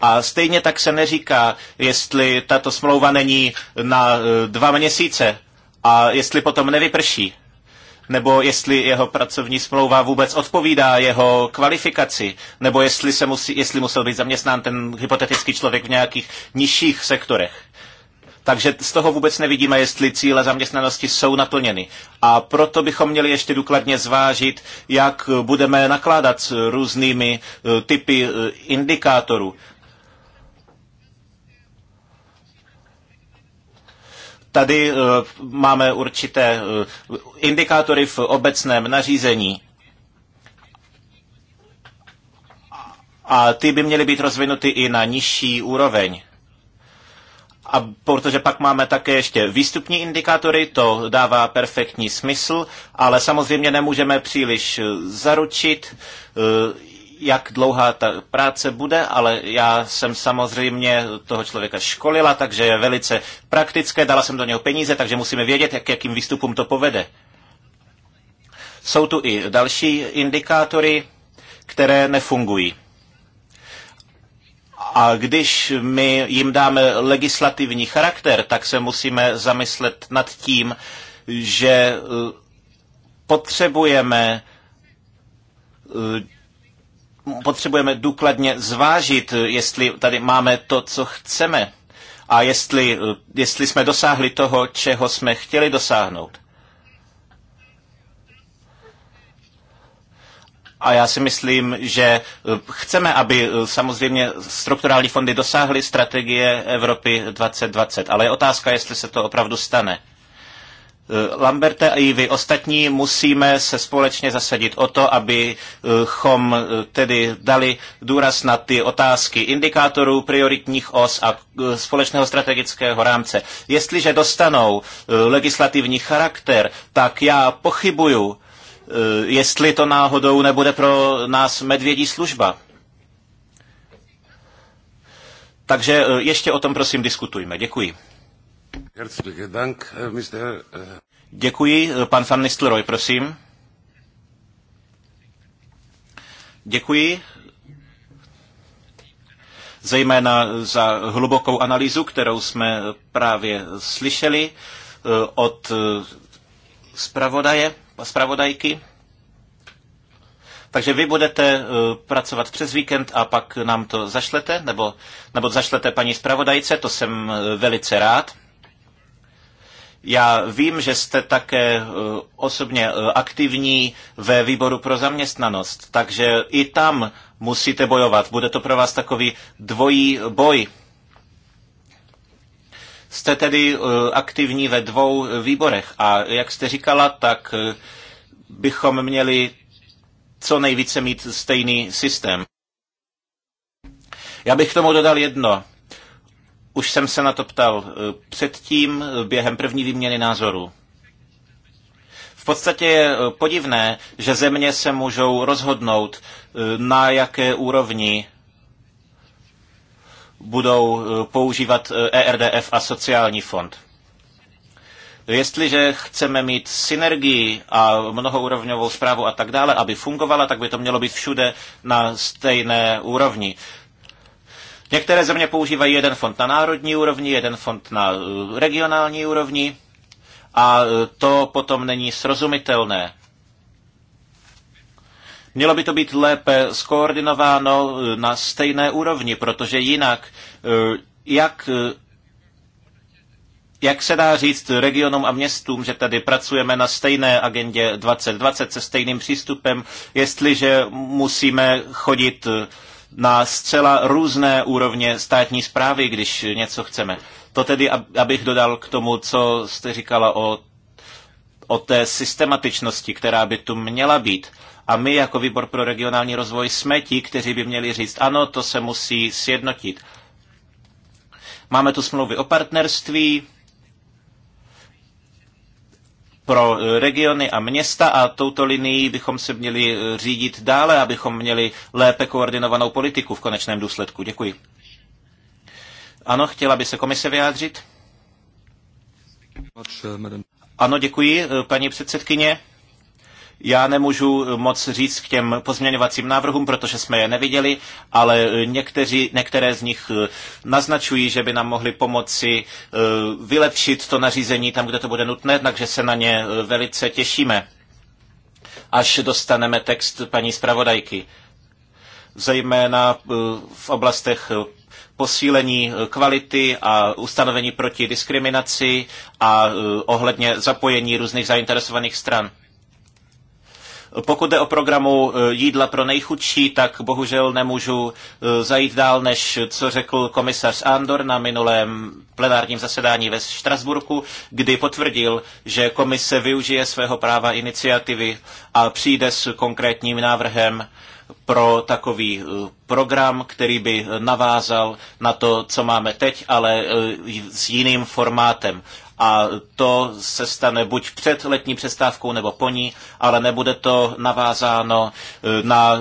A stejně tak se neříká, jestli tato smlouva není na eh, dva měsíce, a jestli potom nevyprší, nebo jestli jeho pracovní smlouva vůbec odpovídá jeho kvalifikaci, nebo jestli, se musí, jestli musel být zaměstnán ten hypotetický člověk v nějakých nižších sektorech. Takže z toho vůbec nevidíme, jestli cíle zaměstnanosti jsou naplněny. A proto bychom měli ještě důkladně zvážit, jak budeme nakládat s různými eh, typy eh, indikátorů. Tady eh, máme určité eh, indikátory v obecném nařízení. A ty by měly být rozvinuty i na nižší úroveň. A protože pak máme také ještě výstupní indikátory, to dává perfektní smysl, ale samozřejmě nemůžeme příliš eh, zaručit, jak dlouhá ta práce bude, ale já jsem samozřejmě toho člověka školila, takže je velice praktické, dala jsem do něho peníze, takže musíme vědět, jak, jakým výstupům to povede. Jsou tu i další indikátory, které nefungují. A když my jim dáme legislativní charakter, tak se musíme zamyslet nad tím, že eh, potřebujeme eh, potřebujeme důkladně zvážit, jestli tady máme to, co chceme a jestli, jestli jsme dosáhli toho, čeho jsme chtěli dosáhnout. A já si myslím, že eh, chceme, aby eh, samozřejmě strukturální fondy dosáhly strategie Evropy 2020, ale je otázka, jestli se to opravdu stane. Eh, Lamberte a i vy ostatní musíme se společně zasadit o to, abychom eh, eh, tedy dali důraz na ty otázky indikátorů, prioritních os a společného strategického rámce. Jestliže dostanou legislativní charakter, tak já pochybuju, jestli to náhodou nebude pro nás medvědí služba. Takže ještě o tom prosím diskutujme. Děkuji. Eh, eh. Děkuji. Pan Van Nistelrooy, prosím. Děkuji zejména za hlubokou analýzu, kterou jsme právě slyšeli eh, od zpravodaje, zpravodajky. Takže vy budete pracovat přes víkend a pak nám to zašlete, nebo, nebo zašlete paní zpravodajce, to jsem velice rád. Já vím, že jste také eh, osobně eh, aktivní ve výboru pro zaměstnanost, takže i tam musíte bojovat. Bude to pro vás takový dvojí boj. Jste tedy eh, aktivní ve dvou výborech a jak jste říkala, tak bychom měli co nejvíce mít stejný systém. Já bych k tomu dodal jedno. Už jsem se na to ptal eh, předtím eh, během první výměny názorů. V podstatě je eh, podivné, že země se můžou rozhodnout, na jaké úrovni budou používat ERDF e a sociální fond. Jestliže chceme mít synergii a mnohoúrovňovou zprávu a tak dále, aby fungovala, tak by to mělo být všude na stejné úrovni. Některé země používají jeden fond na národní úrovni, jeden fond na eh, regionální úrovni a eh, to potom není srozumitelné. Mělo by to být lépe skoordinováno eh, na stejné úrovni, protože jinak jak jak se dá říct regionům a městům, že tady pracujeme na stejné agendě 2020 se stejným přístupem, jestliže musíme chodit na zcela různé úrovně státní zprávy, když něco chceme. To tedy, abych dodal k tomu, co jste říkala o, o té systematičnosti, která by tu měla být. A my jako výbor pro regionální rozvoj jsme ti, kteří by měli říct, ano, to se musí sjednotit. Máme tu smlouvy o partnerství, pro eh, regiony a města a touto linií bychom se měli eh, řídit dále, abychom měli lépe koordinovanou politiku v konečném důsledku. Děkuji. Ano, chtěla by se komise vyjádřit? Eh, ano, děkuji, paní předsedkyně. Já nemůžu moc říct k těm pozměňovacím návrhům, protože jsme je neviděli, ale někteří, některé z nich eh, naznačují, že by nám mohli pomoci eh, vylepšit to nařízení tam, kde to bude nutné, takže se na ně eh, velice těšíme, až dostaneme text paní zpravodajky. Zejména v oblastech posílení kvality a ustanovení proti diskriminaci a ohledně zapojení různých zainteresovaných stran. Pokud jde o programu eh, jídla pro nejchudší, tak bohužel nemůžu eh, zajít dál, než co řekl komisař Andor na minulém plenárním zasedání ve Štrasburku, kdy potvrdil, že komise využije svého práva iniciativy a přijde s konkrétním návrhem pro takový eh, program, který by navázal na to, co máme teď, ale s jiným formátem a to se stane buď před letní přestávkou nebo po ní, ale nebude to navázáno e, na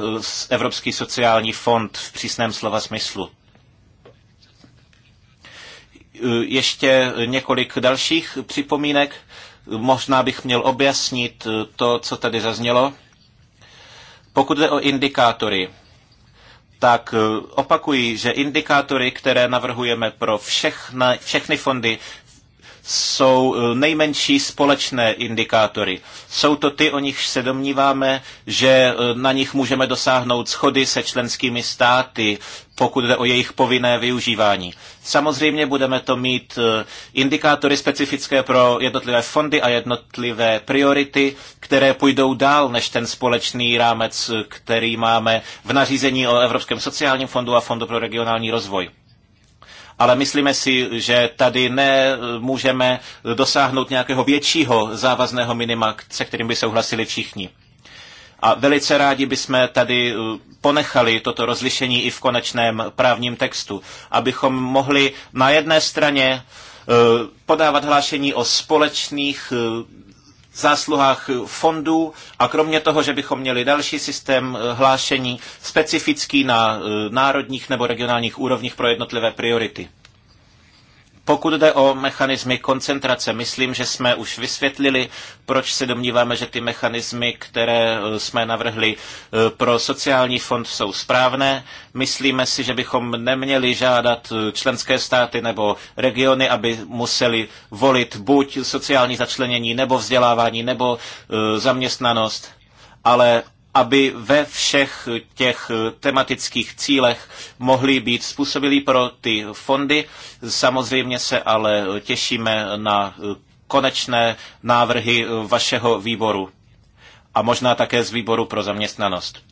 Evropský sociální fond v přísném slova smyslu e, ještě několik dalších připomínek. Možná bych měl objasnit e, to, co tady zaznělo. Pokud jde o indikátory, tak opakuji, že indikátory, které navrhujeme pro všechny, všechny fondy, jsou eh, nejmenší společné indikátory. Jsou to ty, o nich se domníváme, že eh, na nich můžeme dosáhnout schody se členskými státy, pokud jde o jejich povinné využívání. Samozřejmě budeme to mít eh, indikátory specifické pro jednotlivé fondy a jednotlivé priority, které půjdou dál než ten společný rámec, který máme v nařízení o Evropském sociálním fondu a Fondu pro regionální rozvoj ale myslíme si, že tady nemůžeme dosáhnout nějakého většího závazného minima, se kterým by souhlasili všichni. A velice rádi bychom tady eh, ponechali toto rozlišení i v konečném právním textu, abychom mohli na jedné straně eh, podávat hlášení o společných eh, zásluhách fondů a kromě toho, že bychom měli další systém eh, hlášení specifický na eh, národních nebo regionálních úrovních pro jednotlivé priority. Pokud jde o mechanismy koncentrace, myslím, že jsme už vysvětlili, proč se domníváme, že ty mechanismy, které eh, jsme navrhli eh, pro sociální fond, jsou správné. Myslíme si, že bychom neměli žádat eh, členské státy nebo regiony, aby museli volit buď sociální začlenění, nebo vzdělávání, nebo zaměstnanost, ale aby ve všech těch tematických cílech mohli být způsobilí pro ty fondy. Samozřejmě se ale těšíme na konečné návrhy vašeho výboru a možná také z výboru pro zaměstnanost.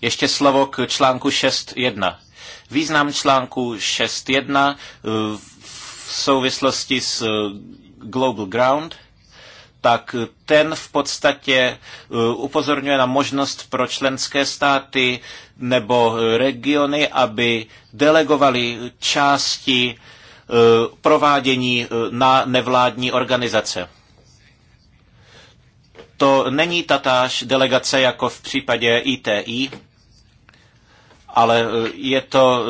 Ještě slovo k článku 6.1. Význam článku 6.1 eh, v souvislosti s eh, Global Ground – tak ten v podstatě eh, upozorňuje na možnost pro členské státy nebo regiony, aby delegovali části eh, provádění eh, na nevládní organizace. To není tatáž delegace jako v případě ITI, ale je to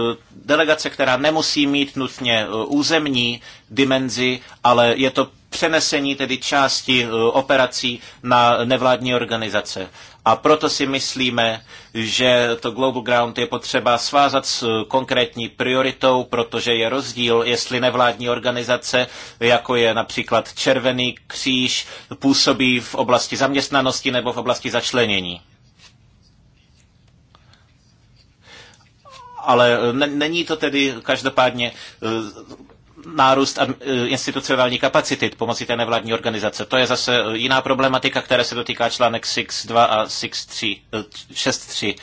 delegace, která nemusí mít nutně územní dimenzi, ale je to přenesení tedy části eh, operací na nevládní organizace. A proto si myslíme, že to Global Ground je potřeba svázat s eh, konkrétní prioritou, protože je rozdíl, jestli nevládní organizace, jako je například Červený kříž, působí v oblasti zaměstnanosti nebo v oblasti začlenění. Ale eh, není to tedy každopádně nárůst eh, institucionální kapacity pomocí té nevládní organizace. To je zase eh, jiná problematika, která se dotýká článek 6.2 a 6.3 eh,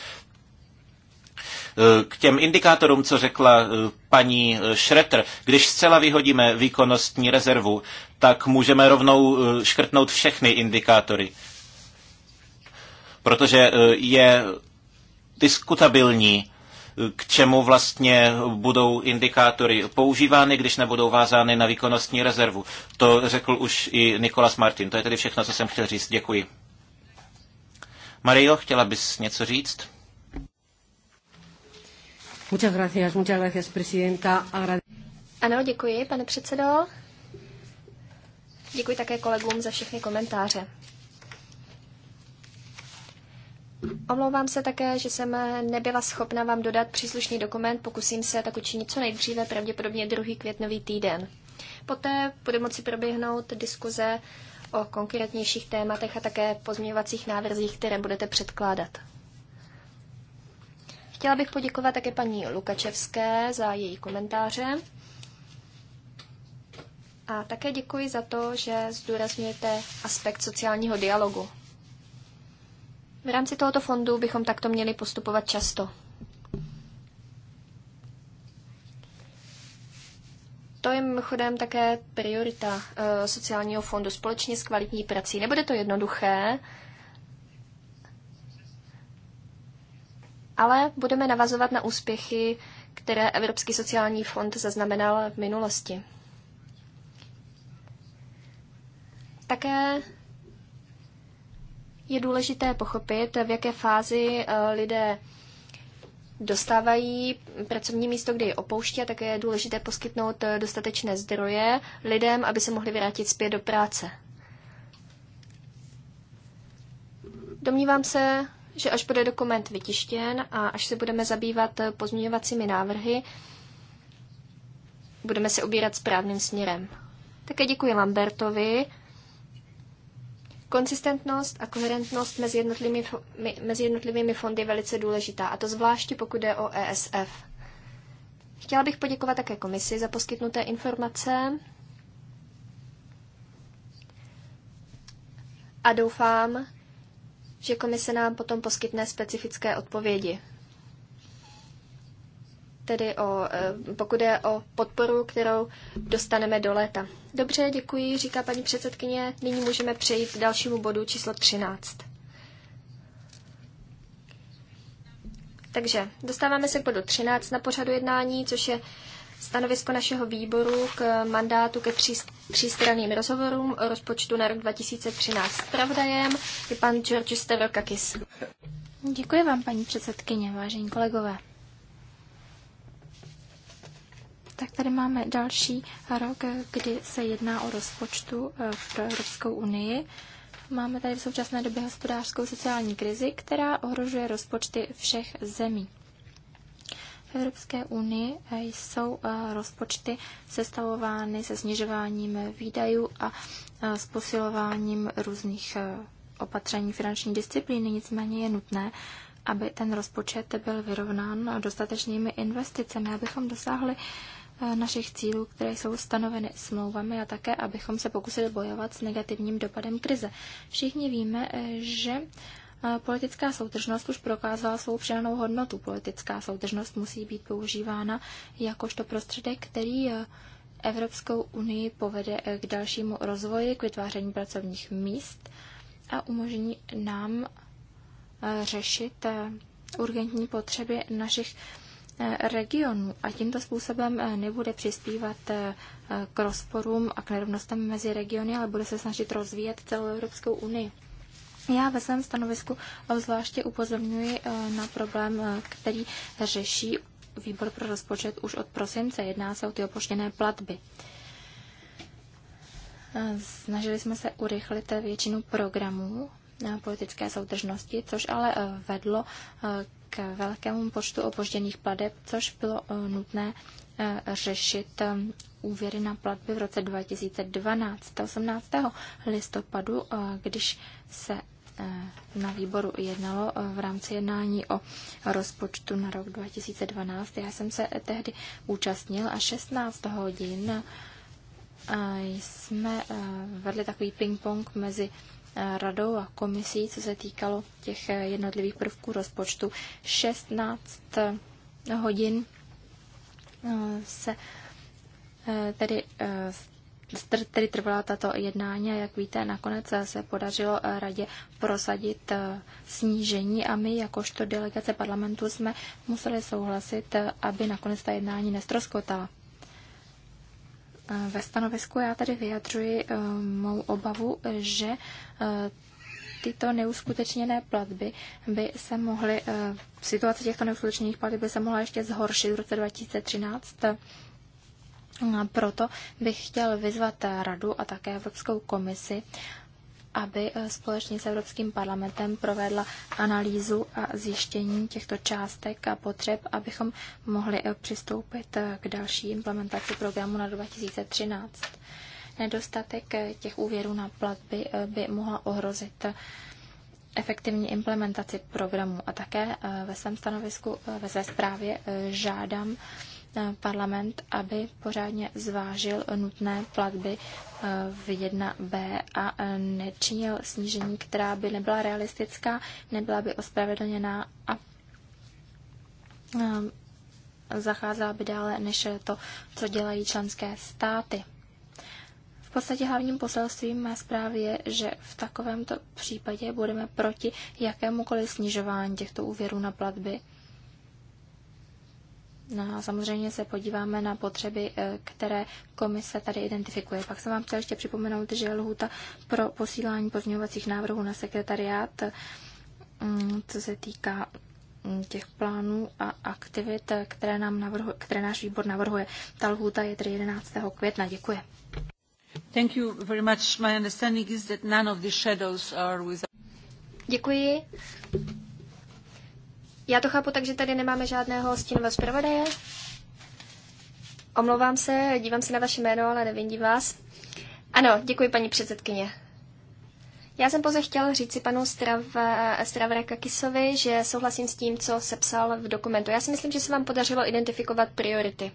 k těm indikátorům, co řekla paní Schretter, když zcela vyhodíme výkonnostní rezervu, tak můžeme rovnou škrtnout všechny indikátory. Protože je diskutabilní, k čemu vlastně budou indikátory používány, když nebudou vázány na výkonnostní rezervu. To řekl už i Nikolas Martin. To je tedy všechno, co jsem chtěl říct. Děkuji. Mario, chtěla bys něco říct? Muchas gracias, muchas gracias, presidenta. Ano, děkuji, pane předsedo. Děkuji také kolegům za všechny komentáře. Omlouvám se také, že jsem nebyla schopna vám dodat příslušný dokument, pokusím se tak učinit co nejdříve, pravděpodobně druhý květnový týden. Poté bude moci proběhnout diskuze o konkrétnějších tématech a také pozměňovacích návrzích, které budete předkládat. Chtěla bych poděkovat také paní Lukačevské za její komentáře. A také děkuji za to, že zdůrazňujete aspekt sociálního dialogu. V rámci tohoto fondu bychom takto měli postupovat často. To je mimochodem také priorita e, sociálního fondu společně s kvalitní prací. Nebude to jednoduché, ale budeme navazovat na úspěchy, které Evropský sociální fond zaznamenal v minulosti. Také je důležité pochopit, v jaké fázi eh, lidé dostávají pracovní místo, kde je opouští a také je důležité poskytnout eh, dostatečné zdroje lidem, aby se mohli vrátit zpět do práce. Domnívám se, že až bude dokument vytištěn a až se budeme zabývat eh, pozměňovacími návrhy, budeme se ubírat správným směrem. Také děkuji Lambertovi Konsistentnost a koherentnost mezi jednotlivými, mezi jednotlivými fondy je velice důležitá, a to zvláště pokud je o ESF. Chtěla bych poděkovat také komisi za poskytnuté informace a doufám, že komise nám potom poskytne specifické odpovědi tedy o, e, pokud je o podporu, kterou dostaneme do léta. Dobře, děkuji, říká paní předsedkyně. Nyní můžeme přejít k dalšímu bodu číslo 13. Takže dostáváme se k bodu 13 na pořadu jednání, což je stanovisko našeho výboru k mandátu ke tří, třístranným rozhovorům o rozpočtu na rok 2013. Pravdajem je pan George Stavrokakis. Děkuji vám, paní předsedkyně, vážení kolegové tak tady máme další rok, kdy se jedná o rozpočtu eh, pro Evropskou unii. Máme tady v současné době hospodářskou sociální krizi, která ohrožuje rozpočty všech zemí. V Evropské unii eh, jsou eh, rozpočty sestavovány se snižováním výdajů a s posilováním různých opatření finanční disciplíny. Nicméně je nutné, aby ten rozpočet byl vyrovnán dostatečnými investicemi, abychom dosáhli Eh, našich cílů, které jsou stanoveny smlouvami a také, abychom se pokusili bojovat s negativním dopadem krize. Všichni víme, eh, že eh, politická soudržnost už prokázala svou přidanou hodnotu. Politická soudržnost musí být používána jakožto prostředek, který Evropskou unii povede k dalšímu rozvoji, k vytváření pracovních míst a umožní nám řešit urgentní potřeby našich regionu a tímto způsobem eh, nebude přispívat eh, k rozporům a k nerovnostem mezi regiony, ale bude se snažit rozvíjet celou Evropskou unii. Já ve svém stanovisku eh, zvláště upozorňuji na problém, který řeší výbor pro rozpočet už od prosince. Jedná se o ty opoštěné platby. Snažili jsme se urychlit většinu programů politické soudržnosti, což ale vedlo k velkému počtu opožděných plateb, což bylo eh, nutné eh, řešit eh, úvěry na platby v roce 2012. 18. listopadu, když se na výboru jednalo v rámci jednání o rozpočtu na rok 2012. Já jsem se tehdy účastnil a 16 hodin jsme vedli takový ping-pong mezi radou a komisí, co se týkalo těch eh, jednotlivých prvků rozpočtu. 16 eh, hodin eh, se tedy tedy trvala tato jednání a jak víte, nakonec se podařilo radě prosadit snížení a my jakožto delegace parlamentu jsme museli souhlasit, aby nakonec ta jednání nestroskotala. Eh, ve stanovisku já tady vyjadřuji eh, mou obavu, že eh, tyto neuskutečněné platby by se mohly, situace těchto neuskutečněných platby by se mohla ještě zhoršit v roce 2013. Proto bych chtěl vyzvat Radu a také Evropskou komisi, aby eh, společně s Evropským parlamentem provedla analýzu a zjištění těchto částek a potřeb, abychom mohli eh, přistoupit eh, k další implementaci programu na 2013. Nedostatek těch úvěrů na platby by mohla ohrozit efektivní implementaci programu. A také ve svém stanovisku, ve své zprávě žádám Eh, parlament, aby pořádně zvážil nutné platby eh, v 1b a eh, nečinil snížení, která by nebyla realistická, nebyla by ospravedlněná a zacházela by dále než to, co dělají členské státy. V podstatě hlavním poselstvím mé zprávy je, že v takovémto případě budeme proti jakémukoliv snižování těchto úvěrů na platby No a samozřejmě se podíváme na potřeby, eh, které komise tady identifikuje. Pak jsem vám chtěla ještě připomenout, že lhůta pro posílání pozměňovacích návrhů na sekretariát, mm, co se týká mm, těch plánů a aktivit, eh, které, nám navrhu, které náš výbor navrhuje. Ta lhůta je tedy 11. května. Děkuji. Thank you very much. My understanding is that none of the shadows are with... Děkuji. Já to chápu tak, že tady nemáme žádného stínového zpravodaje. Omlouvám se, dívám se na vaše jméno, ale nevidím vás. Ano, děkuji paní předsedkyně. Já jsem pouze chtěl říci panu Stravra Kakisovi, že souhlasím s tím, co sepsal v dokumentu. Já si myslím, že se vám podařilo identifikovat priority.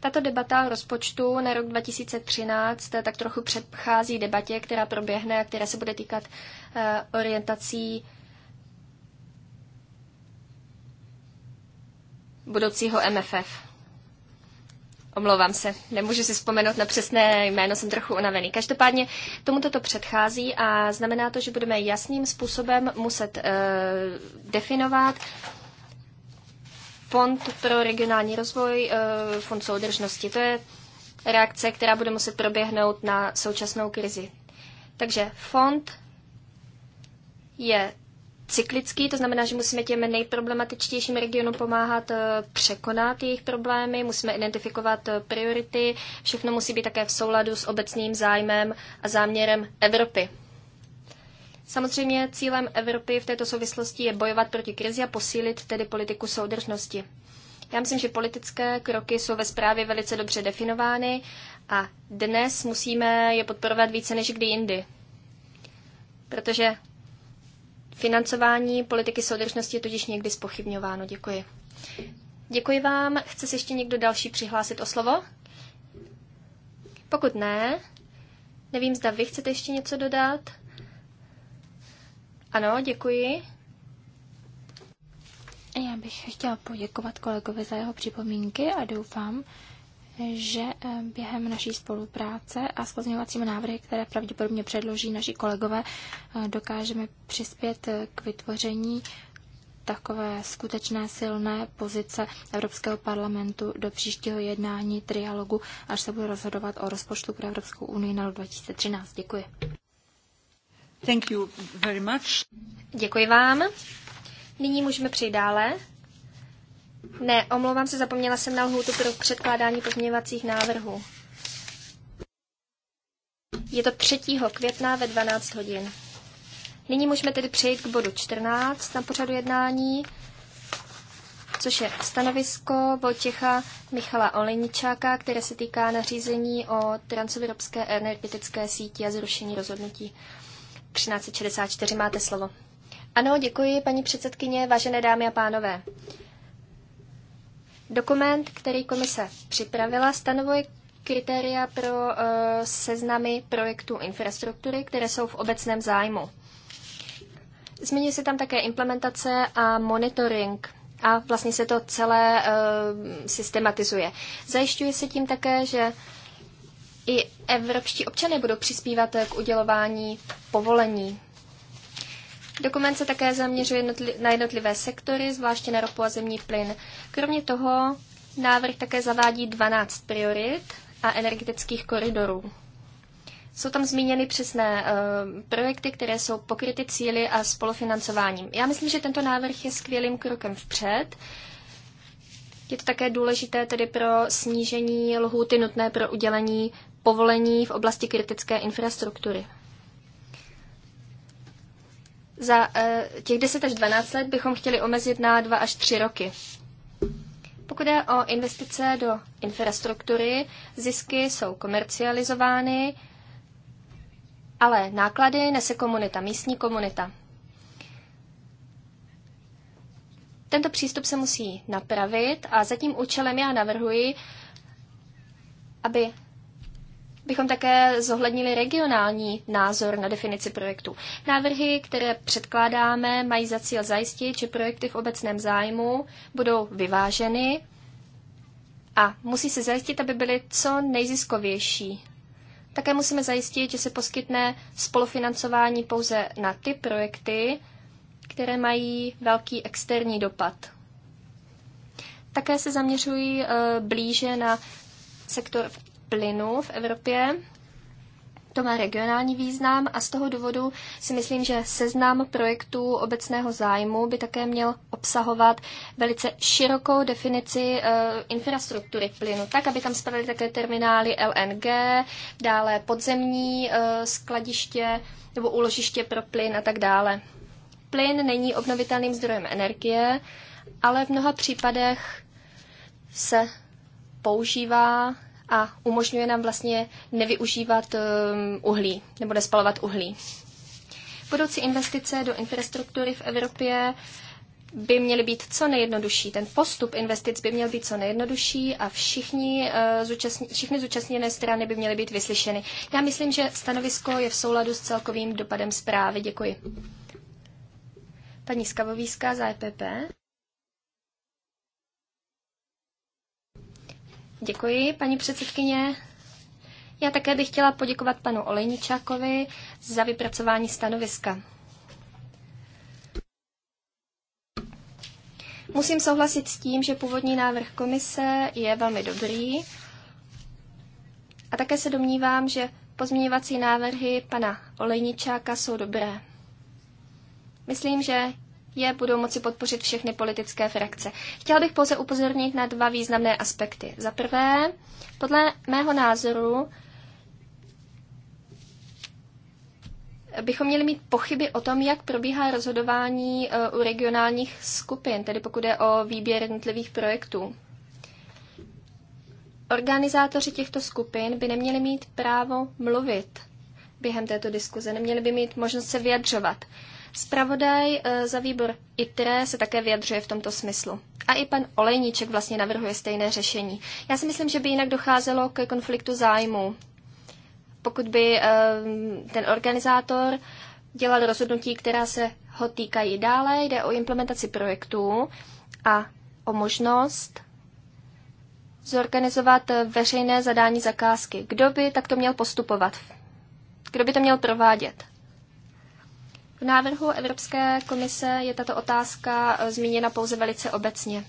Tato debata rozpočtu na rok 2013 tak trochu předchází debatě, která proběhne a která se bude týkat eh, orientací budoucího MFF. Omlouvám se, nemůžu si vzpomenout na přesné jméno, jsem trochu unavený. Každopádně tomu toto předchází a znamená to, že budeme jasným způsobem muset uh, definovat fond pro regionální rozvoj, uh, fond soudržnosti. To je reakce, která bude muset proběhnout na současnou krizi. Takže fond je cyklický, to znamená, že musíme těm nejproblematičtějším regionům pomáhat eh, překonat jejich problémy, musíme identifikovat eh, priority, všechno musí být také v souladu s obecným zájmem a záměrem Evropy. Samozřejmě cílem Evropy v této souvislosti je bojovat proti krizi a posílit tedy politiku soudržnosti. Já myslím, že politické kroky jsou ve zprávě velice dobře definovány a dnes musíme je podporovat více než kdy jindy. Protože Financování politiky soudržnosti je totiž někdy spochybňováno. Děkuji. Děkuji vám. Chce se ještě někdo další přihlásit o slovo? Pokud ne, nevím, zda vy chcete ještě něco dodat. Ano, děkuji. Já bych chtěla poděkovat kolegovi za jeho připomínky a doufám, že eh, během naší spolupráce a s pozměňovacími návrhy, které pravděpodobně předloží naši kolegové, eh, dokážeme přispět eh, k vytvoření takové skutečné silné pozice Evropského parlamentu do příštího jednání trialogu, až se bude rozhodovat o rozpočtu pro Evropskou unii na rok 2013. Děkuji. Thank you very much. Děkuji vám. Nyní můžeme přijít dále. Ne, omlouvám se, zapomněla jsem na lhůtu pro předkládání pozměňovacích návrhů. Je to 3. května ve 12 hodin. Nyní můžeme tedy přejít k bodu 14 na pořadu jednání, což je stanovisko Vojtěcha Michala Oleničáka, které se týká nařízení o transevropské energetické síti a zrušení rozhodnutí 1364. Máte slovo. Ano, děkuji, paní předsedkyně, vážené dámy a pánové. Dokument, který komise připravila, stanovuje kritéria pro uh, seznamy projektů infrastruktury, které jsou v obecném zájmu. Změní se tam také implementace a monitoring a vlastně se to celé uh, systematizuje. Zajišťuje se tím také, že i evropští občané budou přispívat k udělování povolení Dokument se také zaměřuje na jednotlivé sektory, zvláště na ropu a zemní plyn. Kromě toho návrh také zavádí 12 priorit a energetických koridorů. Jsou tam zmíněny přesné uh, projekty, které jsou pokryty cíly a spolufinancováním. Já myslím, že tento návrh je skvělým krokem vpřed. Je to také důležité tedy pro snížení lhůty nutné pro udělení povolení v oblasti kritické infrastruktury. Za eh, těch 10 až 12 let bychom chtěli omezit na 2 až 3 roky. Pokud je o investice do infrastruktury, zisky jsou komercializovány, ale náklady nese komunita, místní komunita. Tento přístup se musí napravit a za tím účelem já navrhuji, aby bychom také zohlednili regionální názor na definici projektu. Návrhy, které předkládáme, mají za cíl zajistit, že projekty v obecném zájmu budou vyváženy a musí se zajistit, aby byly co nejziskovější. Také musíme zajistit, že se poskytne spolufinancování pouze na ty projekty, které mají velký externí dopad. Také se zaměřují eh, blíže na sektor v plynu v Evropě. To má regionální význam a z toho důvodu si myslím, že seznam projektů obecného zájmu by také měl obsahovat velice širokou definici e, infrastruktury plynu, tak, aby tam spadaly také terminály LNG, dále podzemní e, skladiště nebo úložiště pro plyn a tak dále. Plyn není obnovitelným zdrojem energie, ale v mnoha případech se používá a umožňuje nám vlastně nevyužívat um, uhlí nebo nespalovat uhlí. Budoucí investice do infrastruktury v Evropě by měly být co nejjednodušší. Ten postup investic by měl být co nejjednodušší a všichni, uh, eh, všichni zúčastněné strany by měly být vyslyšeny. Já myslím, že stanovisko je v souladu s celkovým dopadem zprávy. Děkuji. Paní Skavovíská za EPP. Děkuji, paní předsedkyně. Já také bych chtěla poděkovat panu Olejničákovi za vypracování stanoviska. Musím souhlasit s tím, že původní návrh komise je velmi dobrý. A také se domnívám, že pozměňovací návrhy pana Olejničáka jsou dobré. Myslím, že je budou moci podpořit všechny politické frakce. Chtěla bych pouze upozornit na dva významné aspekty. Za prvé, podle mého názoru bychom měli mít pochyby o tom, jak probíhá rozhodování e, u regionálních skupin, tedy pokud je o výběr jednotlivých projektů. Organizátoři těchto skupin by neměli mít právo mluvit během této diskuze, neměli by mít možnost se vyjadřovat. Spravodaj eh, za výbor ITRE se také vyjadřuje v tomto smyslu. A i pan Olejníček vlastně navrhuje stejné řešení. Já si myslím, že by jinak docházelo ke konfliktu zájmu. Pokud by eh, ten organizátor dělal rozhodnutí, která se ho týkají dále, jde o implementaci projektů a o možnost zorganizovat eh, veřejné zadání zakázky. Kdo by takto měl postupovat? Kdo by to měl provádět? V návrhu Evropské komise je tato otázka eh, zmíněna pouze velice obecně.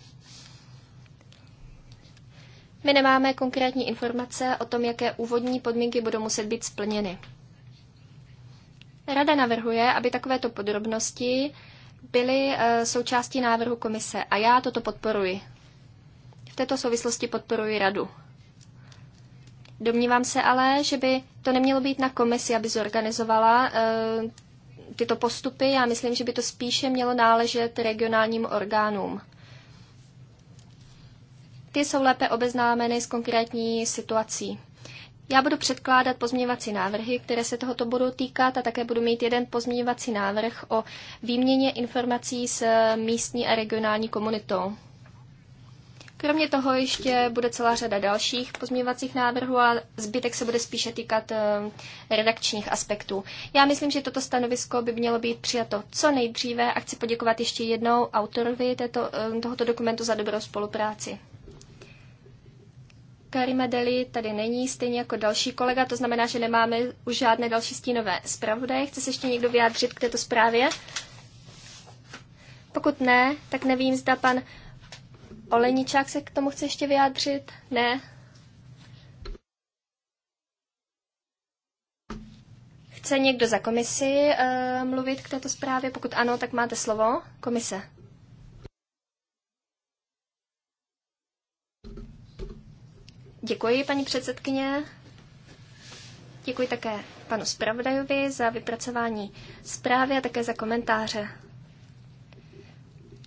My nemáme konkrétní informace o tom, jaké úvodní podmínky budou muset být splněny. Rada navrhuje, aby takovéto podrobnosti byly eh, součástí návrhu komise a já toto podporuji. V této souvislosti podporuji radu. Domnívám se ale, že by to nemělo být na komisi, aby zorganizovala eh, tyto postupy. Já myslím, že by to spíše mělo náležet regionálním orgánům. Ty jsou lépe obeznámeny s konkrétní situací. Já budu předkládat pozměňovací návrhy, které se tohoto budou týkat a také budu mít jeden pozměňovací návrh o výměně informací s místní a regionální komunitou. Kromě toho ještě bude celá řada dalších pozměňovacích návrhů a zbytek se bude spíše týkat eh, redakčních aspektů. Já myslím, že toto stanovisko by mělo být přijato co nejdříve a chci poděkovat ještě jednou autorovi této, eh, tohoto dokumentu za dobrou spolupráci. Karima Deli tady není, stejně jako další kolega, to znamená, že nemáme už žádné další stínové zpravodaje. Chce se ještě někdo vyjádřit k této zprávě? Pokud ne, tak nevím, zda pan Oleničák se k tomu chce ještě vyjádřit? Ne? Chce někdo za komisi e, mluvit k této zprávě? Pokud ano, tak máte slovo. Komise. Děkuji, paní předsedkyně. Děkuji také panu zpravodajovi za vypracování zprávy a také za komentáře.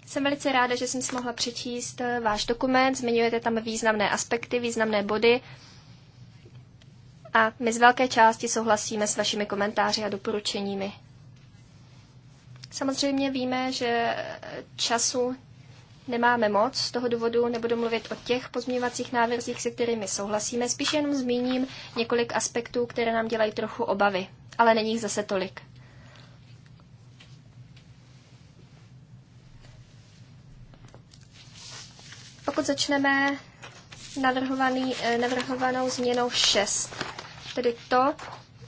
Jsem velice ráda, že jsem si mohla přečíst eh, váš dokument. Zmiňujete tam významné aspekty, významné body. A my z velké části souhlasíme s vašimi komentáři a doporučeními. Samozřejmě víme, že eh, času nemáme moc, z toho důvodu nebudu mluvit o těch pozměňovacích návrzích, se kterými souhlasíme, spíš jenom zmíním několik aspektů, které nám dělají trochu obavy, ale není jich zase tolik. pokud začneme navrhovaný, eh, navrhovanou změnou 6, tedy to,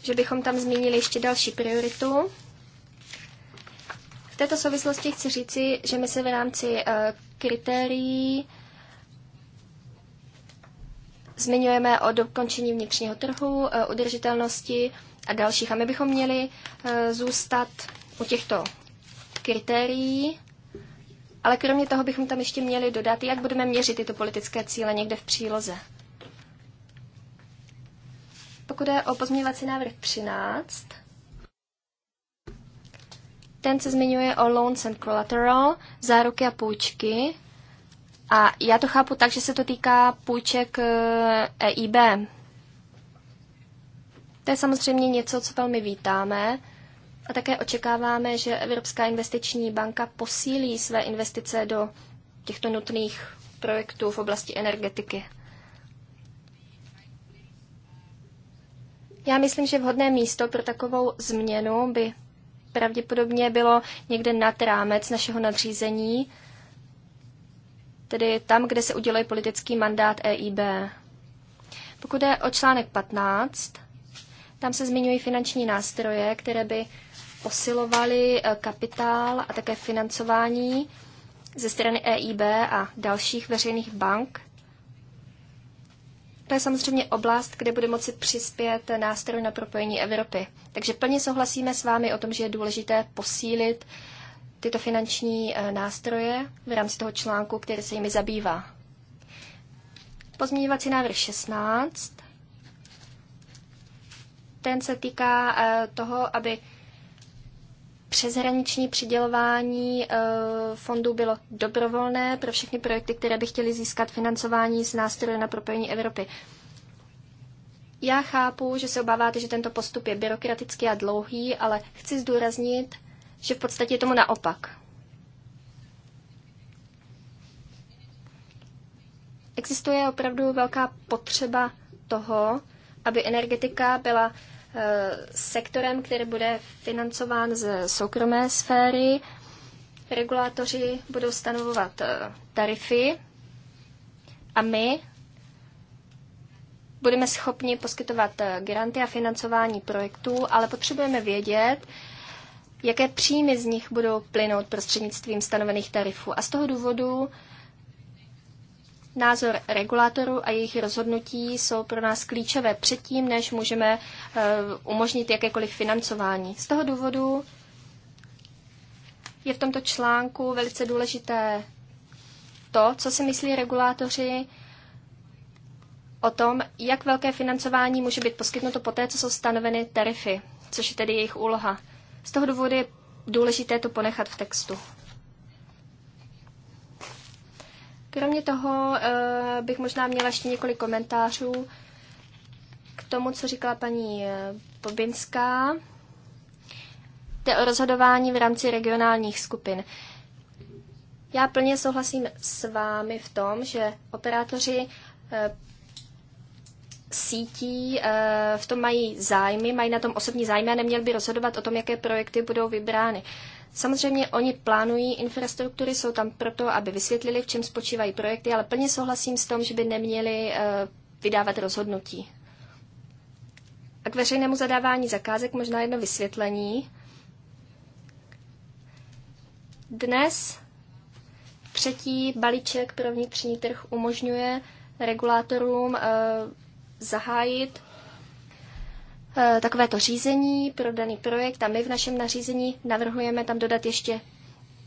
že bychom tam zmínili ještě další prioritu. V této souvislosti chci říci, že my se v rámci eh, kritérií zmiňujeme o dokončení vnitřního trhu, eh, udržitelnosti a dalších. A my bychom měli zůstat u těchto kritérií ale kromě toho bychom tam ještě měli dodat, jak budeme měřit tyto politické cíle někde v příloze. Pokud je o pozměňovací návrh 13, ten se zmiňuje o loans and collateral, záruky a půjčky. A já to chápu tak, že se to týká půjček EIB. Eh, e to je samozřejmě něco, co velmi vítáme. A také očekáváme, že Evropská investiční banka posílí své investice do těchto nutných projektů v oblasti energetiky. Já myslím, že vhodné místo pro takovou změnu by pravděpodobně bylo někde nad rámec našeho nadřízení, tedy tam, kde se uděluje politický mandát EIB. Pokud je o článek 15, tam se zmiňují finanční nástroje, které by posilovali eh, kapitál a také financování ze strany EIB a dalších veřejných bank. To je samozřejmě oblast, kde bude moci přispět nástroj na propojení Evropy. Takže plně souhlasíme s vámi o tom, že je důležité posílit tyto finanční eh, nástroje v rámci toho článku, který se jimi zabývá. Pozměňovací návrh 16. Ten se týká eh, toho, aby přeshraniční přidělování eh, fondů bylo dobrovolné pro všechny projekty, které by chtěly získat financování z nástroje na propojení Evropy. Já chápu, že se obáváte, že tento postup je byrokratický a dlouhý, ale chci zdůraznit, že v podstatě je tomu naopak. Existuje opravdu velká potřeba toho, aby energetika byla sektorem, který bude financován ze soukromé sféry. Regulátoři budou stanovovat eh, tarify a my budeme schopni poskytovat eh, granty a financování projektů, ale potřebujeme vědět, jaké příjmy z nich budou plynout prostřednictvím stanovených tarifů. A z toho důvodu Názor regulátorů a jejich rozhodnutí jsou pro nás klíčové předtím, než můžeme eh, umožnit jakékoliv financování. Z toho důvodu je v tomto článku velice důležité to, co si myslí regulátoři o tom, jak velké financování může být poskytnuto poté, co jsou stanoveny tarify, což je tedy jejich úloha. Z toho důvodu je důležité to ponechat v textu. Kromě toho eh, bych možná měla ještě několik komentářů k tomu, co říkala paní Pobinská. Eh, Jde o rozhodování v rámci regionálních skupin. Já plně souhlasím s vámi v tom, že operátoři eh, sítí v tom mají zájmy, mají na tom osobní zájmy a neměl by rozhodovat o tom, jaké projekty budou vybrány. Samozřejmě oni plánují infrastruktury, jsou tam proto, aby vysvětlili, v čem spočívají projekty, ale plně souhlasím s tom, že by neměli eh, vydávat rozhodnutí. A k veřejnému zadávání zakázek možná jedno vysvětlení. Dnes třetí balíček pro vnitřní trh umožňuje regulátorům eh, zahájit Eh, takovéto řízení pro daný projekt a my v našem nařízení navrhujeme tam dodat ještě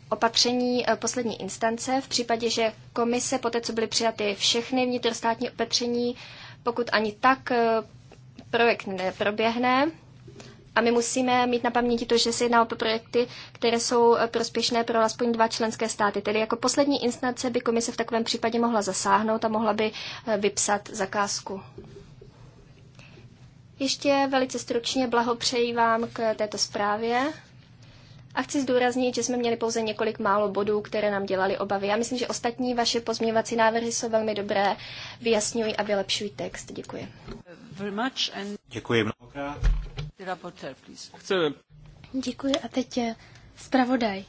opatření eh, poslední instance v případě, že komise, poté co byly přijaty všechny vnitrostátní opatření, pokud ani tak eh, projekt neproběhne, a my musíme mít na paměti to, že se jedná o projekty, které jsou prospěšné pro alespoň dva členské státy. Tedy jako poslední instance by komise v takovém případě mohla zasáhnout a mohla by vypsat zakázku. Ještě velice stručně blahopřeji vám k této zprávě. A chci zdůraznit, že jsme měli pouze několik málo bodů, které nám dělali obavy. Já myslím, že ostatní vaše pozměňovací návrhy jsou velmi dobré, vyjasňují a vylepšují text. Děkuji. Děkuji mnohokrát. Chceme. Děkuji a teď je eh, zpravodaj.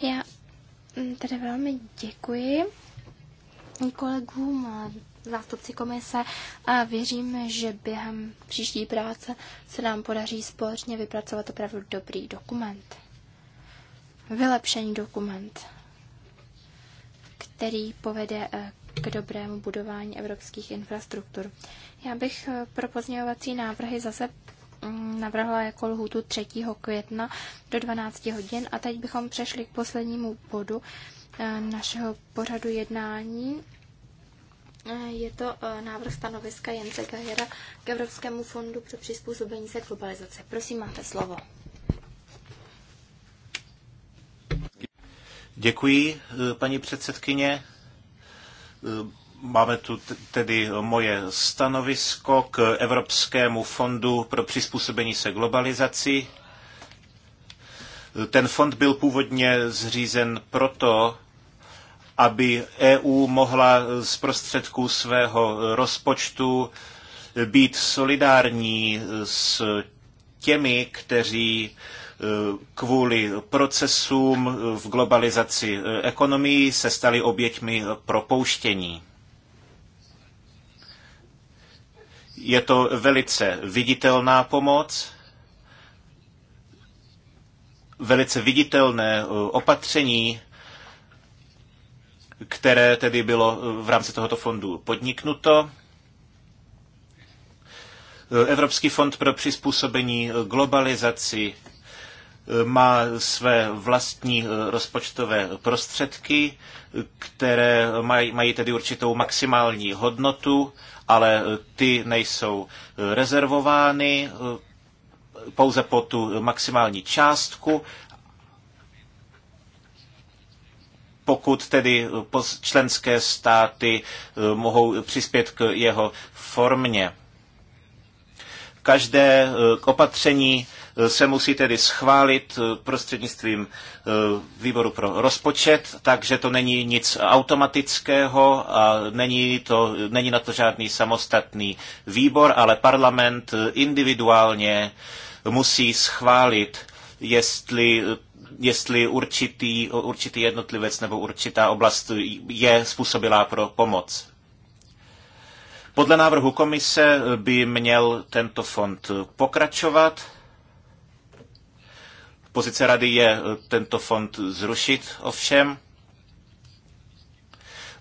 Já mm, tady velmi děkuji kolegům a zástupci komise a věřím, že během příští práce se nám podaří společně vypracovat opravdu dobrý dokument. Vylepšený dokument, který povede eh, k dobrému budování evropských infrastruktur. Já bych eh, pro pozměňovací návrhy zase mm, navrhla jako lhutu 3. května do 12 hodin a teď bychom přešli k poslednímu bodu Eh, našeho pořadu jednání. Eh, je to eh, návrh stanoviska Jence Gajera k Evropskému fondu pro přizpůsobení se globalizace. Prosím, máte slovo. Děkuji, paní předsedkyně. Máme tu tedy moje stanovisko k Evropskému fondu pro přizpůsobení se globalizaci. Ten fond byl původně zřízen proto, aby EU mohla z prostředků svého rozpočtu být solidární s těmi, kteří e, kvůli procesům v globalizaci e, ekonomií se stali oběťmi propouštění. Je to velice viditelná pomoc, velice viditelné e, opatření, které tedy bylo eh, v rámci tohoto fondu podniknuto. Eh, Evropský fond pro přizpůsobení eh, globalizaci má své vlastní rozpočtové prostředky, které mají, mají tedy určitou maximální hodnotu, ale ty nejsou rezervovány pouze po tu maximální částku pokud tedy eh, členské státy eh, mohou přispět k jeho formě. Každé eh, opatření se musí tedy schválit prostřednictvím výboru pro rozpočet, takže to není nic automatického a není, to, není na to žádný samostatný výbor, ale parlament individuálně musí schválit, jestli jestli určitý, určitý jednotlivec nebo určitá oblast je způsobilá pro pomoc. Podle návrhu komise by měl tento fond pokračovat. Pozice rady je tento fond zrušit ovšem.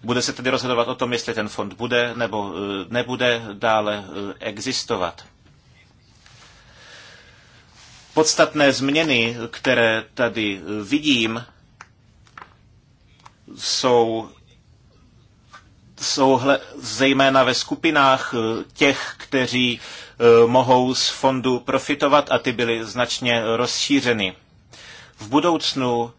Bude se tedy rozhodovat o tom, jestli ten fond bude nebo eh, nebude dále eh, existovat podstatné změny, které tady vidím, jsou, jsou hle, zejména ve skupinách eh, těch, kteří eh, mohou z fondu profitovat a ty byly značně rozšířeny. V budoucnu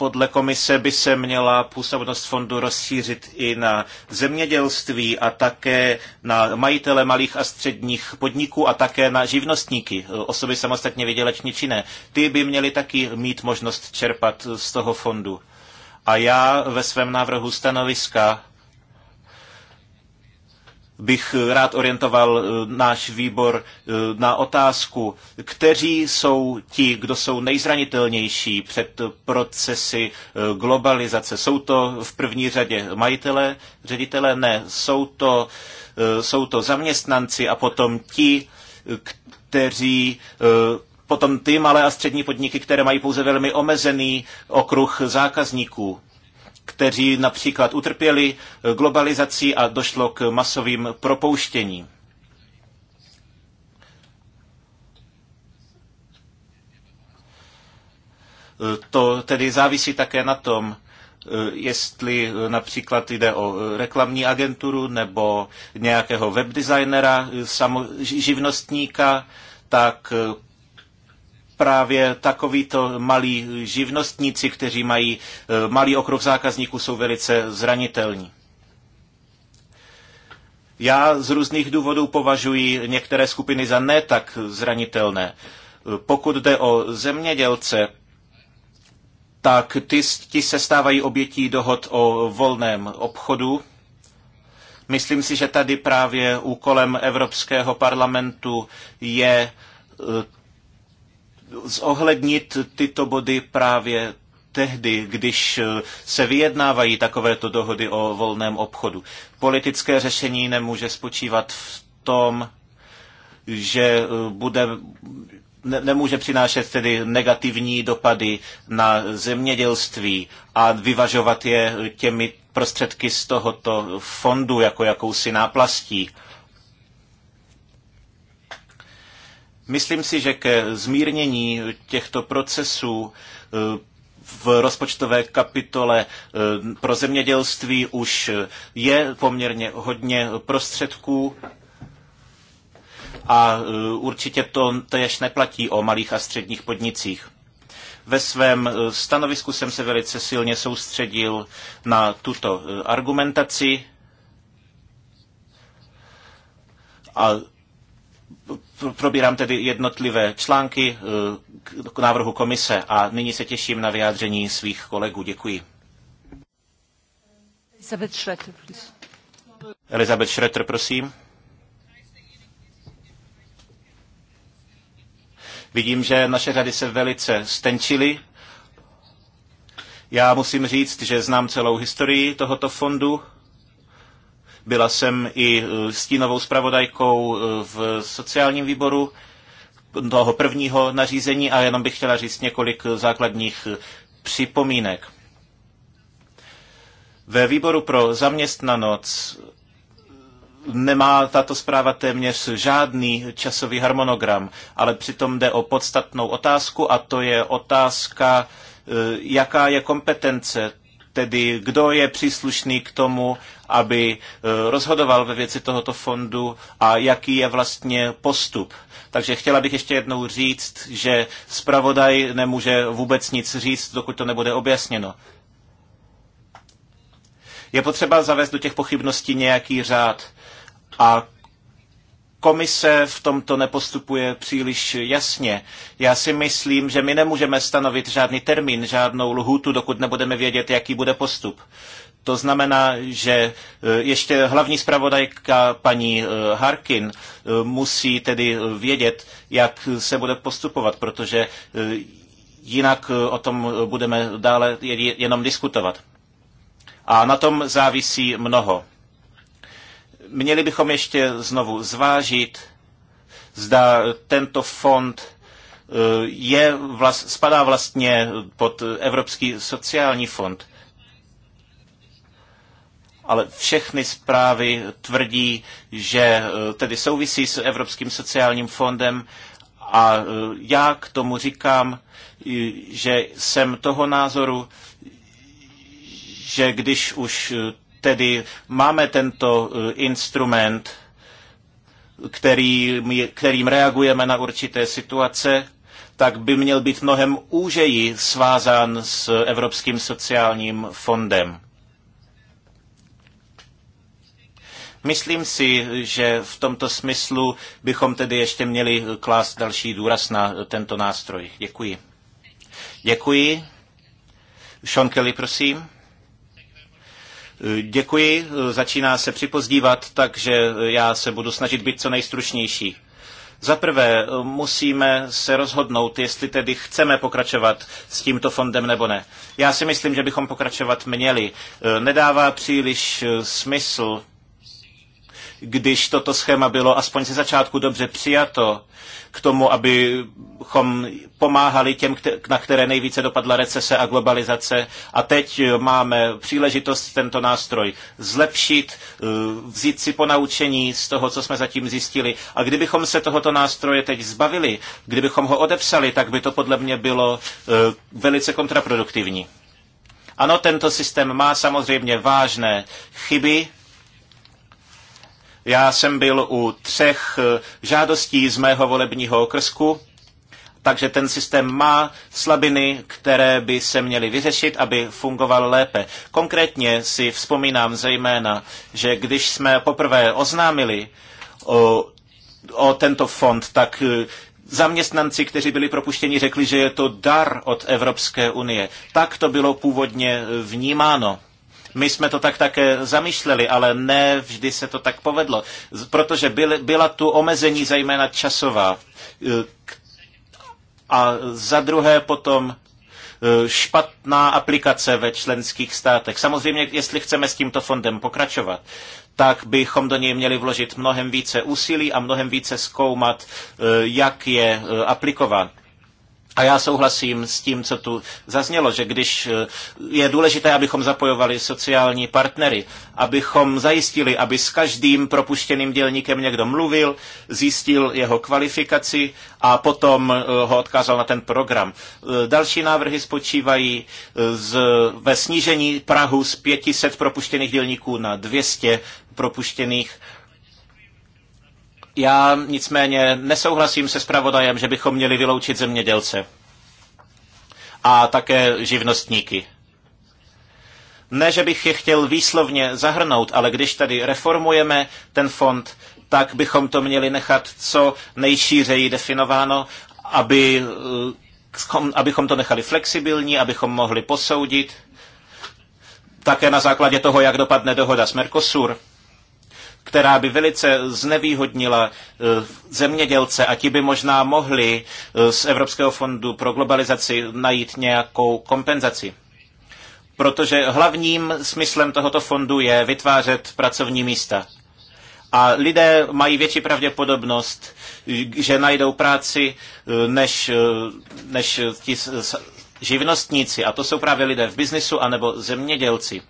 podle komise by se měla působnost fondu rozšířit i na zemědělství a také na majitele malých a středních podniků a také na živnostníky, osoby samostatně vydělečně činné. Ty by měly taky mít možnost čerpat z toho fondu. A já ve svém návrhu stanoviska bych eh, rád orientoval eh, náš výbor eh, na otázku, kteří jsou ti, kdo jsou nejzranitelnější před procesy globalizace. Jsou to v první řadě majitele, ředitele? Ne. Jsou to, jsou to zaměstnanci a potom ti, kteří potom ty malé a střední podniky, které mají pouze velmi omezený okruh zákazníků kteří například utrpěli eh, globalizací a došlo k masovým propouštěním. Eh, to tedy závisí také na tom, eh, jestli například jde o reklamní agenturu nebo nějakého webdesignera, živnostníka, tak právě takovýto malí živnostníci, kteří mají eh, malý okruh zákazníků, jsou velice zranitelní. Já z různých důvodů považuji některé skupiny za ne tak zranitelné. Eh, pokud jde o zemědělce, tak ty, ty se stávají obětí dohod o volném obchodu. Myslím si, že tady právě úkolem Evropského parlamentu je eh, zohlednit tyto body právě tehdy, když eh, se vyjednávají takovéto dohody o volném obchodu. Politické řešení nemůže spočívat v tom, že eh, bude, ne, nemůže přinášet tedy negativní dopady na zemědělství a vyvažovat je těmi prostředky z tohoto fondu jako jakousi náplastí. Myslím si, že ke zmírnění těchto procesů eh, v rozpočtové kapitole eh, pro zemědělství už je poměrně hodně prostředků a eh, určitě to tež neplatí o malých a středních podnicích. Ve svém stanovisku jsem se velice silně soustředil na tuto argumentaci a probírám tedy jednotlivé články eh, k návrhu komise a nyní se těším na vyjádření svých kolegů. Děkuji. Elizabeth Schroeter, prosím. Elizabeth Schroeter, prosím. Vidím, že naše řady se velice stenčily. Já musím říct, že znám celou historii tohoto fondu byla jsem i e, stínovou zpravodajkou e, v sociálním výboru toho prvního nařízení a jenom bych chtěla říct několik základních e, připomínek. Ve výboru pro zaměstnanost nemá tato zpráva téměř žádný časový harmonogram, ale přitom jde o podstatnou otázku a to je otázka, jaká je kompetence tedy kdo je příslušný k tomu, aby e, rozhodoval ve věci tohoto fondu a jaký je vlastně postup. Takže chtěla bych ještě jednou říct, že zpravodaj nemůže vůbec nic říct, dokud to nebude objasněno. Je potřeba zavést do těch pochybností nějaký řád. A komise v tomto nepostupuje příliš jasně. Já si myslím, že my nemůžeme stanovit žádný termín, žádnou lhůtu, dokud nebudeme vědět, jaký bude postup. To znamená, že eh, ještě hlavní zpravodajka paní eh, Harkin eh, musí tedy vědět, jak se bude postupovat, protože jinak o tom budeme dále jenom diskutovat. A na tom závisí mnoho měli bychom ještě znovu zvážit, zda tento fond eh, je, vlast, spadá vlastně pod Evropský sociální fond. Ale všechny zprávy tvrdí, že eh, tedy souvisí s Evropským sociálním fondem a eh, já k tomu říkám, že jsem toho názoru, že když už Tedy máme tento eh, instrument, kterým, kterým reagujeme na určité situace, tak by měl být mnohem úžeji svázán s Evropským sociálním fondem. Myslím si, že v tomto smyslu bychom tedy ještě měli klást další důraz na tento nástroj. Děkuji. Děkuji. Sean Kelly, prosím. Děkuji, začíná se připozdívat, takže já se budu snažit být co nejstručnější. Za prvé musíme se rozhodnout, jestli tedy chceme pokračovat s tímto fondem nebo ne. Já si myslím, že bychom pokračovat měli. Nedává příliš smysl když toto schéma bylo aspoň ze začátku dobře přijato k tomu, abychom pomáhali těm, na které nejvíce dopadla recese a globalizace. A teď máme příležitost tento nástroj zlepšit, eh, vzít si ponaučení z toho, co jsme zatím zjistili. A kdybychom se tohoto nástroje teď zbavili, kdybychom ho odepsali, tak by to podle mě bylo eh, velice kontraproduktivní. Ano, tento systém má samozřejmě vážné chyby, já jsem byl u třech eh, žádostí z mého volebního okrsku, takže ten systém má slabiny, které by se měly vyřešit, aby fungoval lépe. Konkrétně si vzpomínám zejména, že když jsme poprvé oznámili o, o tento fond, tak eh, zaměstnanci, kteří byli propuštěni, řekli, že je to dar od Evropské unie. Tak to bylo původně eh, vnímáno. My jsme to tak také zamýšleli, ale ne vždy se to tak povedlo, protože byly, byla tu omezení zejména časová. E, a za druhé potom e, špatná aplikace ve členských státech. Samozřejmě, jestli chceme s tímto fondem pokračovat, tak bychom do něj měli vložit mnohem více úsilí a mnohem více zkoumat, e, jak je aplikován. A já souhlasím s tím, co tu zaznělo, že když eh, je důležité, abychom zapojovali sociální partnery, abychom zajistili, aby s každým propuštěným dělníkem někdo mluvil, zjistil jeho kvalifikaci a potom eh, ho odkázal na ten program. Eh, další návrhy spočívají z, ve snížení Prahu z 500 propuštěných dělníků na 200 propuštěných já nicméně nesouhlasím se zpravodajem, že bychom měli vyloučit zemědělce a také živnostníky. Ne, že bych je chtěl výslovně zahrnout, ale když tady reformujeme ten fond, tak bychom to měli nechat co nejšířeji definováno, aby, eh, abychom to nechali flexibilní, abychom mohli posoudit také na základě toho, jak dopadne dohoda s Mercosur která by velice znevýhodnila eh, zemědělce a ti by možná mohli eh, z Evropského fondu pro globalizaci najít nějakou kompenzaci protože hlavním smyslem tohoto fondu je vytvářet pracovní místa. A lidé mají větší pravděpodobnost, že najdou práci eh, než, než ti živnostníci. A to jsou právě lidé v biznisu anebo zemědělci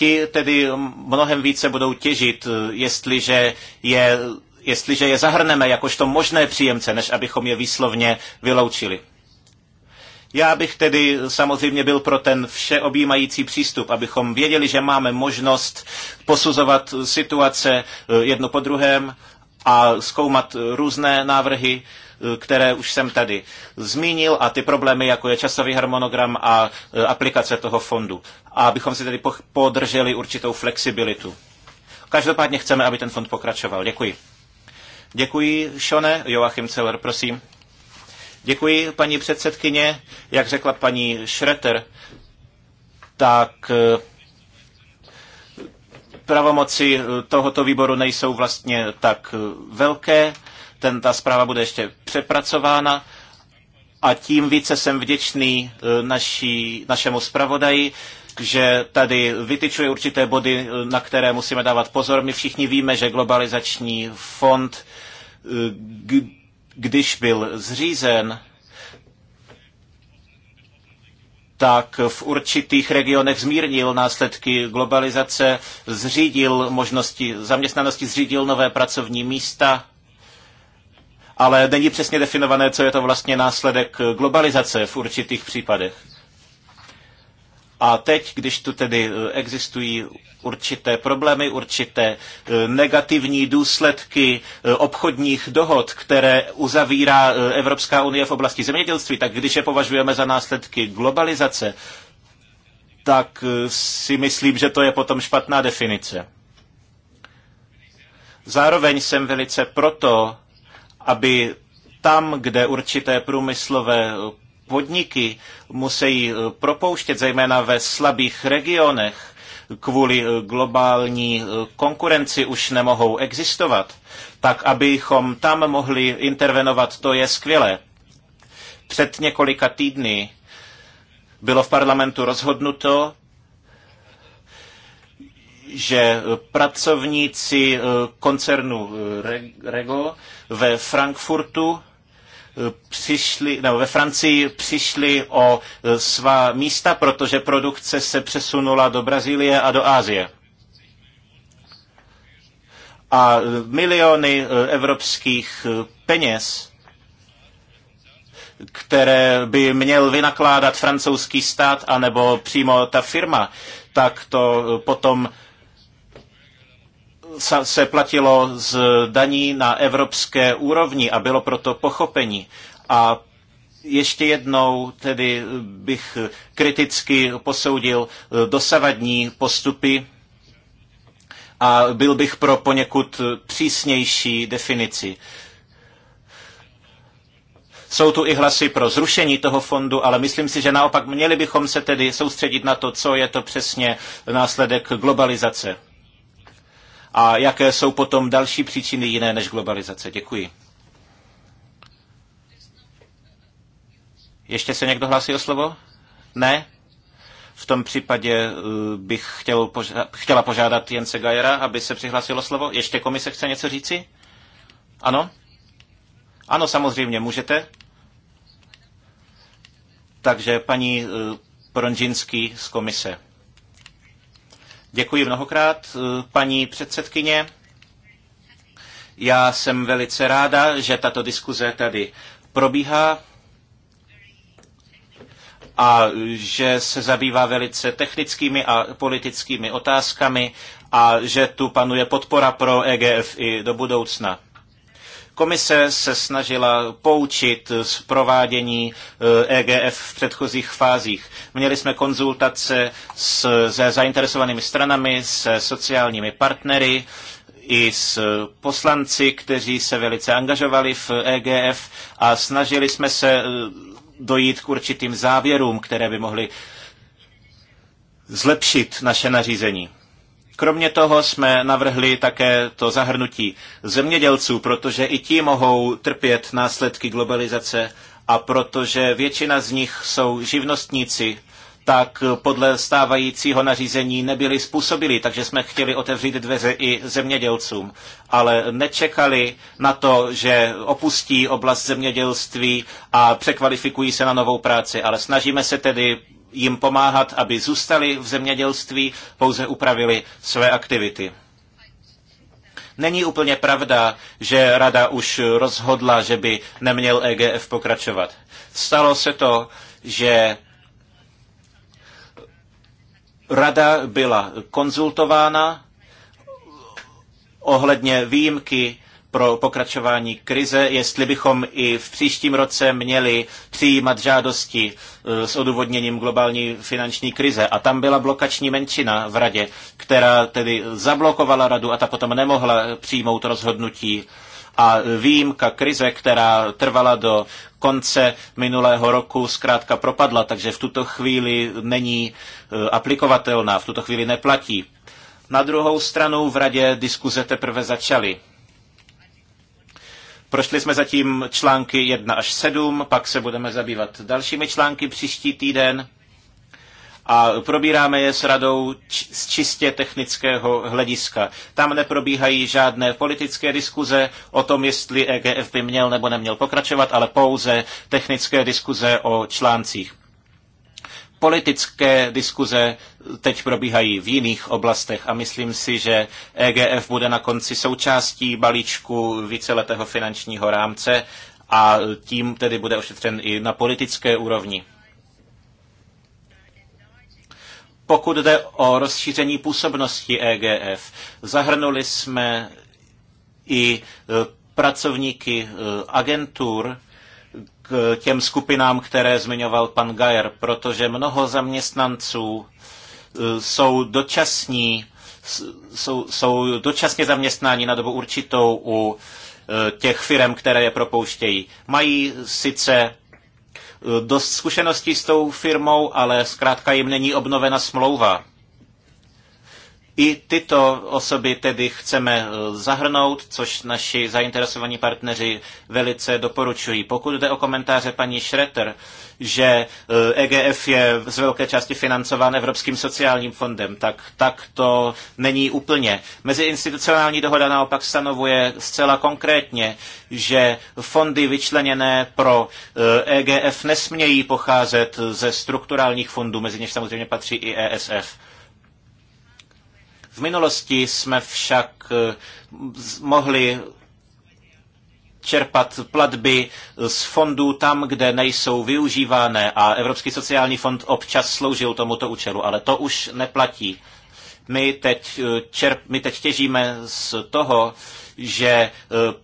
ti tedy mnohem více budou těžit, jestliže je, jestliže je zahrneme jakožto možné příjemce, než abychom je výslovně vyloučili. Já bych tedy samozřejmě byl pro ten všeobjímající přístup, abychom věděli, že máme možnost posuzovat situace eh, jedno po druhém a zkoumat různé návrhy, které už jsem tady zmínil a ty problémy, jako je časový harmonogram a e, aplikace toho fondu. A abychom si tedy podrželi určitou flexibilitu. Každopádně chceme, aby ten fond pokračoval. Děkuji. Děkuji, Šone. Joachim Celer, prosím. Děkuji, paní předsedkyně. Jak řekla paní Schretter, tak e, pravomoci e, tohoto výboru nejsou vlastně tak velké ten, ta zpráva bude ještě přepracována a tím více jsem vděčný e, naší, našemu zpravodaji, že tady vytyčuje určité body, e, na které musíme dávat pozor. My všichni víme, že globalizační fond, e, když byl zřízen, tak v určitých regionech zmírnil následky globalizace, zřídil možnosti zaměstnanosti, zřídil nové pracovní místa ale není přesně definované, co je to vlastně následek globalizace v určitých případech. A teď, když tu tedy eh, existují určité problémy, určité eh, negativní důsledky eh, obchodních dohod, které uzavírá Evropská unie v oblasti zemědělství, tak když je považujeme za následky globalizace, tak si myslím, že to je potom špatná definice. Zároveň jsem velice proto, aby tam, kde určité průmyslové podniky musí eh, propouštět, zejména ve slabých regionech, kvůli eh, globální eh, konkurenci už nemohou existovat, tak abychom tam mohli intervenovat, to je skvělé. Před několika týdny bylo v parlamentu rozhodnuto, že pracovníci koncernu Rego ve Frankfurtu eh, přišli, nebo ve Francii přišli o eh, svá místa, protože produkce se přesunula do Brazílie a do Ázie. A eh, miliony evropských peněz, které by měl vynakládat francouzský stát anebo přímo ta firma, tak to potom se platilo z daní na evropské úrovni a bylo proto pochopení. A ještě jednou tedy bych kriticky posoudil eh, dosavadní postupy a byl bych pro poněkud přísnější definici. Jsou tu i hlasy pro zrušení toho fondu, ale myslím si, že naopak měli bychom se tedy soustředit na to, co je to přesně následek globalizace a jaké jsou potom další příčiny jiné než globalizace. Děkuji. Ještě se někdo hlásí o slovo? Ne? V tom případě eh, bych chtěl poža- chtěla požádat Jence Gajera, aby se přihlásilo slovo. Ještě komise chce něco říci? Ano? Ano, samozřejmě, můžete. Takže paní eh, Pronžinský z komise. Děkuji mnohokrát, eh, paní předsedkyně. Já jsem velice ráda, že tato diskuze tady probíhá a že se zabývá velice technickými a politickými otázkami a že tu panuje podpora pro EGF i do budoucna. Komise se snažila poučit z provádění EGF eh, e v předchozích fázích. Měli jsme konzultace s, se zainteresovanými stranami, se sociálními partnery, i s eh, poslanci, kteří se velice angažovali v EGF eh, e a snažili jsme se dojít k určitým závěrům, které by mohly zlepšit naše nařízení. Kromě toho jsme navrhli také to zahrnutí zemědělců, protože i ti mohou trpět následky globalizace a protože většina z nich jsou živnostníci, tak podle stávajícího nařízení nebyli způsobili, takže jsme chtěli otevřít dveře i zemědělcům. Ale nečekali na to, že opustí oblast zemědělství a překvalifikují se na novou práci, ale snažíme se tedy jim pomáhat, aby zůstali v zemědělství, pouze upravili své aktivity. Není úplně pravda, že rada už rozhodla, že by neměl EGF pokračovat. Stalo se to, že rada byla konzultována ohledně výjimky pro pokračování krize, jestli bychom i v příštím roce měli přijímat žádosti e, s odůvodněním globální finanční krize. A tam byla blokační menšina v radě, která tedy zablokovala radu a ta potom nemohla přijmout rozhodnutí. A výjimka krize, která trvala do konce minulého roku, zkrátka propadla, takže v tuto chvíli není e, aplikovatelná, v tuto chvíli neplatí. Na druhou stranu v radě diskuze teprve začaly Prošli jsme zatím články 1 až 7, pak se budeme zabývat dalšími články příští týden a probíráme je s radou z čistě technického hlediska. Tam neprobíhají žádné politické diskuze o tom, jestli EGF by měl nebo neměl pokračovat, ale pouze technické diskuze o článcích politické diskuze teď probíhají v jiných oblastech a myslím si, že EGF bude na konci součástí balíčku víceletého finančního rámce a tím tedy bude ošetřen i na politické úrovni. Pokud jde o rozšíření působnosti EGF, zahrnuli jsme i e, pracovníky e, agentur, těm skupinám, které zmiňoval pan Gajer, protože mnoho zaměstnanců e, jsou dočasní, jsou, jsou dočasně zaměstnáni na dobu určitou u e, těch firm, které je propouštějí. Mají sice e, dost zkušeností s tou firmou, ale zkrátka jim není obnovena smlouva. I tyto osoby tedy chceme eh, zahrnout, což naši zainteresovaní partneři velice doporučují. Pokud jde o komentáře paní Schretter, že EGF eh, e je z velké části financován Evropským sociálním fondem, tak, tak to není úplně. Meziinstitucionální dohoda naopak stanovuje zcela konkrétně, že fondy vyčleněné pro EGF eh, e nesmějí pocházet ze strukturálních fondů, mezi něž samozřejmě patří i ESF. V minulosti jsme však eh, mohli čerpat platby z fondů tam, kde nejsou využívané a Evropský sociální fond občas sloužil tomuto účelu, ale to už neplatí. My teď, eh, čerp, my teď těžíme z toho, že eh,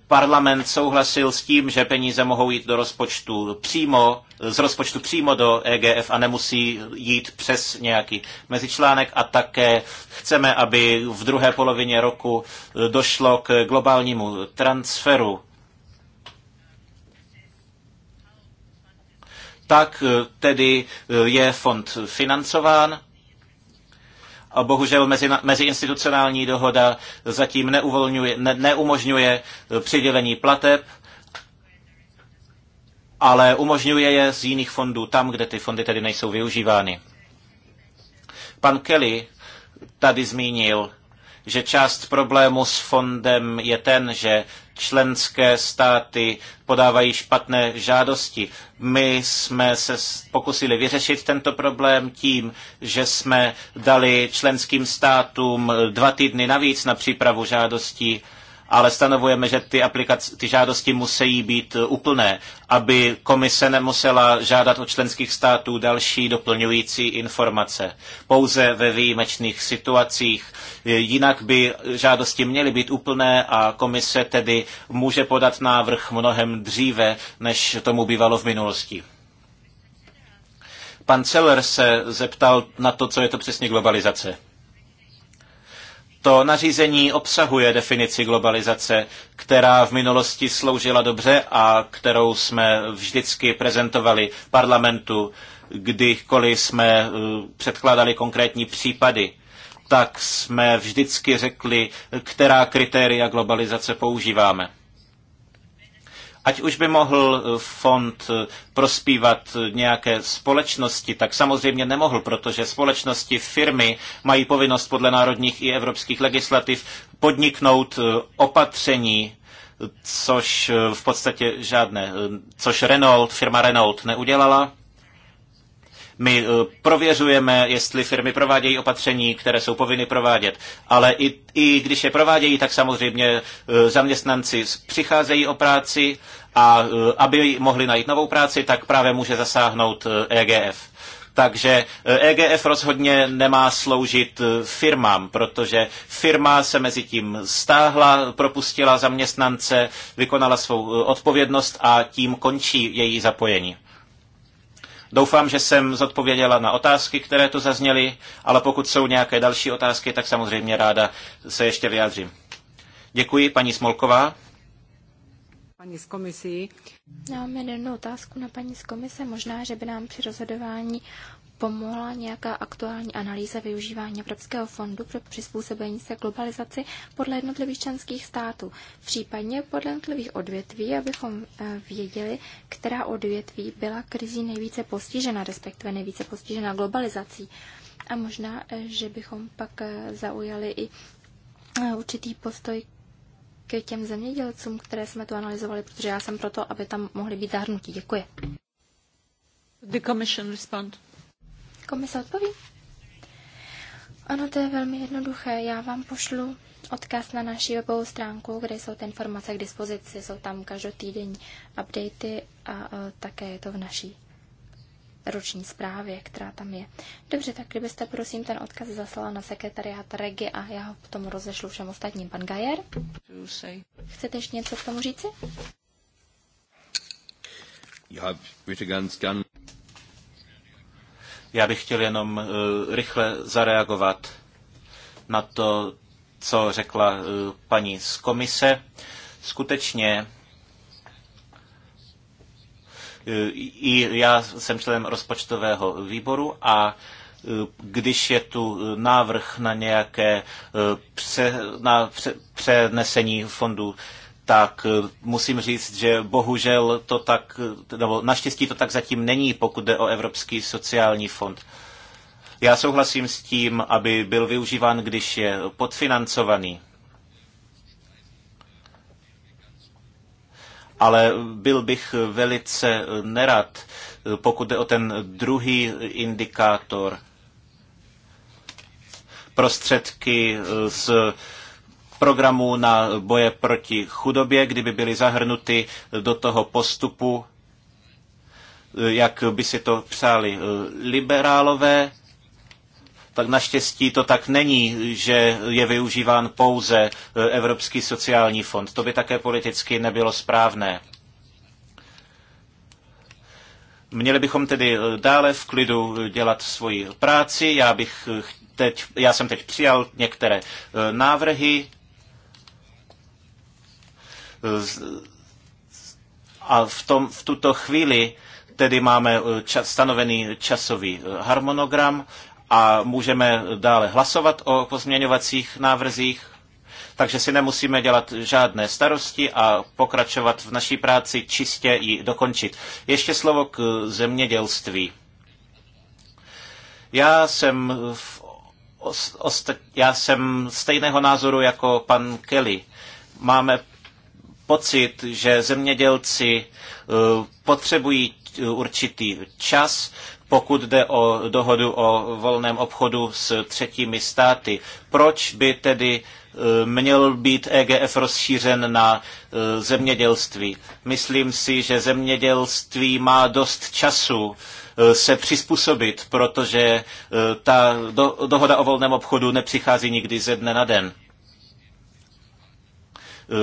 parlament souhlasil s tím, že peníze mohou jít do rozpočtu přímo z rozpočtu přímo do EGF a nemusí jít přes nějaký mezičlánek a také chceme, aby v druhé polovině roku eh, došlo k globálnímu transferu tak eh, tedy eh, je fond financován. A bohužel mezi, meziinstitucionální dohoda zatím neuvolňuje, ne, neumožňuje přidělení plateb ale umožňuje je z jiných fondů tam, kde ty fondy tedy nejsou využívány. Pan Kelly tady zmínil, že část problému s fondem je ten, že členské státy podávají špatné žádosti. My jsme se pokusili vyřešit tento problém tím, že jsme dali členským státům dva týdny navíc na přípravu žádostí ale stanovujeme, že ty, aplikace, ty žádosti musí být eh, úplné, aby komise nemusela žádat od členských států další doplňující informace. Pouze ve výjimečných situacích. Eh, jinak by eh, žádosti měly být úplné a komise tedy může podat návrh mnohem dříve, než tomu bývalo v minulosti. Pan Celer se zeptal na to, co je to přesně globalizace. To nařízení obsahuje definici globalizace, která v minulosti sloužila dobře a kterou jsme vždycky prezentovali parlamentu, kdykoliv jsme eh, předkládali konkrétní případy tak jsme vždycky řekli, která kritéria globalizace používáme ať už by mohl eh, fond eh, prospívat eh, nějaké společnosti, tak samozřejmě nemohl, protože společnosti, firmy mají povinnost podle národních i evropských legislativ podniknout opatření, což v podstatě žádné, což Renault, firma Renault neudělala my eh, prověřujeme, jestli firmy provádějí opatření, které jsou povinny provádět, ale i, i když je provádějí, tak samozřejmě eh, zaměstnanci přicházejí o práci a eh, aby mohli najít novou práci, tak právě může zasáhnout EGF. E Takže EGF e rozhodně nemá sloužit firmám, protože firma se mezi tím stáhla, propustila zaměstnance, vykonala svou odpovědnost a tím končí její zapojení. Doufám, že jsem zodpověděla na otázky, které tu zazněly, ale pokud jsou nějaké další otázky, tak samozřejmě ráda se ještě vyjádřím. Děkuji, paní Smolková. Paní z komisí. mám jednu otázku na paní z komise. Možná, že by nám při rozhodování pomohla nějaká aktuální analýza využívání Evropského fondu pro přizpůsobení se globalizaci podle jednotlivých členských států, případně podle jednotlivých odvětví, abychom eh, věděli, která odvětví byla krizí nejvíce postižena, respektive nejvíce postižena globalizací. A možná, eh, že bychom pak eh, zaujali i určitý postoj k těm zemědělcům, které jsme tu analyzovali, protože já jsem proto, aby tam mohly být zahrnutí. Děkuji. The commission respond. Komise odpoví? Ano, to je velmi jednoduché. Já vám pošlu odkaz na naši webovou stránku, kde jsou ty informace k dispozici. Jsou tam každotýdenní updaty a, a také je to v naší roční zprávě, která tam je. Dobře, tak kdybyste prosím ten odkaz zaslala na sekretariát Regi a já ho potom rozešlu všem ostatním. Pan Gajer? Chcete ještě něco k tomu říci? Já bych ganz gern... Já bych chtěl jenom eh, rychle zareagovat na to, co řekla eh, paní z komise. Skutečně eh, i já jsem členem rozpočtového výboru a když je tu návrh na nějaké pře, na pře, přenesení fondu tak eh, musím říct, že bohužel to tak, nebo naštěstí to tak zatím není, pokud jde o Evropský sociální fond. Já souhlasím s tím, aby byl využíván, když je podfinancovaný. Ale byl bych velice nerad, eh, pokud jde o ten druhý indikátor, prostředky eh, z programů na boje proti chudobě, kdyby byly zahrnuty do toho postupu, eh, jak by si to přáli eh, liberálové, tak naštěstí to tak není, že je využíván pouze eh, Evropský sociální fond. To by také politicky nebylo správné. Měli bychom tedy dále v klidu dělat svoji práci. Já bych teď, já jsem teď přijal některé návrhy a v, tom, v tuto chvíli tedy máme eh, čas, stanovený časový eh, harmonogram a můžeme dále hlasovat o pozměňovacích návrzích, takže si nemusíme dělat žádné starosti a pokračovat v naší práci čistě ji dokončit. Ještě slovo k eh, zemědělství. Já jsem, v osta- já jsem stejného názoru jako pan Kelly. Máme pocit, že zemědělci eh, potřebují eh, určitý čas, pokud jde o dohodu o volném obchodu s třetími státy. Proč by tedy eh, měl být EGF rozšířen na zemědělství? Myslím si, že zemědělství má dost času se přizpůsobit, protože ta dohoda o volném obchodu nepřichází nikdy ze dne na den. Eh,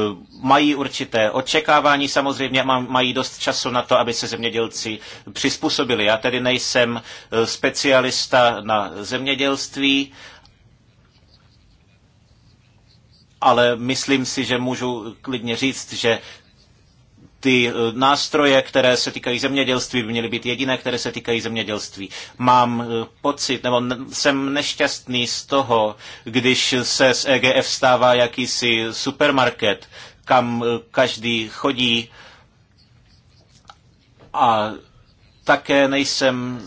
mají určité očekávání, samozřejmě mají dost času na to, aby se zemědělci přizpůsobili. Já tedy nejsem eh, specialista na zemědělství, ale myslím si, že můžu klidně říct, že ty eh, nástroje, které se týkají zemědělství, by měly být jediné, které se týkají zemědělství. Mám eh, pocit, nebo jsem nešťastný z toho, když se z EGF stává jakýsi supermarket, kam eh, každý chodí a také nejsem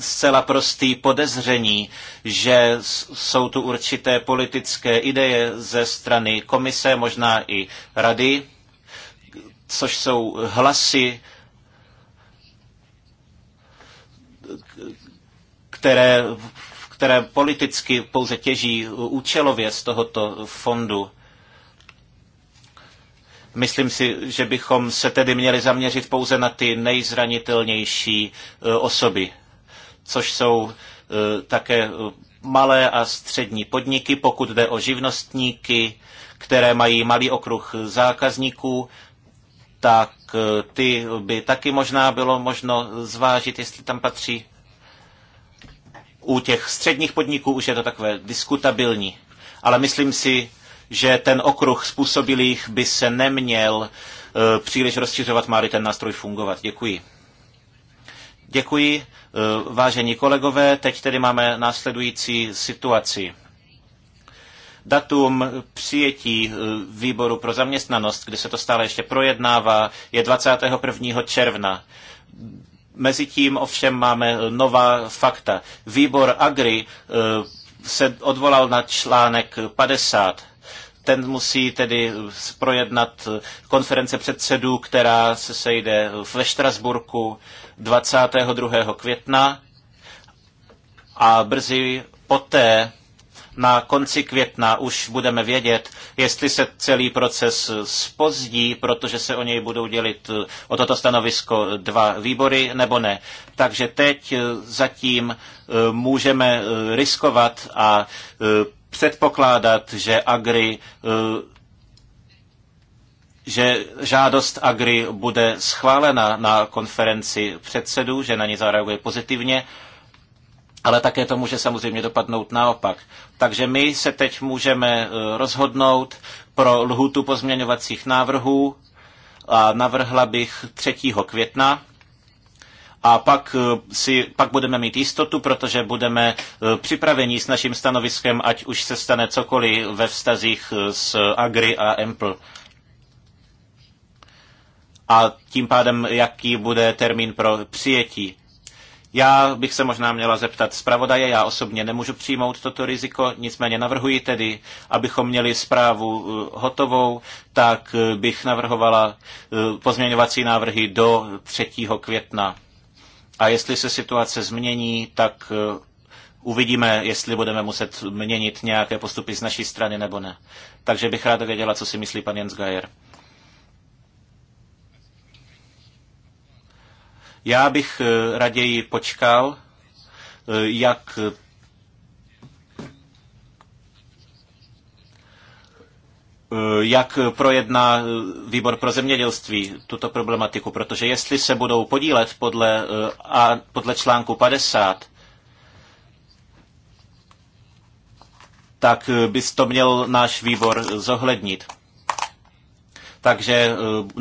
zcela prostý podezření, že jsou tu určité politické ideje ze strany komise, možná i rady, což jsou hlasy, které, které politicky pouze těží účelově z tohoto fondu. Myslím si, že bychom se tedy měli zaměřit pouze na ty nejzranitelnější e, osoby, což jsou e, také malé a střední podniky, pokud jde o živnostníky, které mají malý okruh zákazníků tak eh, ty by taky možná bylo možno zvážit, jestli tam patří. U těch středních podniků už je to takové diskutabilní, ale myslím si, že ten okruh způsobilých by se neměl eh, příliš rozšiřovat, má ten nástroj fungovat. Děkuji. Děkuji. Eh, vážení kolegové, teď tedy máme následující situaci. Datum přijetí eh, výboru pro zaměstnanost, kdy se to stále ještě projednává, je 21. června. Mezitím ovšem máme eh, nová fakta. Výbor Agri eh, se odvolal na článek 50 ten musí tedy projednat konference předsedů, která se sejde ve Štrasburku 22. května a brzy poté na konci května už budeme vědět, jestli se celý proces spozdí, protože se o něj budou dělit eh, o toto stanovisko dva výbory, nebo ne. Takže teď eh, zatím eh, můžeme riskovat a předpokládat, že Agri že žádost Agri bude schválena na konferenci předsedů, že na ní zareaguje pozitivně ale také to může samozřejmě dopadnout naopak. Takže my se teď můžeme e, rozhodnout pro lhutu pozměňovacích návrhů a navrhla bych 3. května a pak, e, si, pak budeme mít jistotu, protože budeme e, připraveni s naším stanoviskem, ať už se stane cokoliv ve vztazích s Agri a Empl. A tím pádem, jaký bude termín pro přijetí. Já bych se možná měla zeptat zpravodaje, já osobně nemůžu přijmout toto riziko, nicméně navrhuji tedy, abychom měli zprávu uh, hotovou, tak uh, bych navrhovala uh, pozměňovací návrhy do 3. května. A jestli se situace změní, tak uvidíme, jestli budeme muset měnit nějaké postupy z naší strany nebo ne. Takže bych ráda věděla, co si myslí pan Jens Geier. Já bych eh, raději počkal, eh, jak eh, jak projedná výbor pro zemědělství tuto problematiku, protože jestli se budou podílet podle, a podle článku 50, tak by to měl náš výbor zohlednit. Takže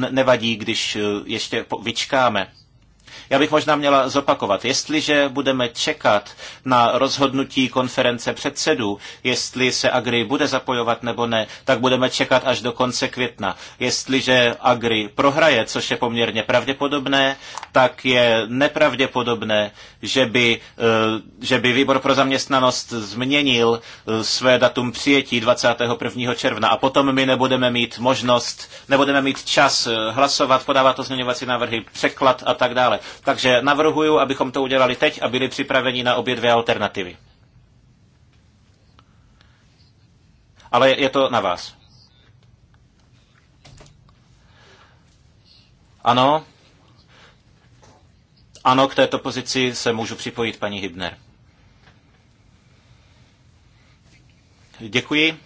nevadí, když ještě vyčkáme. Já bych možná měla zopakovat. Jestliže budeme čekat na rozhodnutí konference předsedů, jestli se Agri bude zapojovat nebo ne, tak budeme čekat až do konce května. Jestliže Agri prohraje, což je poměrně pravděpodobné, tak je nepravděpodobné, že by, eh, že by výbor pro zaměstnanost změnil eh, své datum přijetí 21. června a potom my nebudeme mít možnost, nebudeme mít čas eh, hlasovat, podávat pozměňovací návrhy, překlad a tak dále. Takže navrhuju, abychom to udělali teď a byli připraveni na obě dvě alternativy. Ale je to na vás. Ano? Ano, k této pozici se můžu připojit, paní Hybner. Děkuji.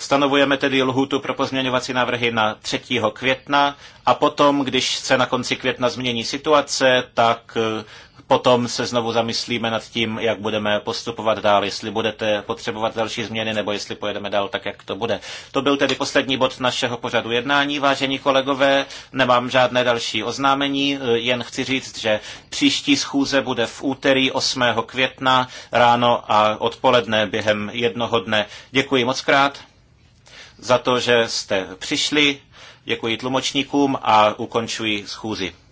Stanovujeme tedy lhůtu pro pozměňovací návrhy na 3. května a potom, když se na konci května změní situace, tak eh, potom se znovu zamyslíme nad tím, jak budeme postupovat dál, jestli budete potřebovat další změny nebo jestli pojedeme dál tak, jak to bude. To byl tedy poslední bod našeho pořadu jednání, vážení kolegové. Nemám žádné další oznámení, eh, jen chci říct, že příští schůze bude v úterý 8. května ráno a odpoledne během jednoho dne. Děkuji moc krát za to, že jste přišli. Děkuji tlumočníkům a ukončuji schůzi.